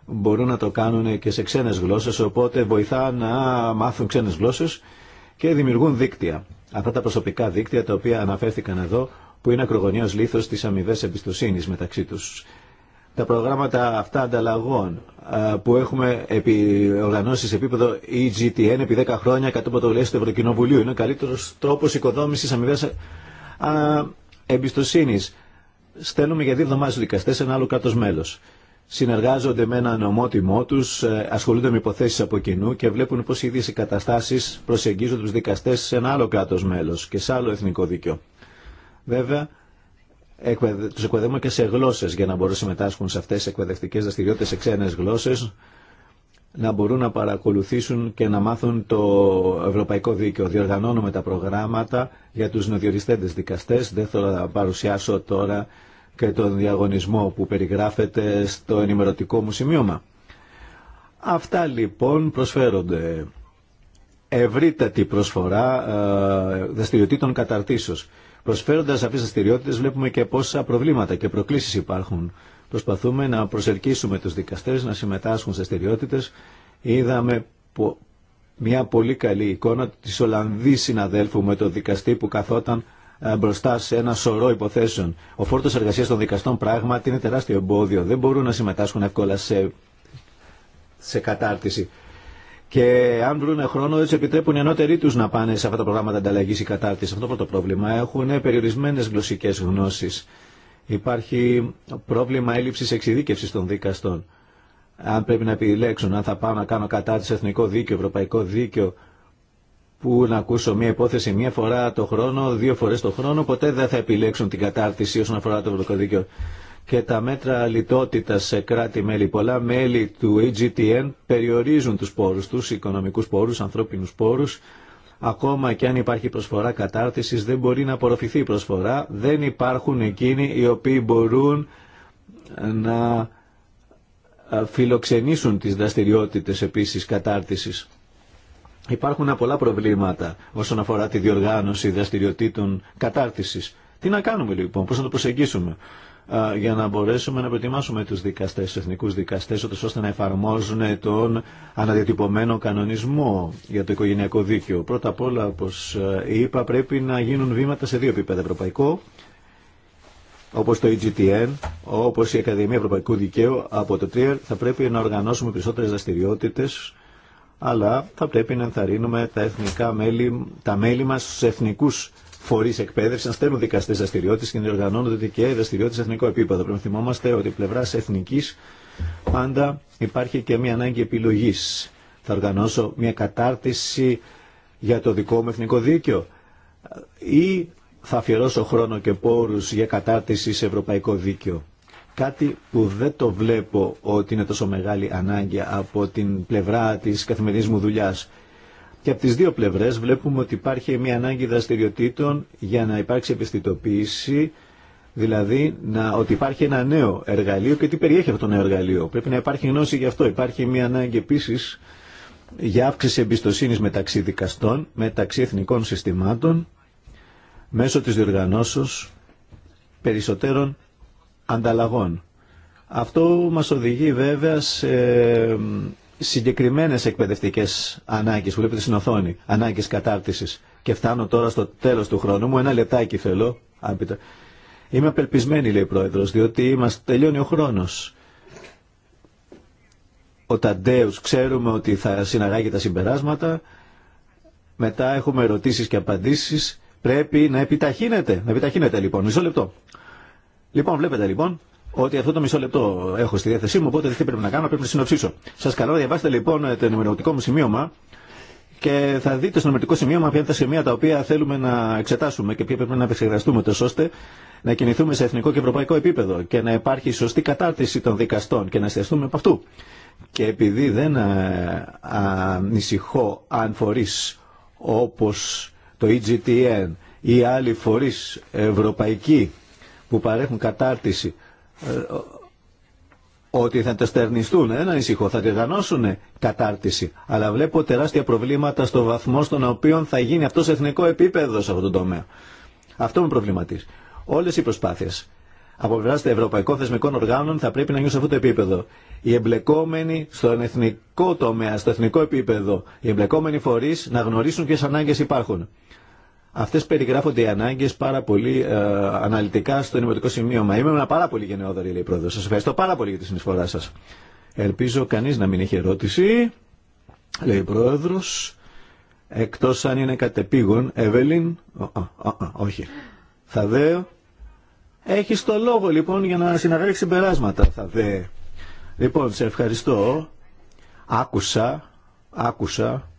Μπορούν να το κάνουν και σε ξένε γλώσσε, οπότε βοηθά να μάθουν ξένε γλώσσε και δημιουργούν δίκτυα. Αυτά τα προσωπικά δίκτυα τα οποία αναφέρθηκαν εδώ, που είναι ακρογωνιαίο λίθο τη αμοιβέ εμπιστοσύνη μεταξύ του τα προγράμματα αυτά ανταλλαγών που έχουμε οργανώσει σε επίπεδο EGTN επί 10 χρόνια κατ' το λέει του Ευρωκοινοβουλίο Είναι ο καλύτερο τρόπο οικοδόμηση αμοιβέ εμπιστοσύνη. Στέλνουμε για δύο εβδομάδε δικαστέ σε ένα άλλο κράτο μέλο. Συνεργάζονται με ένα ομότιμό του, ε, ασχολούνται με υποθέσει από κοινού και βλέπουν πώ οι ίδιε οι καταστάσει προσεγγίζουν του δικαστέ σε ένα άλλο κράτο μέλο και σε άλλο εθνικό δίκαιο. Βέβαια, τους εκπαιδεύουμε και σε γλώσσες για να μπορούν να συμμετάσχουν σε αυτές τι εκπαιδευτικές δραστηριότητες σε ξένες γλώσσες να μπορούν να παρακολουθήσουν και να μάθουν το ευρωπαϊκό δίκαιο. Διοργανώνουμε τα προγράμματα για τους νοδιοριστέντες δικαστές. Δεν θέλω να παρουσιάσω τώρα και τον διαγωνισμό που περιγράφεται στο ενημερωτικό μου σημείωμα. Αυτά λοιπόν προσφέρονται ευρύτατη προσφορά ε, δραστηριοτήτων καταρτήσεως. Προσφέροντα αυτέ τι δραστηριότητε, βλέπουμε και πόσα προβλήματα και προκλήσει υπάρχουν. Προσπαθούμε να προσελκύσουμε του δικαστέ να συμμετάσχουν στι δραστηριότητε. Είδαμε μια πολύ καλή εικόνα τη Ολλανδή συναδέλφου με τον δικαστή που καθόταν ε, μπροστά σε ένα σωρό υποθέσεων. Ο φόρτο εργασία των δικαστών πράγματι είναι τεράστιο εμπόδιο. Δεν μπορούν να συμμετάσχουν εύκολα σε, σε κατάρτιση. Και αν βρουν χρόνο, έτσι επιτρέπουν οι ανώτεροι του να πάνε σε αυτά τα προγράμματα ανταλλαγή ή κατάρτιση. Αυτό είναι το πρόβλημα. Έχουν περιορισμένε γλωσσικέ γνώσει. Υπάρχει πρόβλημα έλλειψη εξειδίκευση των δικαστών. Αν πρέπει να επιλέξουν, αν θα πάω να κάνω κατάρτιση εθνικό δίκαιο, ευρωπαϊκό δίκαιο, που να ακούσω μία υπόθεση μία φορά το χρόνο, δύο φορέ το χρόνο, ποτέ δεν θα επιλέξουν την κατάρτιση όσον αφορά το ευρωπαϊκό δίκαιο και τα μέτρα λιτότητας σε κράτη-μέλη. Πολλά μέλη του EGTN περιορίζουν τους πόρους τους, οικονομικούς πόρους, ανθρώπινους πόρους. Ακόμα και αν υπάρχει προσφορά κατάρτισης δεν μπορεί να απορροφηθεί η προσφορά. Δεν υπάρχουν εκείνοι οι οποίοι μπορούν να φιλοξενήσουν τις δραστηριότητες επίσης κατάρτισης. Υπάρχουν πολλά προβλήματα όσον αφορά τη διοργάνωση δραστηριοτήτων κατάρτισης. Τι να κάνουμε λοιπόν, πώς να το προσεγγίσουμε για να μπορέσουμε να προετοιμάσουμε τους δικαστές, τους εθνικούς δικαστές, ώστε να εφαρμόζουν τον αναδιατυπωμένο κανονισμό για το οικογενειακό δίκαιο. Πρώτα απ' όλα, όπως ε, είπα, πρέπει να γίνουν βήματα σε δύο επίπεδα. Ευρωπαϊκό, όπως το EGTN, όπως η Ακαδημία Ευρωπαϊκού Δικαίου από το TRIER, θα πρέπει να οργανώσουμε περισσότερες δραστηριότητε αλλά θα πρέπει να ενθαρρύνουμε τα εθνικά μέλη, τα μέλη μας στους εθνικούς φορεί εκπαίδευση να στέλνουν δικαστέ δραστηριότητε και να διοργανώνονται και δραστηριότητε σε εθνικό επίπεδο. Πρέπει να θυμόμαστε ότι πλευρά εθνική πάντα υπάρχει και μια ανάγκη επιλογή. Θα οργανώσω μια κατάρτιση για το δικό μου εθνικό δίκαιο ή θα αφιερώσω χρόνο και πόρου για κατάρτιση σε ευρωπαϊκό δίκαιο. Κάτι που δεν το βλέπω ότι είναι τόσο μεγάλη ανάγκη από την πλευρά της καθημερινής μου δουλειάς. Και από τις δύο πλευρές βλέπουμε ότι υπάρχει μια ανάγκη δραστηριοτήτων για να υπάρξει επιστητοποίηση, δηλαδή να, ότι υπάρχει ένα νέο εργαλείο και τι περιέχει αυτό το νέο εργαλείο. Πρέπει να υπάρχει γνώση γι' αυτό. Υπάρχει μια ανάγκη επίσης για αύξηση εμπιστοσύνης μεταξύ δικαστών, μεταξύ εθνικών συστημάτων, μέσω της διοργανώσεως περισσότερων ανταλλαγών. Αυτό μας οδηγεί βέβαια σε συγκεκριμένες εκπαιδευτικές ανάγκες που βλέπετε στην οθόνη, ανάγκες κατάρτισης. Και φτάνω τώρα στο τέλος του χρόνου μου, ένα λεπτάκι θέλω, άπειτα. Είμαι απελπισμένη, λέει ο Πρόεδρος, διότι μας τελειώνει ο χρόνος. Ο Ταντέους ξέρουμε ότι θα συναγάγει τα συμπεράσματα, μετά έχουμε ερωτήσεις και απαντήσεις, πρέπει να επιταχύνεται. Να επιταχύνεται λοιπόν, μισό λεπτό. Λοιπόν, βλέπετε λοιπόν, ότι αυτό το μισό λεπτό έχω στη διάθεσή μου, οπότε τι πρέπει να κάνω, πρέπει να συνοψίσω. Σα καλώ διαβάστε λοιπόν ε, το ενημερωτικό μου σημείωμα και θα δείτε στο ενημερωτικό σημείωμα ποια είναι τα σημεία τα οποία θέλουμε να εξετάσουμε και ποια πρέπει να επεξεργαστούμε, τόσο ώστε να κινηθούμε σε εθνικό και ευρωπαϊκό επίπεδο και να υπάρχει σωστή κατάρτιση των δικαστών και να εστιαστούμε από αυτού. Και επειδή δεν ε, ανησυχώ αν φορεί όπω το EGTN ή άλλοι φορεί ευρωπαϊκοί που παρέχουν κατάρτιση ότι θα τα στερνιστούν, Δεν ανησυχώ, θα δανώσουν κατάρτιση. Αλλά βλέπω τεράστια προβλήματα στο βαθμό στον οποίο θα γίνει αυτό σε εθνικό επίπεδο σε αυτό το τομέα. Αυτό με προβληματίζει. Όλε οι προσπάθειε από πλευρά των ευρωπαϊκών θεσμικών οργάνων θα πρέπει να γίνουν σε αυτό το επίπεδο. Οι εμπλεκόμενοι στον εθνικό τομέα, στο εθνικό επίπεδο, οι εμπλεκόμενοι φορεί να γνωρίσουν ποιε ανάγκε υπάρχουν. Αυτές περιγράφονται οι ανάγκες πάρα πολύ ε, αναλυτικά στο ενημερωτικό σημείωμα. Είμαι ένα πάρα πολύ γενναιόδορη, λέει η πρόεδρος. Σας ευχαριστώ πάρα πολύ για τη συνεισφορά σας. Ελπίζω κανείς να μην έχει ερώτηση, λέει η πρόεδρος. Εκτός αν είναι κατεπήγον, Εύελιν, όχι, θα δέω. Έχεις το λόγο λοιπόν για να συναγράψει συμπεράσματα, θα δε. Λοιπόν, σε ευχαριστώ. Άκουσα, άκουσα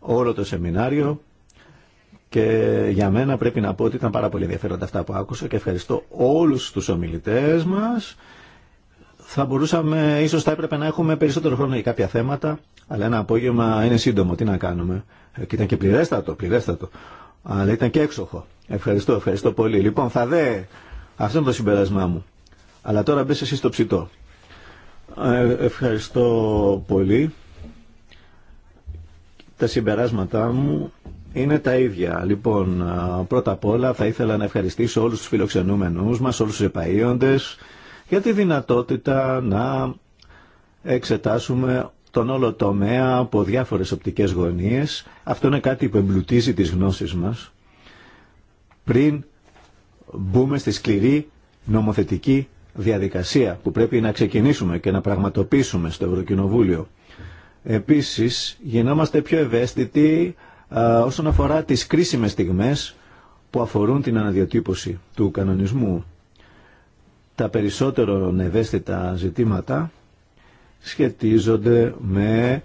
όλο το σεμινάριο και για μένα πρέπει να πω ότι ήταν πάρα πολύ ενδιαφέροντα αυτά που άκουσα και ευχαριστώ όλους τους ομιλητές μας. Θα μπορούσαμε, ίσως θα έπρεπε να έχουμε περισσότερο χρόνο για κάποια θέματα, αλλά ένα απόγευμα είναι σύντομο, τι να κάνουμε. Ε, και ήταν και πληρέστατο, πληρέστατο. Αλλά ήταν και έξοχο. Ευχαριστώ, ευχαριστώ πολύ. Λοιπόν, θα δε. Αυτό είναι το συμπεράσμά μου. Αλλά τώρα μπες εσύ στο ψητό. Ε, ευχαριστώ πολύ. Τα συμπεράσματά μου είναι τα ίδια. Λοιπόν, πρώτα απ' όλα θα ήθελα να ευχαριστήσω όλους τους φιλοξενούμενους μας, όλους τους επαείοντες για τη δυνατότητα να εξετάσουμε τον όλο τομέα από διάφορες οπτικές γωνίες. Αυτό είναι κάτι που εμπλουτίζει τις γνώσεις μας. Πριν μπούμε στη σκληρή νομοθετική διαδικασία που πρέπει να ξεκινήσουμε και να πραγματοποιήσουμε στο Ευρωκοινοβούλιο. Επίσης, γινόμαστε πιο ευαίσθητοι ε, όσον αφορά τις κρίσιμες στιγμές που αφορούν την αναδιοτύπωση του κανονισμού. Τα περισσότερο ευαίσθητα ζητήματα σχετίζονται με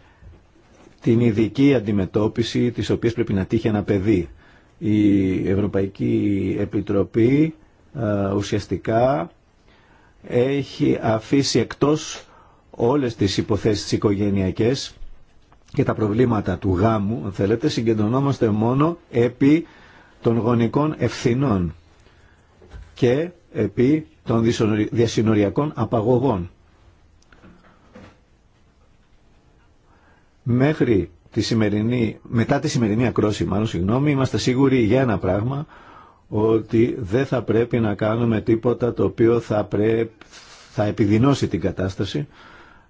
την ειδική αντιμετώπιση της οποίας πρέπει να τύχει ένα παιδί. Η Ευρωπαϊκή Επιτροπή ε, ουσιαστικά έχει αφήσει εκτός όλες τις υποθέσεις οικογενειακές και τα προβλήματα του γάμου, αν θέλετε, συγκεντρωνόμαστε μόνο επί των γονικών ευθυνών και επί των διασυνοριακών απαγωγών. Μέχρι τη σημερινή, μετά τη σημερινή ακρόση, μάλλον συγγνώμη, είμαστε σίγουροι για ένα πράγμα, ότι δεν θα πρέπει να κάνουμε τίποτα το οποίο θα, θα επιδεινώσει την κατάσταση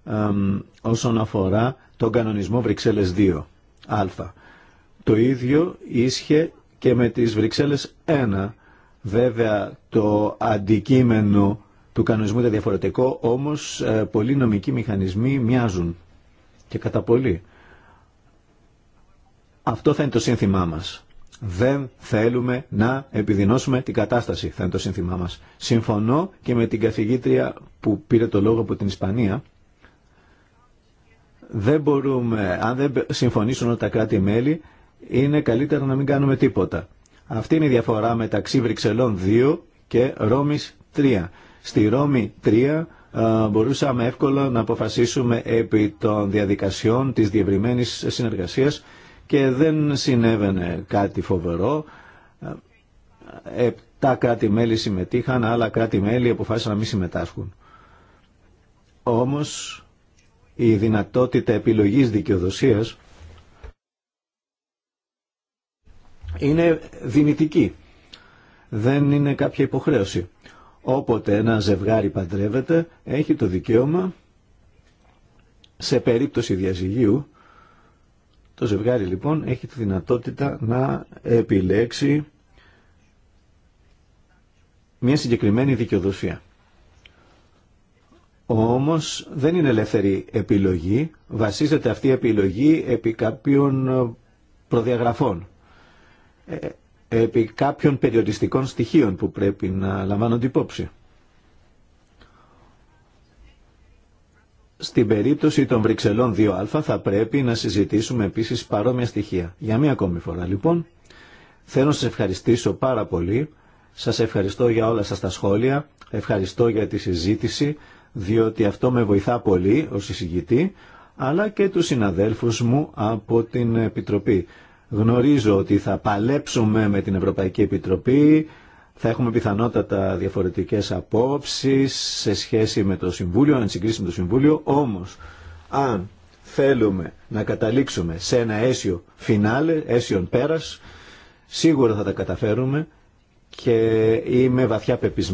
Um, όσον αφορά τον κανονισμό Βρυξέλλες 2 α. Το ίδιο ίσχε και με τις Βρυξέλλες 1. Βέβαια το αντικείμενο του κανονισμού ήταν διαφορετικό, όμως ε, πολλοί νομικοί μηχανισμοί μοιάζουν και κατά πολύ. Αυτό θα είναι το σύνθημά μας. Δεν θέλουμε να επιδεινώσουμε την κατάσταση, θα είναι το σύνθημά μας. Συμφωνώ και με την καθηγήτρια που πήρε το λόγο από την Ισπανία, δεν μπορούμε, αν δεν συμφωνήσουν όλα τα κράτη-μέλη, είναι καλύτερα να μην κάνουμε τίποτα. Αυτή είναι η διαφορά μεταξύ Βρυξελών 2 και Ρώμης 3. Στη Ρώμη 3 μπορούσαμε εύκολα να αποφασίσουμε επί των διαδικασιών της διευρυμένης συνεργασίας και δεν συνέβαινε κάτι φοβερό. Επτά κράτη-μέλη συμμετείχαν, άλλα κράτη-μέλη αποφάσισαν να μην συμμετάσχουν. Όμως η δυνατότητα επιλογής δικαιοδοσίας είναι δυνητική. Δεν είναι κάποια υποχρέωση. Όποτε ένα ζευγάρι παντρεύεται, έχει το δικαίωμα σε περίπτωση διαζυγίου. Το ζευγάρι λοιπόν έχει τη δυνατότητα να επιλέξει μια συγκεκριμένη δικαιοδοσία. Όμως δεν είναι ελεύθερη επιλογή, βασίζεται αυτή η επιλογή επί κάποιων ε, προδιαγραφών, ε, επί κάποιων περιοριστικών στοιχείων που πρέπει να λαμβάνονται υπόψη. Στην περίπτωση των Βρυξελών 2α θα πρέπει να συζητήσουμε επίσης παρόμοια στοιχεία. Για μία ακόμη φορά λοιπόν, θέλω να σας ευχαριστήσω πάρα πολύ. Σας ευχαριστώ για όλα σας τα σχόλια, ευχαριστώ για τη συζήτηση διότι αυτό με βοηθά πολύ ως εισηγητή, αλλά και τους συναδέλφους μου από την Επιτροπή. Γνωρίζω ότι θα παλέψουμε με την Ευρωπαϊκή Επιτροπή, θα έχουμε πιθανότατα διαφορετικές απόψεις σε σχέση με το Συμβούλιο, αν συγκρίσουμε το Συμβούλιο, όμως αν θέλουμε να καταλήξουμε σε ένα αίσιο φινάλε, αίσιον πέρας, σίγουρα θα τα καταφέρουμε και είμαι βαθιά πεπισμένος